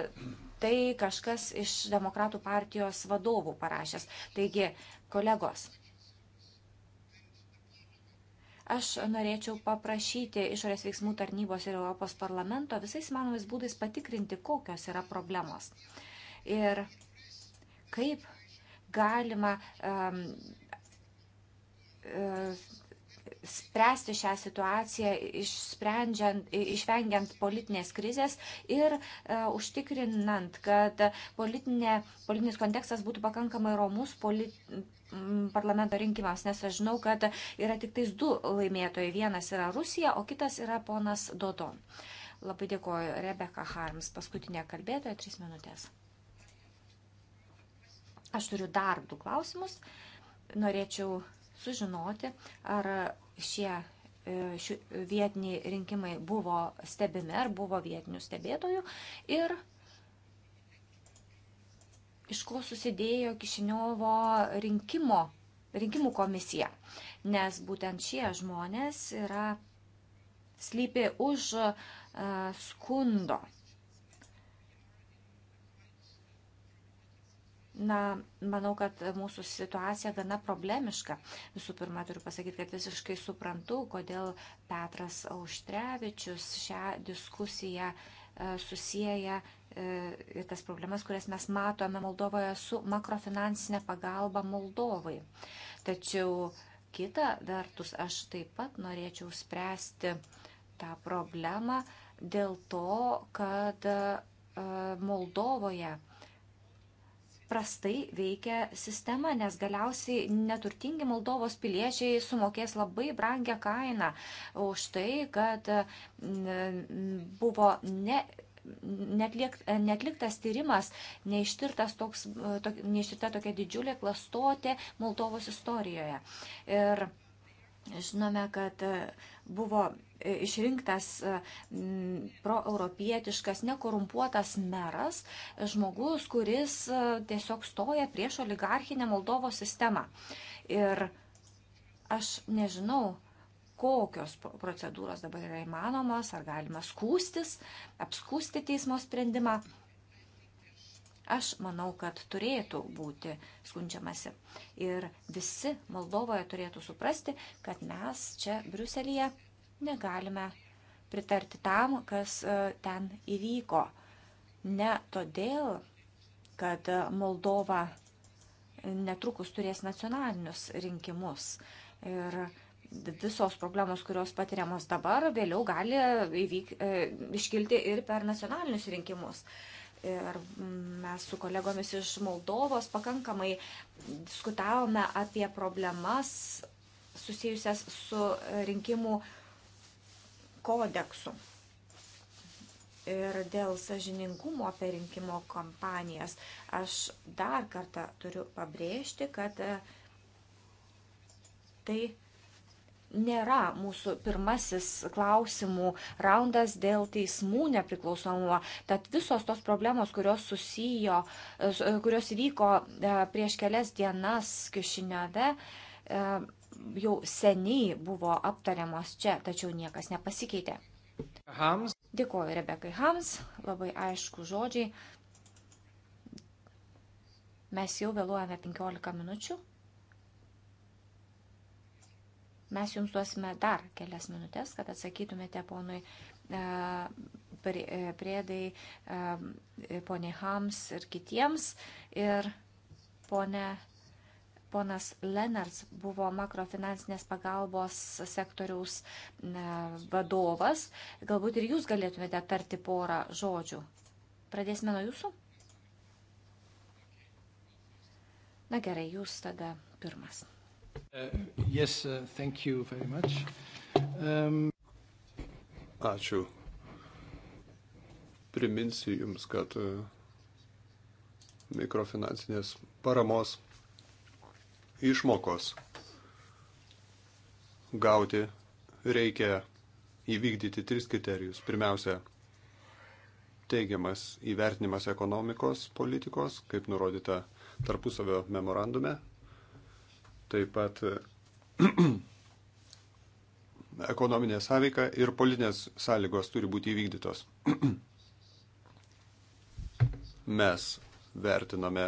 tai kažkas iš Demokratų partijos vadovų parašęs. Taigi, kolegos. Aš norėčiau paprašyti išorės veiksmų tarnybos ir Europos parlamento visais manomais būdais patikrinti, kokios yra problemos. Ir kaip galima um, uh, spręsti šią situaciją, išvengiant politinės krizės ir uh, užtikrinant, kad politinė, politinis kontekstas būtų pakankamai romus polit, parlamento rinkimams, nes aš žinau, kad yra tik tais du laimėtojai. Vienas yra Rusija, o kitas yra ponas Dodon. Labai dėkoju Rebeka Harms, paskutinė kalbėtoja, trys minutės. Aš turiu dar du klausimus. Norėčiau sužinoti, ar šie e, ši, vietiniai rinkimai buvo stebimi, ar buvo vietinių stebėtojų. Ir iš ko susidėjo Kišiniovo rinkimo, rinkimų komisija. Nes būtent šie žmonės yra slypi už uh, skundo. Na, manau, kad mūsų situacija gana problemiška. Visų pirma, turiu pasakyti, kad visiškai suprantu, kodėl Petras Auštrevičius šią diskusiją e, susiję e, ir tas problemas, kurias mes matome Moldovoje su makrofinansinė pagalba Moldovai. Tačiau kita vertus, aš taip pat norėčiau spręsti tą problemą dėl to, kad e, Moldovoje prastai veikia sistema, nes galiausiai neturtingi Moldovos piliečiai sumokės labai brangią kainą už tai, kad e, buvo ne. Netliek, e, netliktas tyrimas, toks, e, to, neištirta tokia didžiulė klastotė Moldovos istorijoje. Ir Žinome, kad e, buvo e, išrinktas e, proeuropietiškas, nekorumpuotas meras, žmogus, kuris tiesiog stoja prieš oligarchinę Moldovo sistemą. Ir aš nežinau, kokios procedūros dabar yra įmanomos, ar galima skūstis, apskūsti teismo sprendimą. Aš manau, kad turėtų būti skundžiamasi. Ir visi Moldovoje turėtų suprasti, kad mes čia Briuselėje negalime pritarti tam, kas e, ten įvyko. Ne todėl, kad Moldova netrukus turės nacionalinius rinkimus. Ir visos problemos, kurios patiriamos dabar, vėliau gali įvyk, e, iškilti ir per nacionalinius rinkimus ir mes su kolegomis iš Moldovos pakankamai diskutavome apie problemas susijusias su rinkimų kodeksu ir dėl sažiningumo per rinkimo kampanijas. Aš dar kartą turiu pabrėžti, kad tai nėra mūsų pirmasis klausimų raundas dėl teismų nepriklausomumo. Tad visos tos problemos, kurios susijo, kurios vyko e, prieš kelias dienas Kišineve, e, jau seniai buvo aptariamos čia, tačiau niekas nepasikeitė. Hams. Dėkuoju Rebekai Hams, labai aišku žodžiai. Mes jau vėluojame 15 minučių. Mes jums duosime dar kelias minutės, kad atsakytumėte ponui e, e, priedai, e, poniai Hams ir kitiems. Ir ponė ponas Lenars buvo makrofinansinės pagalbos sektoriaus vadovas. Galbūt ir jūs galėtumėte tarti porą žodžių. Pradėsime nuo jūsų? Na gerai, jūs tada pirmas. Uh, yes, uh, thank you very much. Um... Ačiū. Priminsiu Jums, kad uh, mikrofinansinės paramos išmokos gauti reikia įvykdyti tris kriterijus. Pirmiausia, teigiamas įvertinimas ekonomikos politikos, kaip nurodyta tarpusavio memorandume taip pat ekonominė sąveika ir politinės sąlygos turi būti įvykdytos. Mes vertiname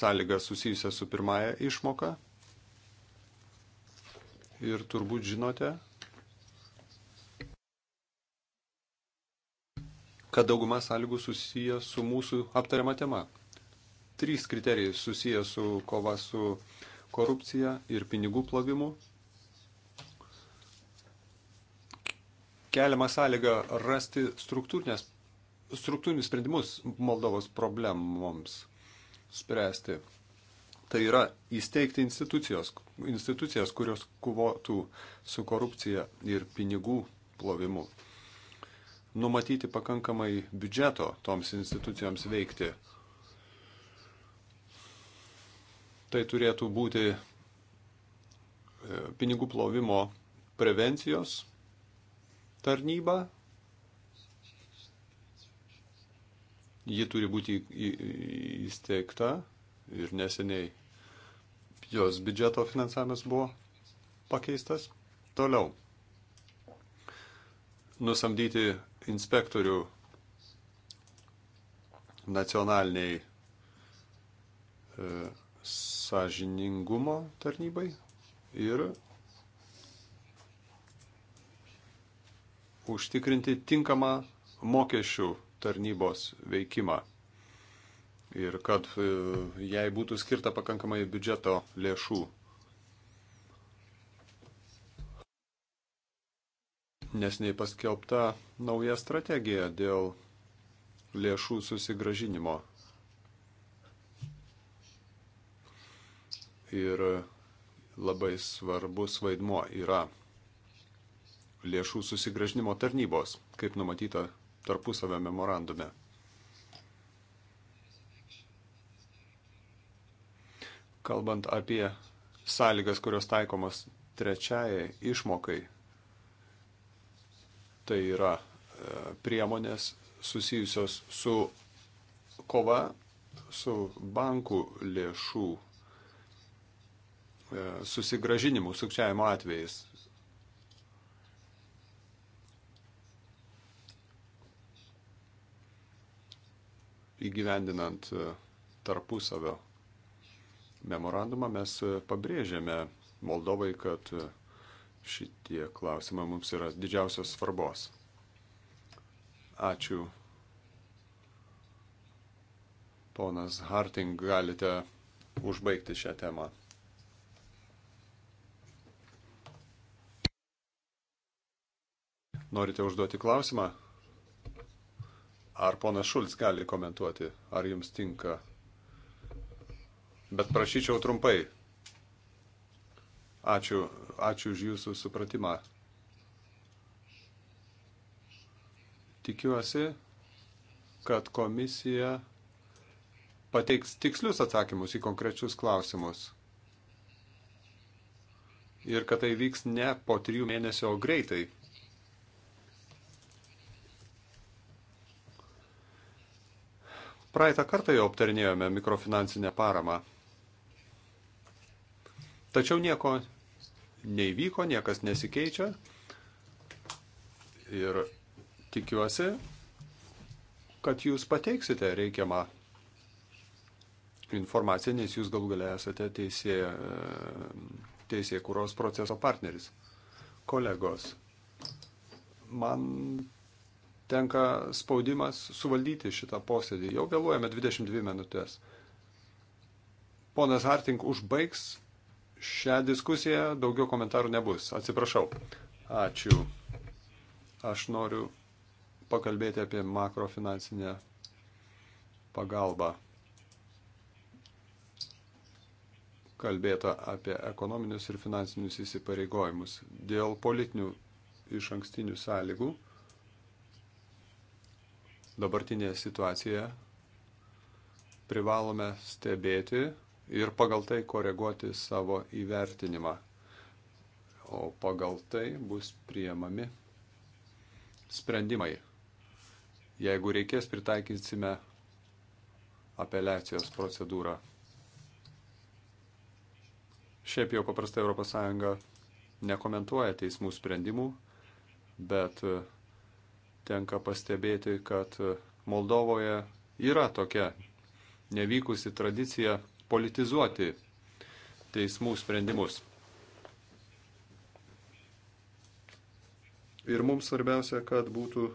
sąlygas susijusią su pirmąją išmoką ir turbūt žinote, kad dauguma sąlygų susiję su mūsų aptariama tema. Trys kriterijai susiję su kova su uh, korupcija ir pinigų plovimu. Keliama sąlyga rasti struktūrinius sprendimus Moldovos problemoms spręsti. Tai yra įsteigti institucijos, institucijas, kurios kovotų su korupcija ir pinigų plovimu. Numatyti pakankamai biudžeto toms institucijoms veikti Tai turėtų būti e, pinigų plovimo prevencijos tarnyba. Ji turi būti įsteigta ir neseniai jos biudžeto finansavimas buvo pakeistas. Toliau. Nusamdyti inspektorių nacionaliniai e, sąžiningumo tarnybai ir užtikrinti tinkamą mokesčių tarnybos veikimą. Ir kad e, jai būtų skirta pakankamai biudžeto lėšų. Nesnei paskelbta nauja strategija dėl lėšų susigražinimo ir labai svarbus vaidmuo yra lėšų susigražinimo tarnybos, kaip numatyta tarpusavio memorandume. Kalbant apie sąlygas, kurios taikomos trečiajai išmokai, tai yra e, priemonės susijusios su kova su bankų lėšų E, susigražinimų sukčiavimo atvejais. Įgyvendinant e, tarpusavio memorandumą mes e, pabrėžėme Moldovai, kad šitie klausimai mums yra didžiausios svarbos. Ačiū. Ponas Harting, galite užbaigti šią temą. Norite užduoti klausimą? Ar ponas Šulc gali komentuoti, ar jums tinka? Bet prašyčiau trumpai. Ačiū, ačiū už jūsų supratimą. Tikiuosi, kad komisija pateiks tikslius atsakymus į konkrečius klausimus. Ir kad tai vyks ne po trijų mėnesio greitai. Praeitą kartą jau aptarinėjome mikrofinansinę paramą. Tačiau nieko neįvyko, niekas nesikeičia. Ir tikiuosi, kad jūs pateiksite reikiamą informaciją, nes jūs galų galę esate teisė, teisė kuros proceso partneris. Kolegos, man tenka spaudimas suvaldyti šitą posėdį. Jau vėluojame 22 minutės. Ponas Harting užbaigs šią diskusiją, daugiau komentarų nebus. Atsiprašau. Ačiū. Aš noriu pakalbėti apie makrofinansinę pagalbą. Kalbėta apie ekonominius ir finansinius įsipareigojimus dėl politinių iš ankstinių sąlygų dabartinėje situacijoje privalome stebėti ir pagal tai koreguoti savo įvertinimą. O pagal tai bus priemami sprendimai. Jeigu reikės, pritaikysime apeliacijos procedūrą. Šiaip jau paprastai ES nekomentuoja teismų sprendimų, bet tenka pastebėti, kad Moldovoje yra tokia nevykusi tradicija politizuoti teismų sprendimus. Ir mums svarbiausia, kad būtų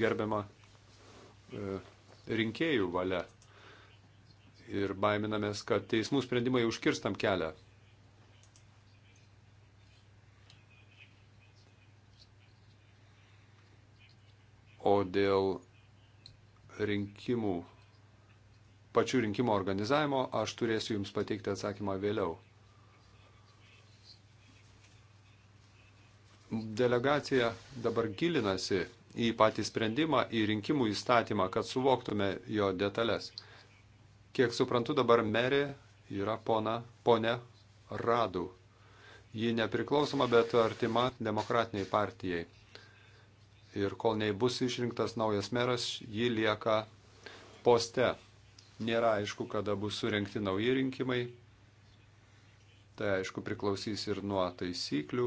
gerbiama e, rinkėjų valia. Ir baiminamės, kad teismų sprendimai užkirstam kelią O dėl rinkimų, pačių rinkimų organizavimo aš turėsiu Jums pateikti atsakymą vėliau. Delegacija dabar gilinasi į patį sprendimą, į rinkimų įstatymą, kad suvoktume jo detalės. Kiek suprantu, dabar merė yra pona, ponė Radu. Ji nepriklausoma, bet artima demokratiniai partijai ir kol nei bus išrinktas naujas meras, ji lieka poste. Nėra aišku, kada bus surinkti nauji rinkimai. Tai aišku priklausys ir nuo taisyklių.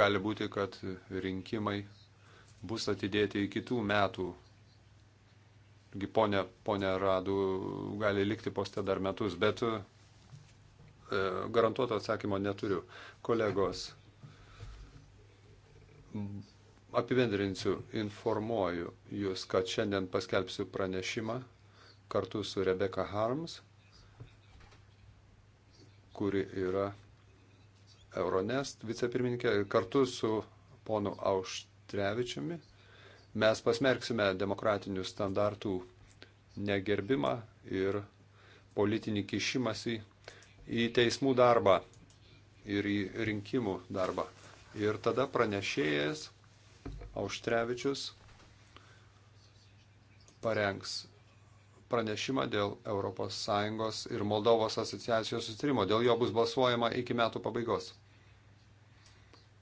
Gali būti, kad rinkimai bus atidėti į kitų metų. Ponė, ponė Radu gali likti poste dar metus, bet E, garantuoto atsakymo neturiu. Kolegos, apibendrinsiu, informuoju jūs, kad šiandien paskelbsiu pranešimą kartu su Rebecca Harms, kuri yra Euronest vicepirmininkė, kartu su ponu Auštrevičiumi. Mes pasmerksime demokratinių standartų negerbimą ir politinį kišimąsi į teismų darbą ir į rinkimų darbą. Ir tada pranešėjas Auštrevičius parengs pranešimą dėl ES ir Moldovos asociacijos sustarimo. Dėl jo bus balsuojama iki metų pabaigos.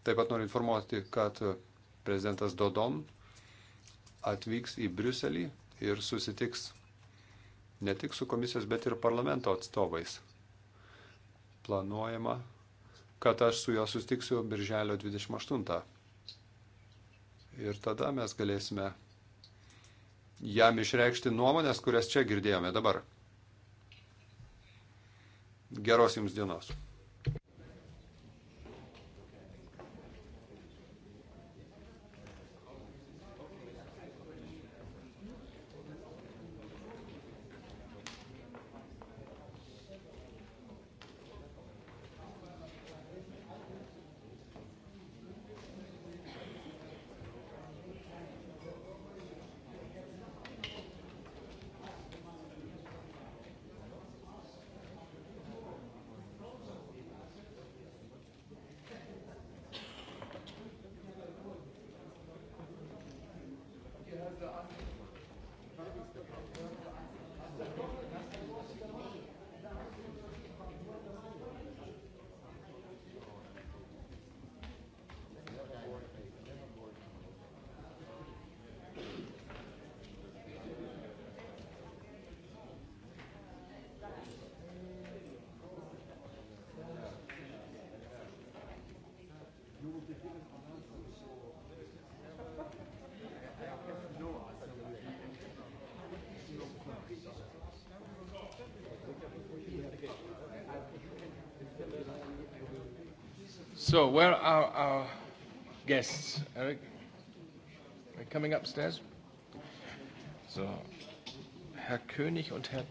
Taip pat noriu informuoti, kad prezidentas Dodon atvyks į Briuselį ir susitiks ne tik su komisijos, bet ir parlamento atstovais planuojama, kad aš su juo sustiksiu birželio 28. Ir tada mes galėsime jam išreikšti nuomonės, kurias čia girdėjome dabar. Geros jums dienos. So, where are our guests? Eric, are coming upstairs? So, Herr König und Herr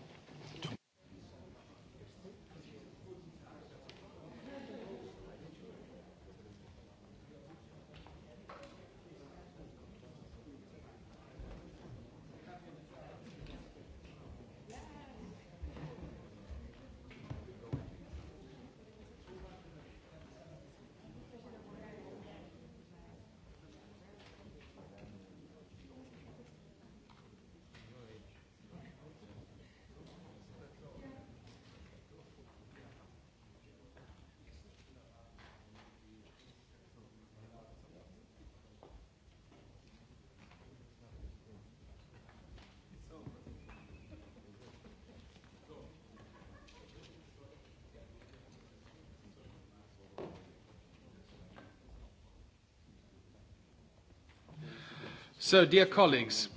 So, dear colleagues,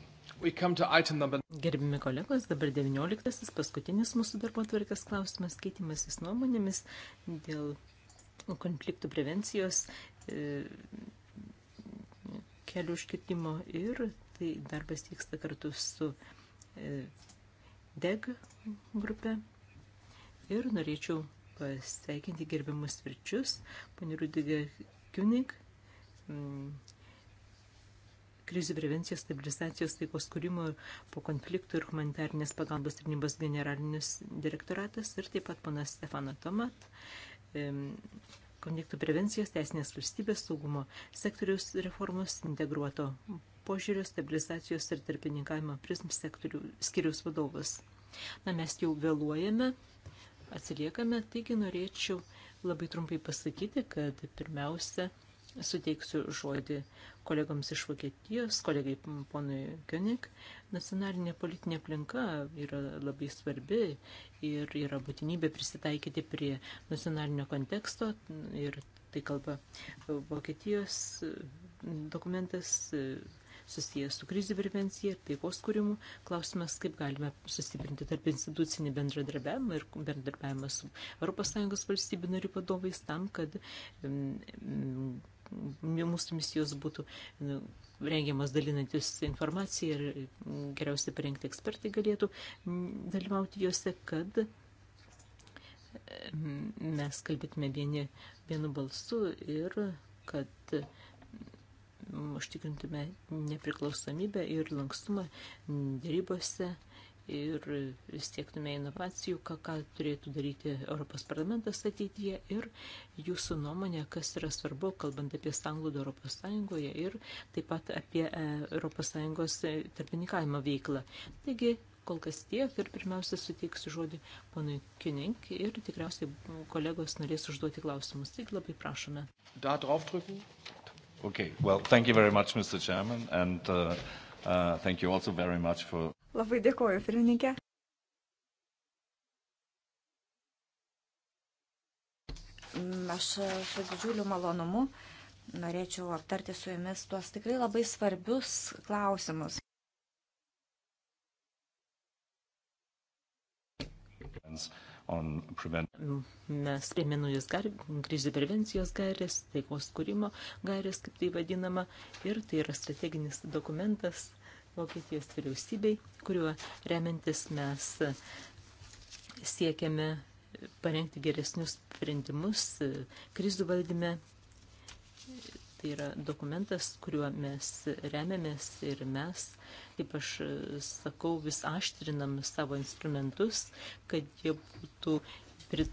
we come to item number... Gerbimi kolegos, dabar 19. paskutinis mūsų darbo tvarkės klausimas, keitimasis nuomonėmis dėl konfliktų prevencijos, e, kelių užkirtimo ir tai darbas vyksta kartu su e, DEG grupė. Ir norėčiau pasveikinti gerbiamus svečius, ponį Rudigą Kiunik, krizių prevencijos, stabilizacijos, taikos kūrimo po konfliktų ir humanitarnės pagalbos tarnybos generalinis direktoratas ir taip pat panas Stefano Tomat, konfliktų prevencijos, teisinės valstybės, saugumo sektorius reformos, integruoto požiūrio, stabilizacijos ir tarpininkavimo prism sektorių skiriaus vadovas. Na, mes jau vėluojame, atsiliekame, taigi norėčiau labai trumpai pasakyti, kad pirmiausia, suteiksiu žodį kolegoms iš Vokietijos, kolegai ponui König. Nacionalinė politinė aplinka yra labai svarbi ir yra būtinybė prisitaikyti prie nacionalinio konteksto ir tai kalba Vokietijos dokumentas susijęs su krizių prevencija ir taikos kūrimu. Klausimas, kaip galime sustiprinti tarp institucinį bendradarbiavimą ir bendradarbiavimą su ES valstybių narių vadovais tam, kad mm, mūsų misijos būtų nu, rengiamas dalinantis informaciją ir mm, geriausiai parengti ekspertai galėtų mm, dalyvauti juose, kad mm, mes kalbėtume vieni, vienu balsu ir kad užtikrintume nepriklausomybę ir lankstumą dėrybose ir siektume inovacijų, ką, ką turėtų daryti Europos parlamentas ateityje ir jūsų nuomonė, kas yra svarbu, kalbant apie sanglūdą Europos Sąjungoje ir taip pat apie e, Europos Sąjungos e, tarpininkavimo veiklą. Taigi, kol kas tiek ir pirmiausia suteiksiu žodį ponui Kinink ir tikriausiai kolegos norės užduoti klausimus. Taigi labai prašome. Da draufdrücken. Okay, well, thank you very much, Mr. Chairman, and uh, uh, thank you also very much for Labai dėkoju, pirmininkė. Aš su didžiuliu malonumu norėčiau aptarti su jumis tuos tikrai labai svarbius klausimus. Nu, mes priėmė naujas krizių prevencijos gairės, taikos kūrimo gairės, kaip tai vadinama, ir tai yra strateginis dokumentas, Vokietijos vyriausybei, kuriuo remiantis mes siekiame parengti geresnius sprendimus krizų valdyme. Tai yra dokumentas, kuriuo mes remiamės ir mes, kaip aš sakau, vis aštrinam savo instrumentus, kad jie būtų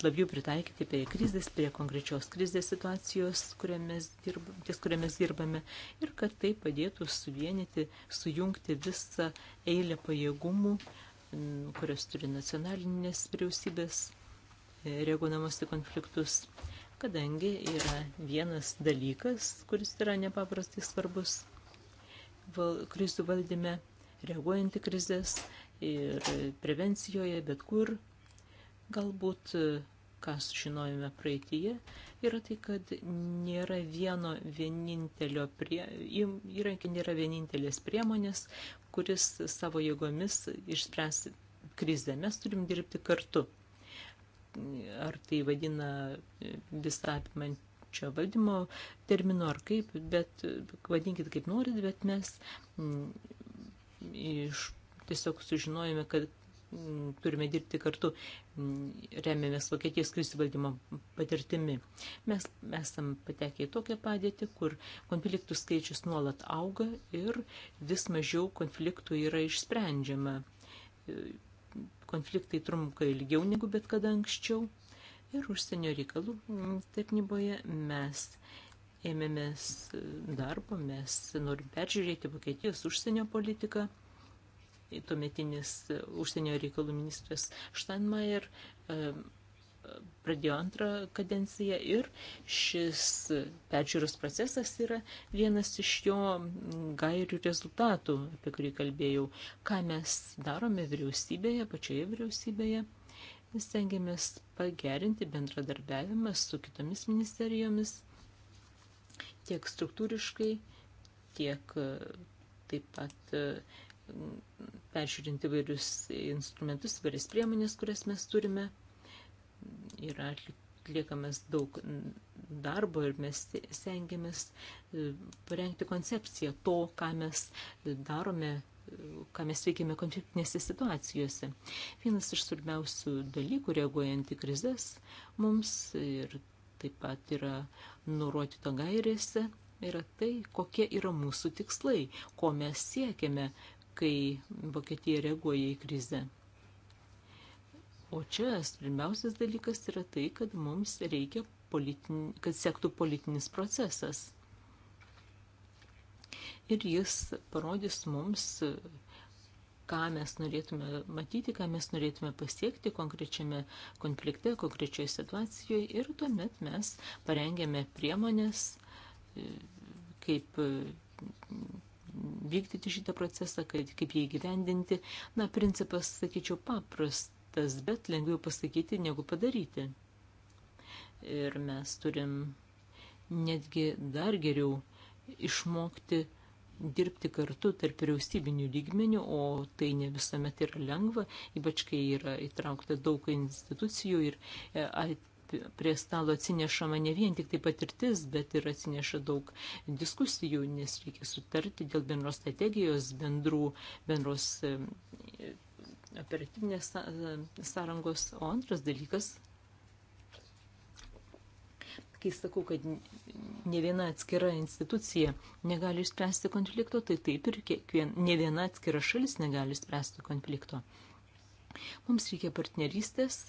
labiau pritaikyti prie krizės, prie konkrečios krizės situacijos, kuriamis dirba, ties kuriamis dirbame, ir kad tai padėtų suvienyti, sujungti visą eilę pajėgumų, kurios turi nacionalinės vyriausybės, e, reaguodamos į konfliktus, kadangi yra vienas dalykas, kuris yra nepaprastai svarbus val, krizių valdyme, reaguojant į krizės ir prevencijoje, bet kur Galbūt, e, kas žinojame praeitįje, yra tai, kad nėra vieno vienintelio prie, įrankio, nėra vienintelės priemonės, kuris savo jėgomis išspręs krizę. Mes turim dirbti kartu. Ar tai vadina visą apimantį valdymo terminu ar kaip, bet vadinkit kaip norit, bet mes iš tiesiog sužinojome, kad Mm, turime dirbti kartu, mm, remiamės Vokietijos krizių valdymo patirtimi. Mes esam patekę į tokią padėtį, kur konfliktų skaičius nuolat auga ir vis mažiau konfliktų yra išsprendžiama. E, konfliktai trunka ilgiau negu bet kada anksčiau. Ir užsienio reikalų tarnyboje mes ėmėmės darbo, mes norim peržiūrėti Vokietijos užsienio politiką tuometinis užsienio reikalų ministras Steinmeier e, pradėjo antrą kadenciją ir šis peržiūros procesas yra vienas iš jo gairių rezultatų, apie kurį kalbėjau, ką mes darome vyriausybėje, pačioje vyriausybėje. Mes tengiamės pagerinti bendradarbiavimą su kitomis ministerijomis tiek struktūriškai, tiek e, taip pat e, peržiūrinti vairius instrumentus, vairias priemonės, kurias mes turime. Yra atliekamas daug darbo ir mes stengiamės e, parengti koncepciją to, ką mes darome ką mes veikiame konfliktinėse situacijose. Vienas iš svarbiausių dalykų reaguojant į krizės mums ir taip pat yra nurodyta gairėse yra tai, kokie yra mūsų tikslai, ko mes siekiame kai Vokietija reaguoja į krizę. O čia pirmiausias dalykas yra tai, kad mums reikia, politin, kad sektų politinis procesas. Ir jis parodys mums, ką mes norėtume matyti, ką mes norėtume pasiekti konkrečiame konflikte, konkrečioje situacijoje. Ir tuomet mes parengėme priemonės, kaip vykdyti šitą procesą, kad, kaip jį gyvendinti. Na, principas, sakyčiau, paprastas, bet lengviau pasakyti negu padaryti. Ir mes turim netgi dar geriau išmokti dirbti kartu tarp vyriausybinių lygmenių, o tai ne visuomet yra lengva, ypač kai yra įtraukta daug institucijų ir e, prie stalo atsinešama ne vien tik tai patirtis, bet ir atsineša daug diskusijų, nes reikia sutarti dėl bendros strategijos, bendrų, bendros e, operatyvinės e, sąrangos. O antras dalykas, kai sakau, kad ne viena atskira institucija negali išspręsti konflikto, tai taip ir kiekvien, ne viena atskira šalis negali išspręsti konflikto. Mums reikia partnerystės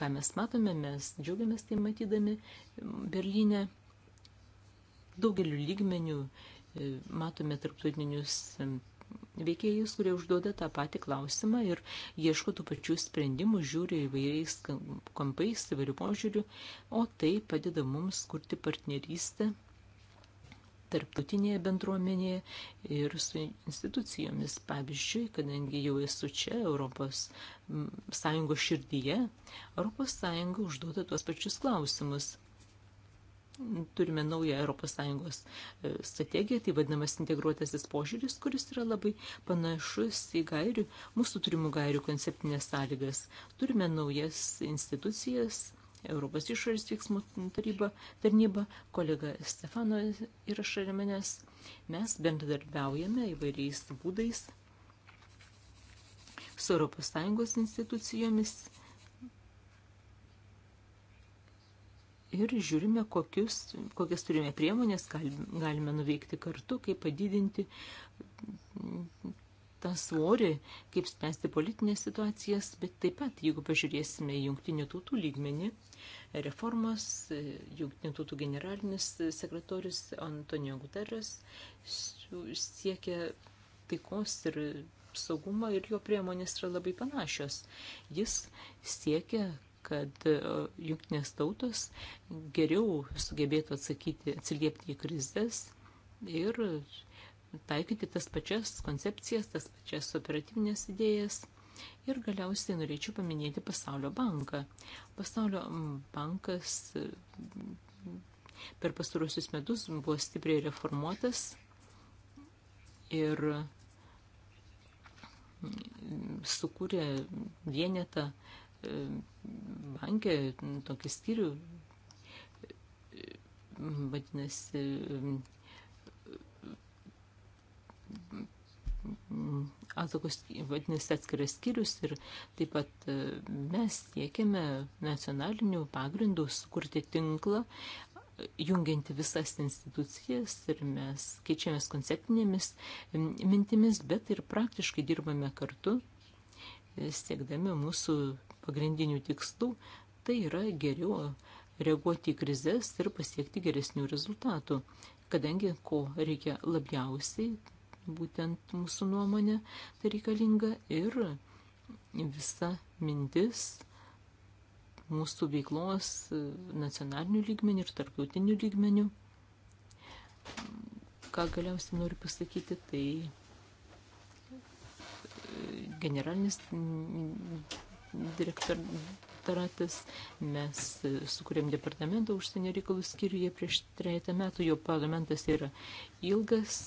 ką mes matome, mes džiaugiamės tai matydami Berlyne daugeliu lygmenių e, matome tarptautinius e, veikėjus, kurie užduoda tą patį klausimą ir ieško tų pačių sprendimų, žiūri įvairiais kampais, įvairių požiūrių, o tai padeda mums kurti partnerystę tarptautinėje bendruomenėje ir su institucijomis. Pavyzdžiui, kadangi jau esu čia Europos Sąjungos širdyje, Europos Sąjunga užduoda tuos pačius klausimus. Turime naują Europos Sąjungos e, strategiją, tai vadinamas integruotasis požiūris, kuris yra labai panašus į gairių, mūsų turimų gairių konceptinės sąlygas. Turime naujas institucijas, Europos išorės veiksmų taryba, tarnyba, kolega Stefano yra šalia manęs. Mes bendradarbiaujame įvairiais būdais su Europos Sąjungos institucijomis ir žiūrime, kokius, kokias turime priemonės galime nuveikti kartu, kaip padidinti tą svorį, kaip spręsti politinės situacijas, bet taip pat, jeigu pažiūrėsime jungtinių tautų lygmenį, reformos, jungtinių tautų generalinis sekretorius Antonijo Guterres siekia taikos ir saugumo ir jo priemonės yra labai panašios. Jis siekia, kad e, jungtinės tautos geriau sugebėtų atsakyti, atsiliepti į krizės ir taikyti tas pačias koncepcijas, tas pačias operatyvinės idėjas. Ir galiausiai norėčiau paminėti Pasaulio banką. Pasaulio mm, bankas per pastaruosius metus buvo stipriai reformuotas ir mm, sukūrė vienetą e, bankę, tokį skyrių, e, vadinasi, atsakos vadinasi atskiras skyrius ir taip pat e, mes siekiame nacionalinių pagrindų sukurti tinklą, jungianti visas institucijas ir mes keičiamės konceptinėmis mintimis, bet ir praktiškai dirbame kartu, e, siekdami mūsų pagrindinių tikslų, tai yra geriau reaguoti į krizės ir pasiekti geresnių rezultatų, kadangi ko reikia labiausiai, būtent mūsų nuomonė tai reikalinga ir visa mintis mūsų veiklos nacionalinių lygmenių ir tarptautinių lygmenių. Ką galiausiai noriu pasakyti, tai e, generalinis direktoratas, mes sukūrėm departamentą užsienio reikalų skyriuje prieš trejata metų, jo parlamentas yra ilgas,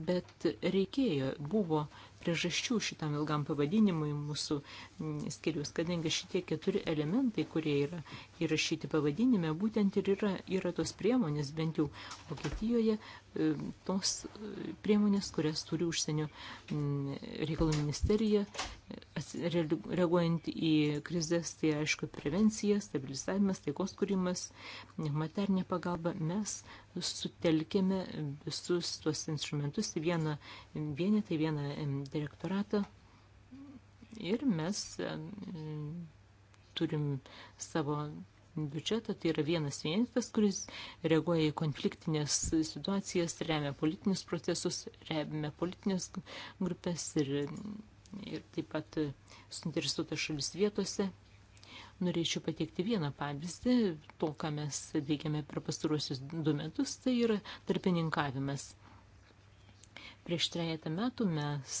bet reikėjo, buvo priežasčių šitam ilgam pavadinimui mūsų mm, skiriaus, kadangi šitie keturi elementai, kurie yra įrašyti pavadinime, būtent ir yra, yra tos priemonės, bent jau Vokietijoje, tos priemonės, kurias turi užsienio mm, reikalų ministerija, reaguojant į krizės, tai aišku, prevencija, stabilizavimas, taikos kūrimas, materinė pagalba, mes sutelkėme visus tuos instrumentus į vieną vienetą, į vieną direktoratą ir mes turim savo biudžetą, tai yra vienas vienintas, kuris reaguoja į konfliktinės situacijas, remia politinius procesus, remia politinės grupės ir, ir taip pat suinteresuotas šalis vietose. Norėčiau pateikti vieną pavyzdį, to, ką mes veikiame per pastaruosius du metus, tai yra tarpininkavimas. Prieš trejata metų mes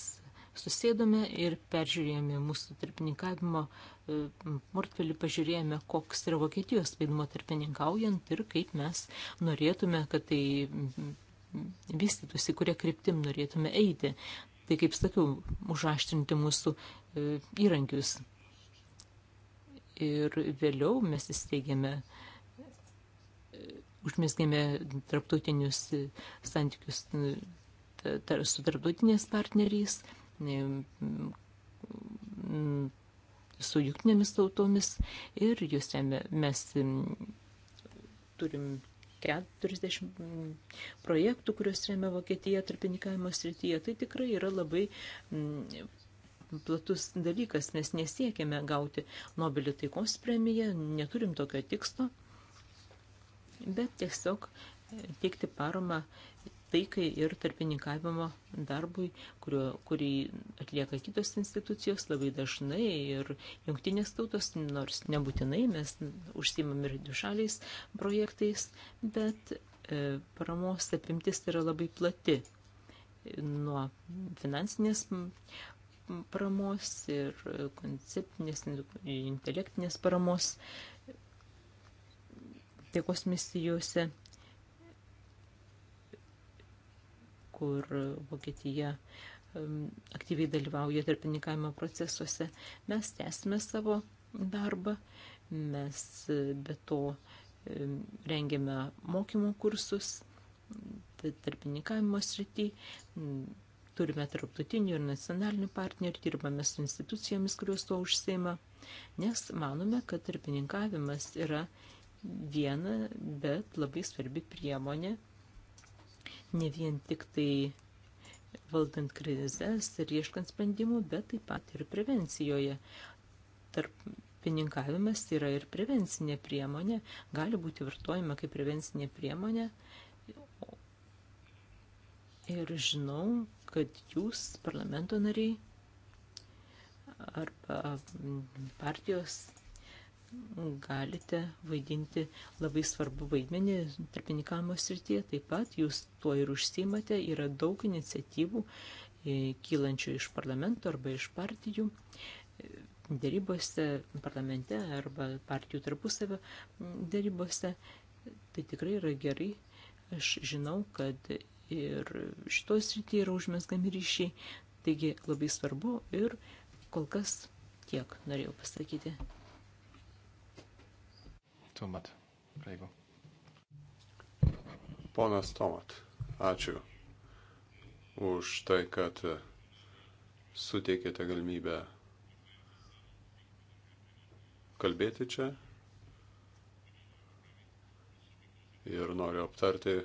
susėdome ir peržiūrėjome mūsų tarpininkavimo e, portfelį, pažiūrėjome, koks yra Vokietijos vaidmo tarpininkaujant ir kaip mes norėtume, kad tai mm, vystytųsi, kuria kryptim norėtume eiti. Tai kaip sakiau, užaštrinti mūsų e, įrankius. Ir vėliau mes įsteigėme e, užmėsgėme tarptautinius santykius su tarptautiniais partneriais Mm, mm, su jungtinėmis tautomis ir juose mes mm, turim 40 projektų, kuriuos remia Vokietija tarpininkavimo srityje. Tai tikrai yra labai platus dalykas. Mes nesiekėme gauti Nobelio taikos premiją, neturim tokio tikslo, bet tiesiog e, teikti paramą taikai ir tarpininkavimo darbui, kurio, kurį atlieka kitos institucijos labai dažnai ir jungtinės tautos, nors nebūtinai mes užsimam ir dušaliais projektais, bet e, paramos apimtis yra labai plati nuo finansinės paramos ir konceptinės, intelektinės paramos taikos misijose kur Vokietija aktyviai dalyvauja tarpininkavimo procesuose. Mes tęsime savo darbą, mes e, be to rengiame mokymų kursus tai tarpininkavimo srity, turime tarptautinių ir nacionalinių partnerių, dirbame su institucijomis, kurios tuo užsima, nes manome, kad tarpininkavimas yra viena, bet labai svarbi priemonė ne vien tik tai valdant krizės ir ieškant sprendimų, bet taip pat ir prevencijoje. Tarpininkavimas yra ir prevencinė priemonė, gali būti vartojama kaip prevencinė priemonė. Ir žinau, kad jūs, parlamento nariai, arba partijos galite vaidinti labai svarbu vaidmenį tarpininkavimo srityje, taip pat jūs tuo ir užsimate, yra daug iniciatyvų e, kylančių iš parlamento arba iš partijų e, dėrybose parlamente arba partijų tarpusavio dėrybose. Tai tikrai yra gerai. Aš žinau, kad ir šitos srityje yra užmesgami ryšiai, taigi labai svarbu ir kol kas tiek norėjau pasakyti. Tomat, jeigu. Ponas Tomat, ačiū už tai, kad suteikėte galimybę kalbėti čia ir noriu aptarti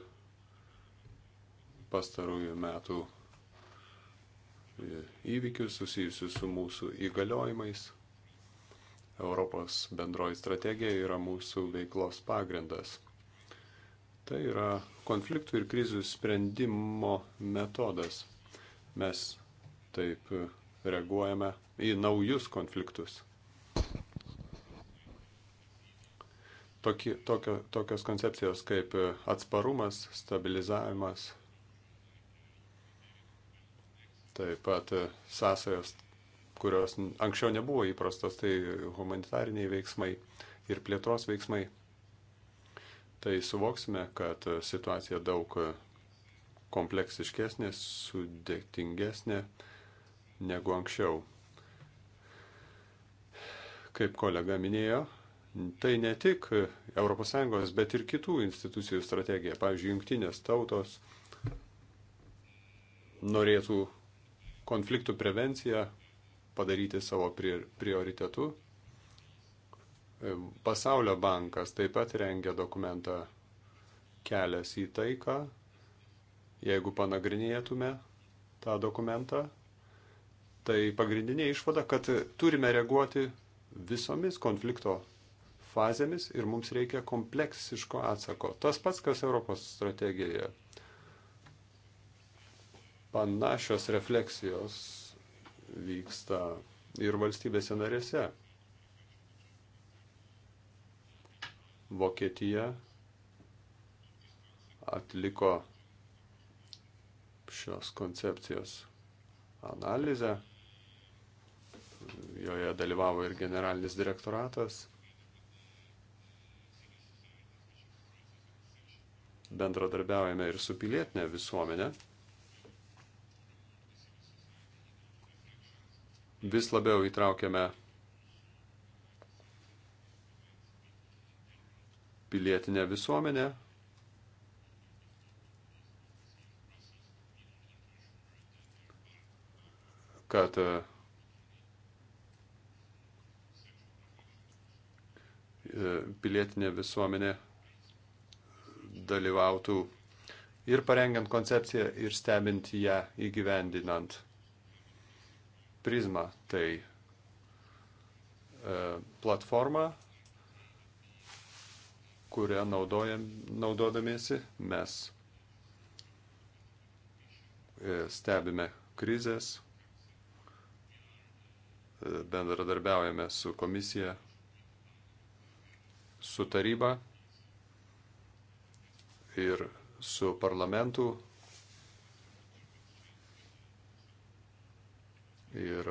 pastarųjų metų įvykius susijusius su mūsų įgaliojimais. Europos bendroji strategija yra mūsų veiklos pagrindas. Tai yra konfliktų ir krizių sprendimo metodas. Mes taip reaguojame į naujus konfliktus. Toki, tokio, tokios koncepcijos kaip atsparumas, stabilizavimas, taip pat sąsajos kurios anksčiau nebuvo įprastos, tai humanitariniai veiksmai ir plėtros veiksmai. Tai suvoksime, kad situacija daug kompleksiškesnė, sudėtingesnė negu anksčiau. Kaip kolega minėjo, tai ne tik ES, bet ir kitų institucijų strategija. Pavyzdžiui, jungtinės tautos norėtų konfliktų prevenciją padaryti savo prioritetu. E, Pasaulio bankas taip pat rengia dokumentą Kelias į taiką. Jeigu panagrinėtume tą dokumentą, tai pagrindinė išvada, kad turime reaguoti visomis konflikto fazėmis ir mums reikia kompleksiško atsako. Tas pats, kas Europos strategijoje. Panašios refleksijos vyksta ir valstybėse narėse. Vokietija atliko šios koncepcijos analizę. Joje dalyvavo ir generalinis direktoratas. Bendradarbiaujame ir su pilietinė visuomenė. vis labiau įtraukiame pilietinę visuomenę, kad e, pilietinė visuomenė dalyvautų ir parengiant koncepciją, ir stebint ją įgyvendinant. Prizma tai e, platforma, kurią naudojam, naudodamiesi mes e, stebime krizės, e, bendradarbiaujame su komisija, su taryba ir su parlamentu ir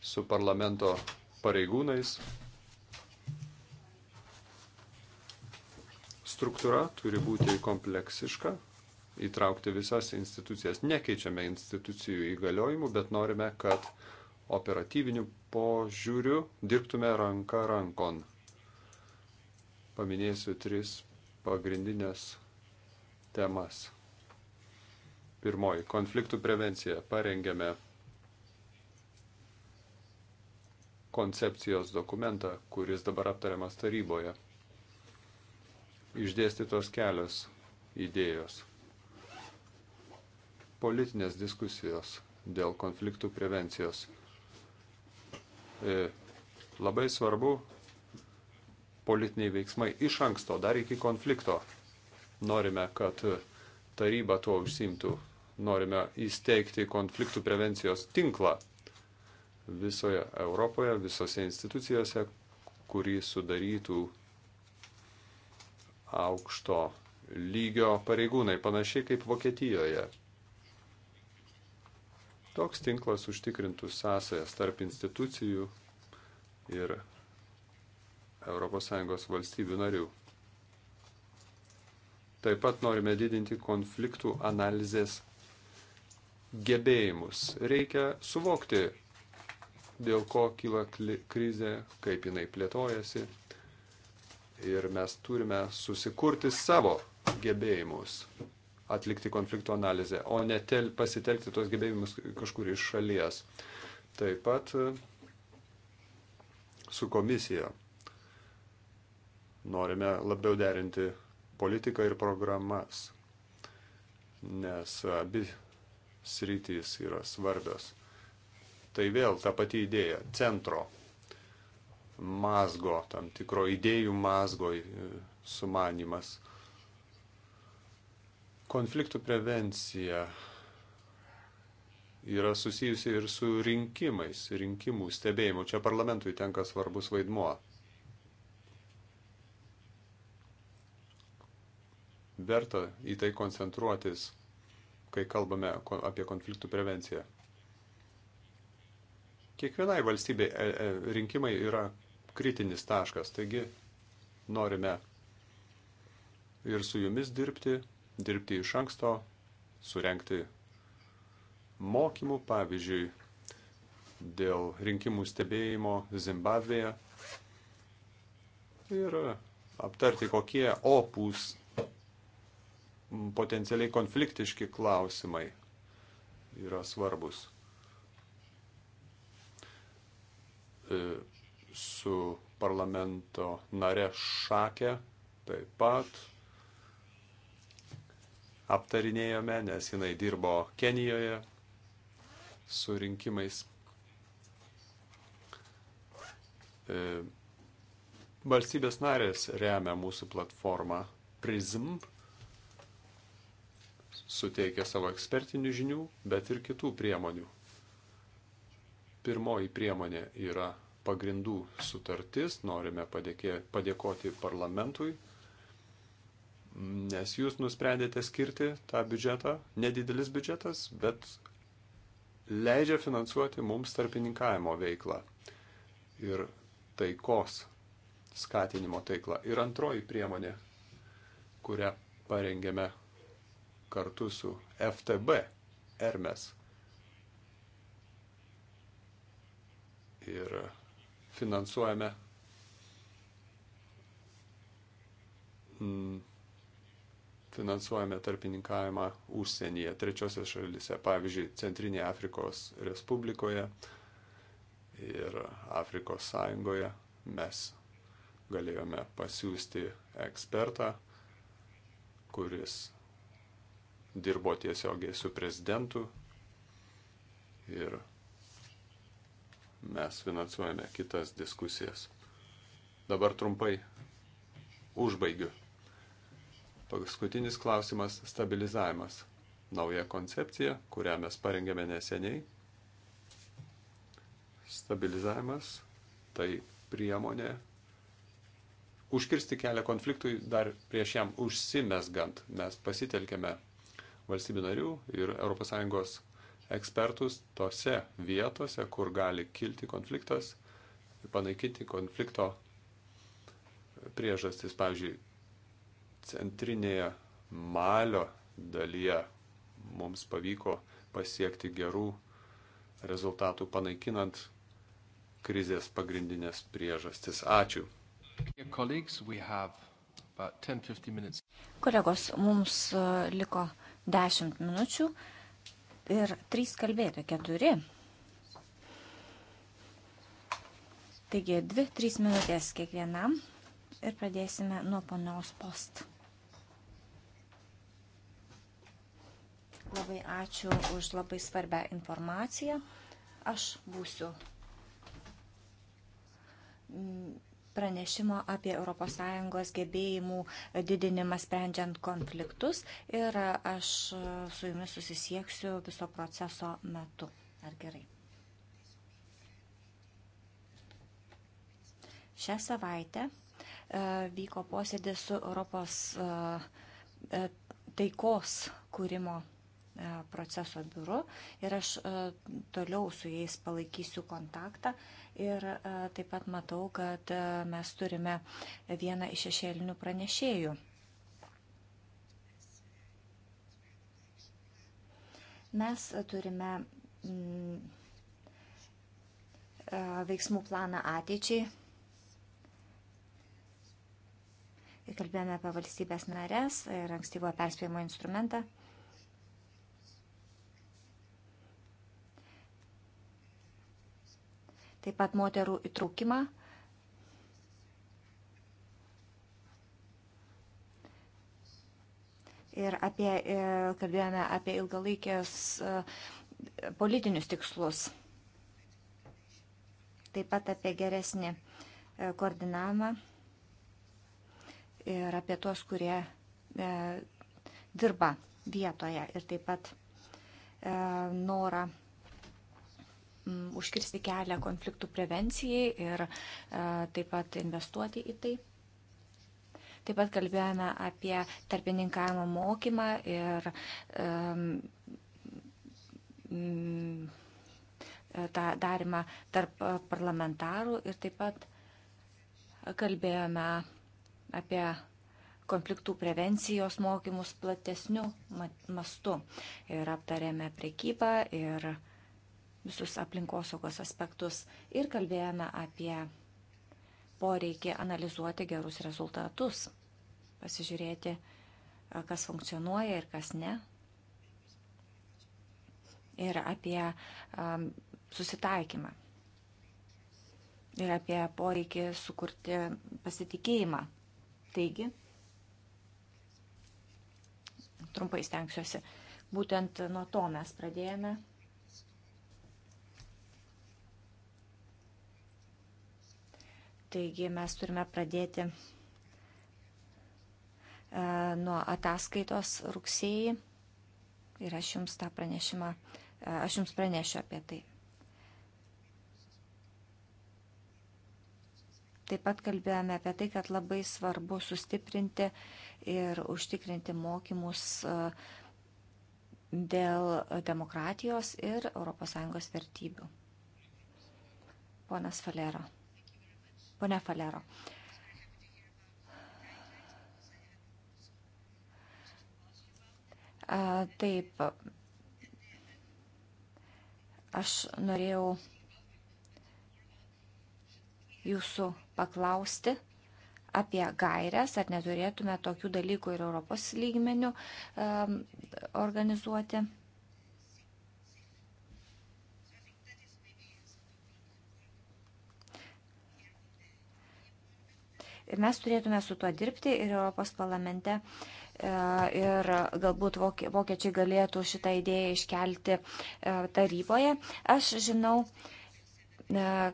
su parlamento pareigūnais. Struktūra turi būti kompleksiška, įtraukti visas institucijas. Nekeičiame institucijų įgaliojimų, bet norime, kad operatyviniu požiūriu dirbtume ranka rankon. Paminėsiu tris pagrindinės temas. Pirmoji - konfliktų prevencija. Parengėme koncepcijos dokumentą, kuris dabar aptariamas taryboje. Išdėstytos kelios idėjos. Politinės diskusijos dėl konfliktų prevencijos. E, labai svarbu politiniai veiksmai iš anksto, dar iki konflikto. Norime, kad taryba tuo užsimtų. Norime įsteigti konfliktų prevencijos tinklą visoje Europoje, visose institucijose, kurį sudarytų aukšto lygio pareigūnai, panašiai kaip Vokietijoje. Toks tinklas užtikrintų sąsajas tarp institucijų ir ES valstybių narių. Taip pat norime didinti konfliktų analizės gebėjimus. Reikia suvokti dėl ko kyla krizė, kaip jinai plėtojasi. Ir mes turime susikurti savo gebėjimus, atlikti konflikto analizę, o ne tel, pasitelkti tos gebėjimus kažkur iš šalies. Taip pat e, su komisija norime labiau derinti politiką ir programas, nes abi sritys yra svarbios. Tai vėl ta pati idėja - centro mazgo, tam tikro idėjų mazgo e, sumanimas. Konfliktų prevencija yra susijusi ir su rinkimais, rinkimų stebėjimu. Čia parlamentui tenka svarbus vaidmuo. Verta į tai koncentruotis, kai kalbame apie konfliktų prevenciją. Kiekvienai valstybei e, e, rinkimai yra kritinis taškas, taigi norime ir su jumis dirbti, dirbti iš anksto, surenkti mokymų, pavyzdžiui, dėl rinkimų stebėjimo Zimbabvėje ir aptarti, kokie opus potencialiai konfliktiški klausimai yra svarbus. E, su parlamento nare Šakė taip pat aptarinėjome, nes jinai dirbo Kenijoje su rinkimais. E, valstybės narės remia mūsų platformą PRISM, suteikia savo ekspertinių žinių, bet ir kitų priemonių. Pirmoji priemonė yra pagrindų sutartis. Norime padėkė, padėkoti parlamentui, nes jūs nusprendėte skirti tą biudžetą. Nedidelis biudžetas, bet leidžia finansuoti mums tarpininkavimo veiklą ir taikos skatinimo taiklą. Ir antroji priemonė, kurią parengėme kartu su FTB, Ermes ir finansuojame mm, finansuojame tarpininkavimą užsienyje, trečiosios šalyse, pavyzdžiui, Centrinėje Afrikos Respublikoje ir Afrikos Sąjungoje mes galėjome pasiūsti ekspertą, kuris dirbo tiesiogiai su prezidentu ir mes finansuojame kitas diskusijas. Dabar trumpai užbaigiu. Paskutinis klausimas - stabilizavimas. Nauja koncepcija, kurią mes parengėme neseniai. Stabilizavimas - tai priemonė užkirsti kelią konfliktui dar prieš jam užsimesgant. Mes pasitelkėme valstybių narių ir ES ekspertus tose vietose, kur gali kilti konfliktas ir panaikinti konflikto priežastis. Pavyzdžiui, centrinėje malio dalyje mums pavyko pasiekti gerų rezultatų panaikinant krizės pagrindinės priežastis. Ačiū. Kolegos, mums uh, liko 10 minučių ir trys kalbėtų, keturi. Taigi, dvi, trys minutės kiekvienam ir pradėsime nuo ponios post. Labai ačiū už labai svarbę informaciją. Aš būsiu pranešimo apie ES gebėjimų didinimą sprendžiant konfliktus ir aš su jumis susisieksiu viso proceso metu. Ar gerai? Šią savaitę e, vyko posėdis su Europos e, e, taikos kūrimo proceso biuru ir aš toliau su jais palaikysiu kontaktą Ir e, taip pat matau, kad e, mes turime vieną iš šešėlinių pranešėjų. Mes turime mm, e, veiksmų planą ateičiai. Kalbėjome apie valstybės narės ir ankstyvo perspėjimo instrumentą. taip pat moterų įtraukimą. Ir apie, e, kalbėjome apie ilgalaikės e, politinius tikslus. Taip pat apie geresnį e, koordinavimą ir apie tuos, kurie dirba vietoje ir taip pat norą m, užkirsti kelią konfliktų prevencijai ir e, taip pat investuoti į tai. Taip pat kalbėjome apie tarpininkavimo mokymą ir um, tą darimą tarp parlamentarų ir taip pat kalbėjome apie konfliktų prevencijos mokymus platesniu mastu ir aptarėme prekybą ir uh, visus aplinkosaugos aspektus ir kalbėjome apie poreikį analizuoti gerus rezultatus, pasižiūrėti, kas funkcionuoja ir kas ne. Ir apie um, susitaikymą. Ir apie poreikį sukurti pasitikėjimą. Taigi, trumpai stengsiuosi. Būtent nuo to mes pradėjome Taigi mes turime pradėti e, nuo ataskaitos rugsėjai ir aš jums tą pranešimą, e, aš jums pranešiu apie tai. Taip pat kalbėjome apie tai, kad labai svarbu sustiprinti ir užtikrinti mokymus e, dėl demokratijos ir ES vertybių. Ponas Falero. Pone Falero. Taip, aš norėjau jūsų paklausti apie gairias, ar neturėtume tokių dalykų ir Europos lygmenių organizuoti. Mes turėtume su tuo dirbti ir Europos parlamente. E, ir galbūt vokiečiai galėtų šitą idėją iškelti e, taryboje. Aš žinau,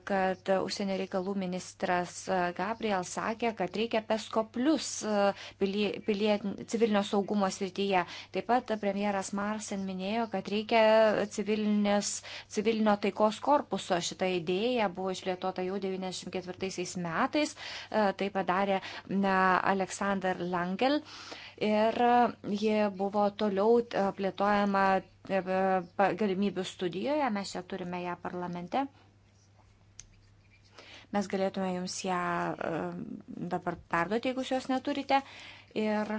kad užsienio reikalų ministras Gabriel sakė, kad reikia PESCO plus e, pilie, pilie, civilinio saugumo srityje. Taip pat premjeras Marsen minėjo, kad reikia civilinio taikos korpuso. Šitą idėją buvo išlietota jau 1994 metais. E, tai padarė Aleksandr Langel. Ir ji buvo toliau e, plėtojama galimybių studijoje, mes čia turime ją parlamente. Mes galėtume jums ją e, dabar perduoti, jeigu jos neturite. Ir,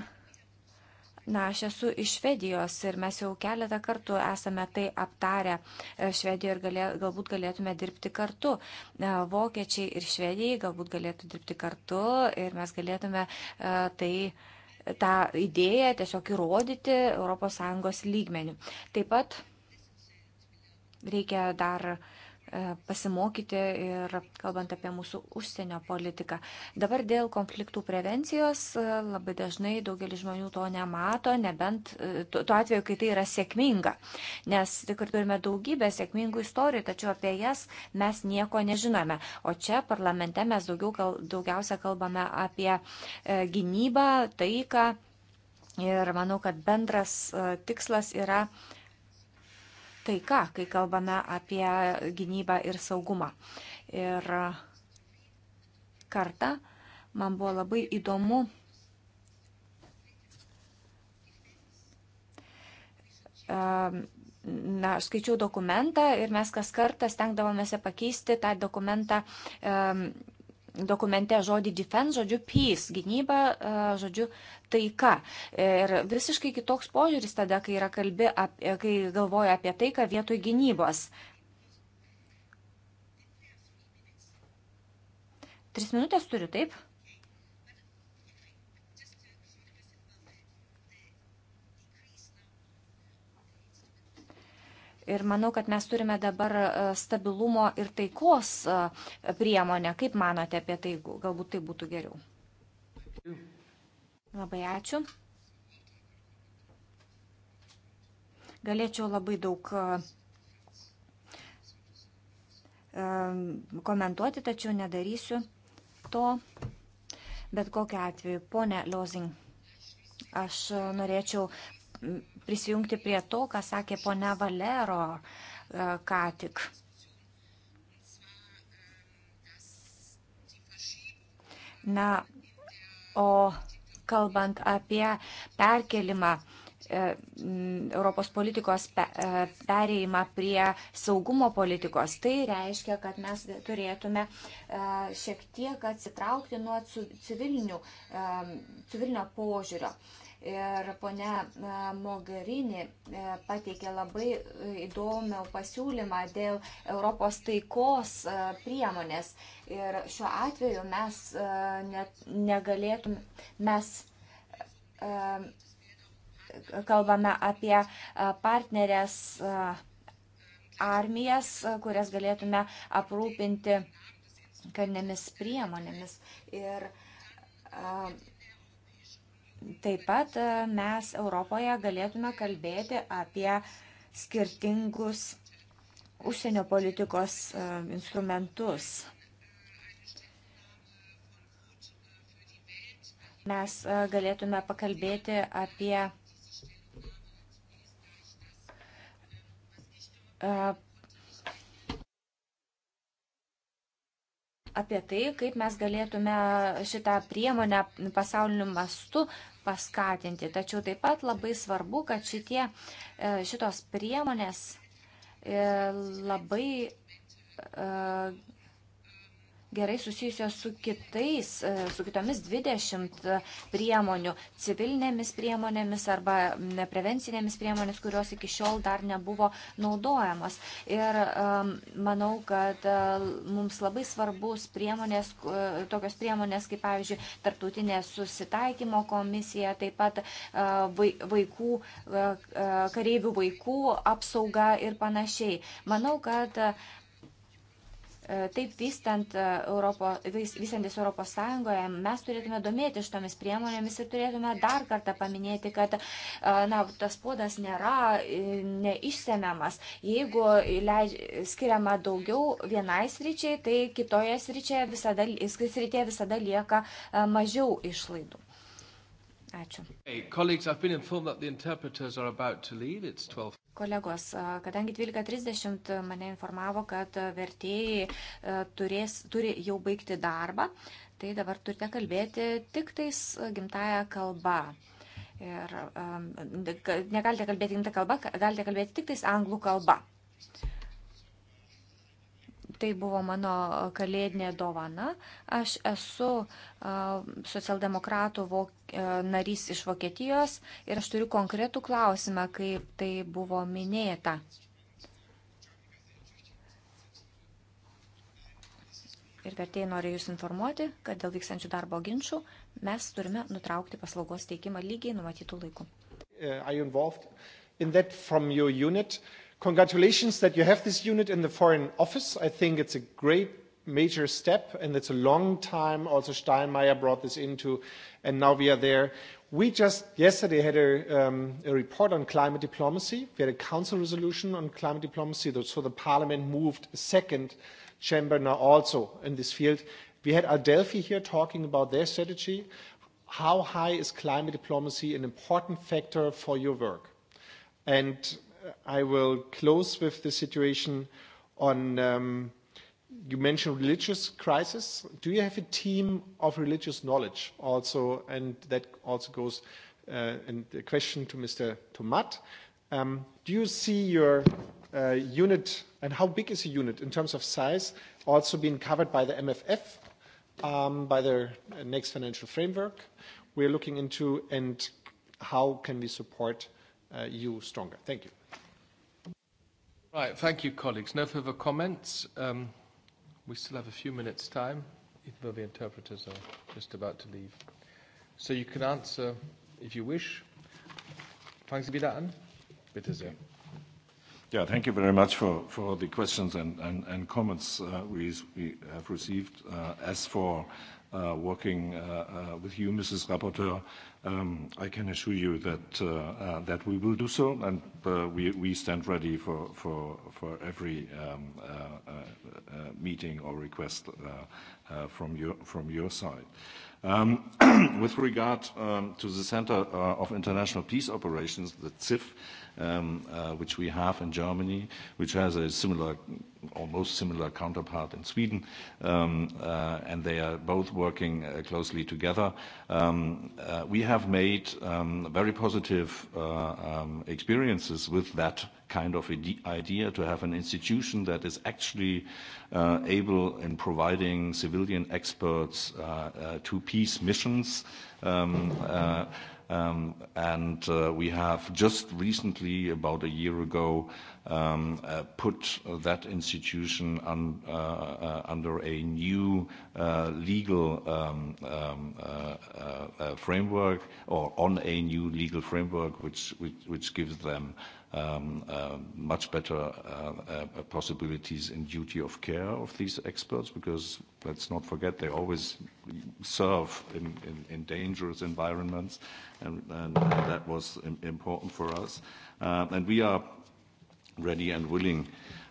na, aš esu iš Švedijos ir mes jau keletą kartų esame tai aptarę e, Švedijoje ir galė, galbūt galėtume dirbti kartu. E, vokiečiai ir Švedijai galbūt galėtų dirbti kartu ir mes galėtume tai tą idėją tiesiog įrodyti ES lygmenių. Taip pat reikia dar uh, E, pasimokyti ir kalbant apie mūsų užsienio politiką. Dabar dėl konfliktų prevencijos e, labai dažnai daugelis žmonių to nemato, nebent e, tuo atveju, kai tai yra sėkminga. Nes tikrai turime daugybę sėkmingų istorijų, tačiau apie jas mes nieko nežinome. O čia parlamente mes daugiau, daugiausia kalbame apie gynybą, taiką. Ir manau, kad bendras tikslas yra uh, taika, kai kalbame apie gynybą ir saugumą. Ir kartą man buvo labai įdomu ehm, na, aš skaičiau dokumentą ir mes kas kartą stengdavomės pakeisti tą dokumentą um, dokumente žodį defense, žodžiu peace, gynyba, e, žodžiu taika. Ir visiškai kitoks požiūris tada, kai, kalbi, e, kai galvoja apie taiką vietoj gynybos. Tris minutės turiu, taip? Ir manau, kad mes turime dabar e, stabilumo ir taikos e, priemonę. Kaip manote apie tai? Galbūt tai būtų geriau. Labai ačiū. Galėčiau labai daug e, komentuoti, tačiau nedarysiu to. Bet kokiu atveju, ponė Lozing, aš norėčiau prisijungti prie to, ką sakė ponia Valero e, ką tik. Na, o kalbant apie perkelimą E, Europos politikos e, pereimą prie saugumo politikos. Tai reiškia, kad mes turėtume e, šiek tiek atsitraukti nuo civilinio požiūrio. Ir ponia Mogherini pateikė labai įdomią pasiūlymą dėl Europos taikos priemonės. Ir šiuo atveju mes net negalėtume, mes kalbame apie partnerės armijas, kurias galėtume aprūpinti karinėmis priemonėmis. Ir taip pat mes Europoje galėtume kalbėti apie skirtingus užsienio politikos instrumentus. Mes galėtume pakalbėti apie E, apie tai, kaip mes galėtume šitą priemonę pasauliniu mastu paskatinti. Tačiau taip pat labai svarbu, kad šitie, e, šitos priemonės e, labai gerai susijusios su kitais, e, su kitomis 20 priemonių, civilinėmis priemonėmis arba prevencinėmis priemonėmis, kurios iki šiol dar nebuvo naudojamos. Ir manau, kad e, mums labai svarbus priemonės, tokios priemonės kaip, pavyzdžiui, tarptautinė susitaikymo komisija, taip pat e, vaikų, kareivių vaikų apsauga ir panašiai. Manau, kad Taip vystant e, Europo, vystantis Europos Sąjungoje, mes turėtume domėti šitomis priemonėmis ir turėtume dar kartą paminėti, kad e, na, tas puodas nėra e, neišsemiamas. Jeigu leidž, skiriama daugiau vienai sričiai, tai kitoje srityje visada, srityje visada lieka mažiau išlaidų. Ačiū. Hey, colleagues, I've been informed that the interpreters are about to leave. It's 12. Kolegos, kadangi 12.30 mane informavo, kad vertėjai turės, turi jau baigti darbą, tai dabar turite kalbėti tik tais gimtają kalbą. Ir um, negalite kalbėti gimtą kalbą, galite kalbėti tik tais anglų kalbą tai buvo mano kalėdinė dovana. Aš esu socialdemokratų narys iš Vokietijos ir aš turiu konkretų klausimą, kaip tai buvo minėta. Ir vertėjai nori Jūs informuoti, kad dėl vykstančių darbo ginčių mes turime nutraukti paslaugos teikimą lygiai numatytų laikų. Uh, Congratulations that you have this unit in the Foreign Office. I think it's a great major step, and it's a long time. Also, Steinmeier brought this into, and now we are there. We just yesterday had a, um, a report on climate diplomacy. We had a council resolution on climate diplomacy, so the parliament moved a second chamber now also in this field. We had Adelphi here talking about their strategy. How high is climate diplomacy an important factor for your work? And I will close with the situation on, um, you mentioned religious crisis. Do you have a team of religious knowledge also? And that also goes, uh, and the question to Mr. Tomat. Um, do you see your uh, unit, and how big is the unit in terms of size, also being covered by the MFF, um, by the next financial framework we're looking into, and how can we support uh, you stronger? Thank you. Right, thank you, colleagues. No further comments. Um, we still have a few minutes' time, even though the interpreters are just about to leave. So you can answer if you wish. Fangen Sie wieder an. Bitte sehr. Yeah, thank you very much for, for the questions and, and, and comments uh, we, we have received. Uh, as for uh, working uh, uh, with you, Mrs. Rapporteur, Um, I can assure you that, uh, uh, that we will do so, and uh, we, we stand ready for, for, for every um, uh, uh, uh, meeting or request from your, from your side. Um, with regard um, to the Center of International Peace Operations, the CIF, um, uh, which we have in Germany, which has a similar, almost similar counterpart in Sweden, um, uh, and they are both working uh, closely together. Um, uh, we have made um, very positive uh, um, experiences with that kind of idea to have an institution that is actually uh, able in providing civilian experts uh, uh, to peace missions. Um, uh, Um, and uh, we have just recently, about a year ago, um, uh, put that institution un, uh, uh, under a new uh, legal um, um, uh, uh, uh framework or on a new legal framework which, which, which gives them uh, um, uh, much better uh, uh, possibilities in duty of care of these experts because let's not forget they always serve in, in, in dangerous environments and, and, and that was important for us. Uh, and we are ready and willing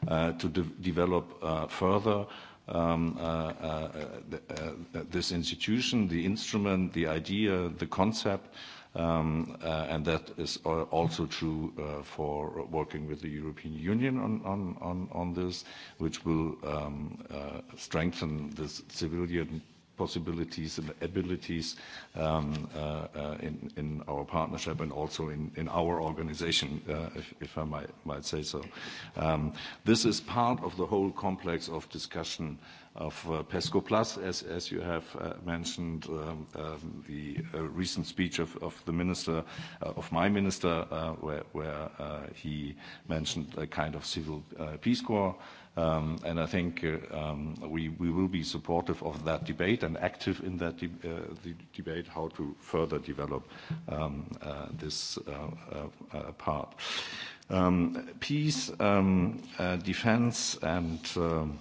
uh, to de develop uh, further um, uh, uh, uh, uh this institution, the instrument, the idea, the concept, um, uh, and that is uh, also true uh, for working with the European Union on, on, on, on this, which will um, uh, strengthen the civilian possibilities and abilities um, uh, uh, in, in our partnership and also in, in our organization, uh, if, if I might, might say so. Um, this is part of the whole complex of discussion uh, of uh, PESCO Plus, as, as you have uh, mentioned, um, um, the uh, recent speech of, of the minister, uh, of my minister, uh, where, where uh, he mentioned a kind of civil uh, peace corps. Um, and I think uh, um, we, we will be supportive of that debate and active in that de uh, the debate, how to further develop um, uh, this uh, uh, uh part. Um, peace, um, uh, defense, and um,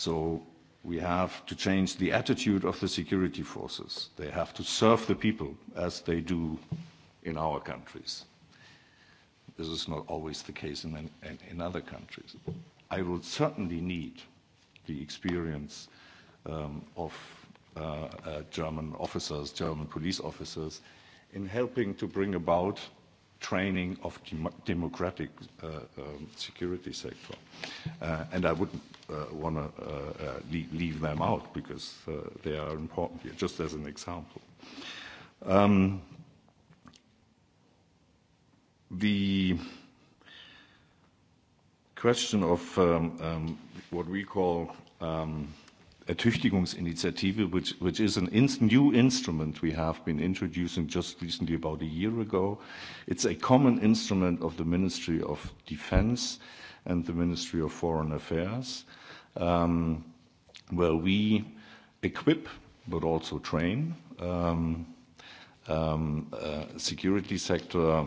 So we have to change the attitude of the security forces. They have to serve the people as they do in our countries. This is not always the case in, in, in other countries. I will certainly need the experience um, of uh, uh, German officers, German police officers, in helping to bring about uh, training of dem democratic uh, um, security sector. Uh, and I wouldn't uh, want to uh, uh, leave, leave them out because uh, they are important here, just as an example. Um, the question of um, um, what we call um, Ertüchtigungsinitiative, which, which is an ins new instrument we have been introducing just recently, about a year ago. It's a common instrument of the Ministry of Defense and the Ministry of Foreign Affairs, um, where we equip but also train um, um, uh, security sector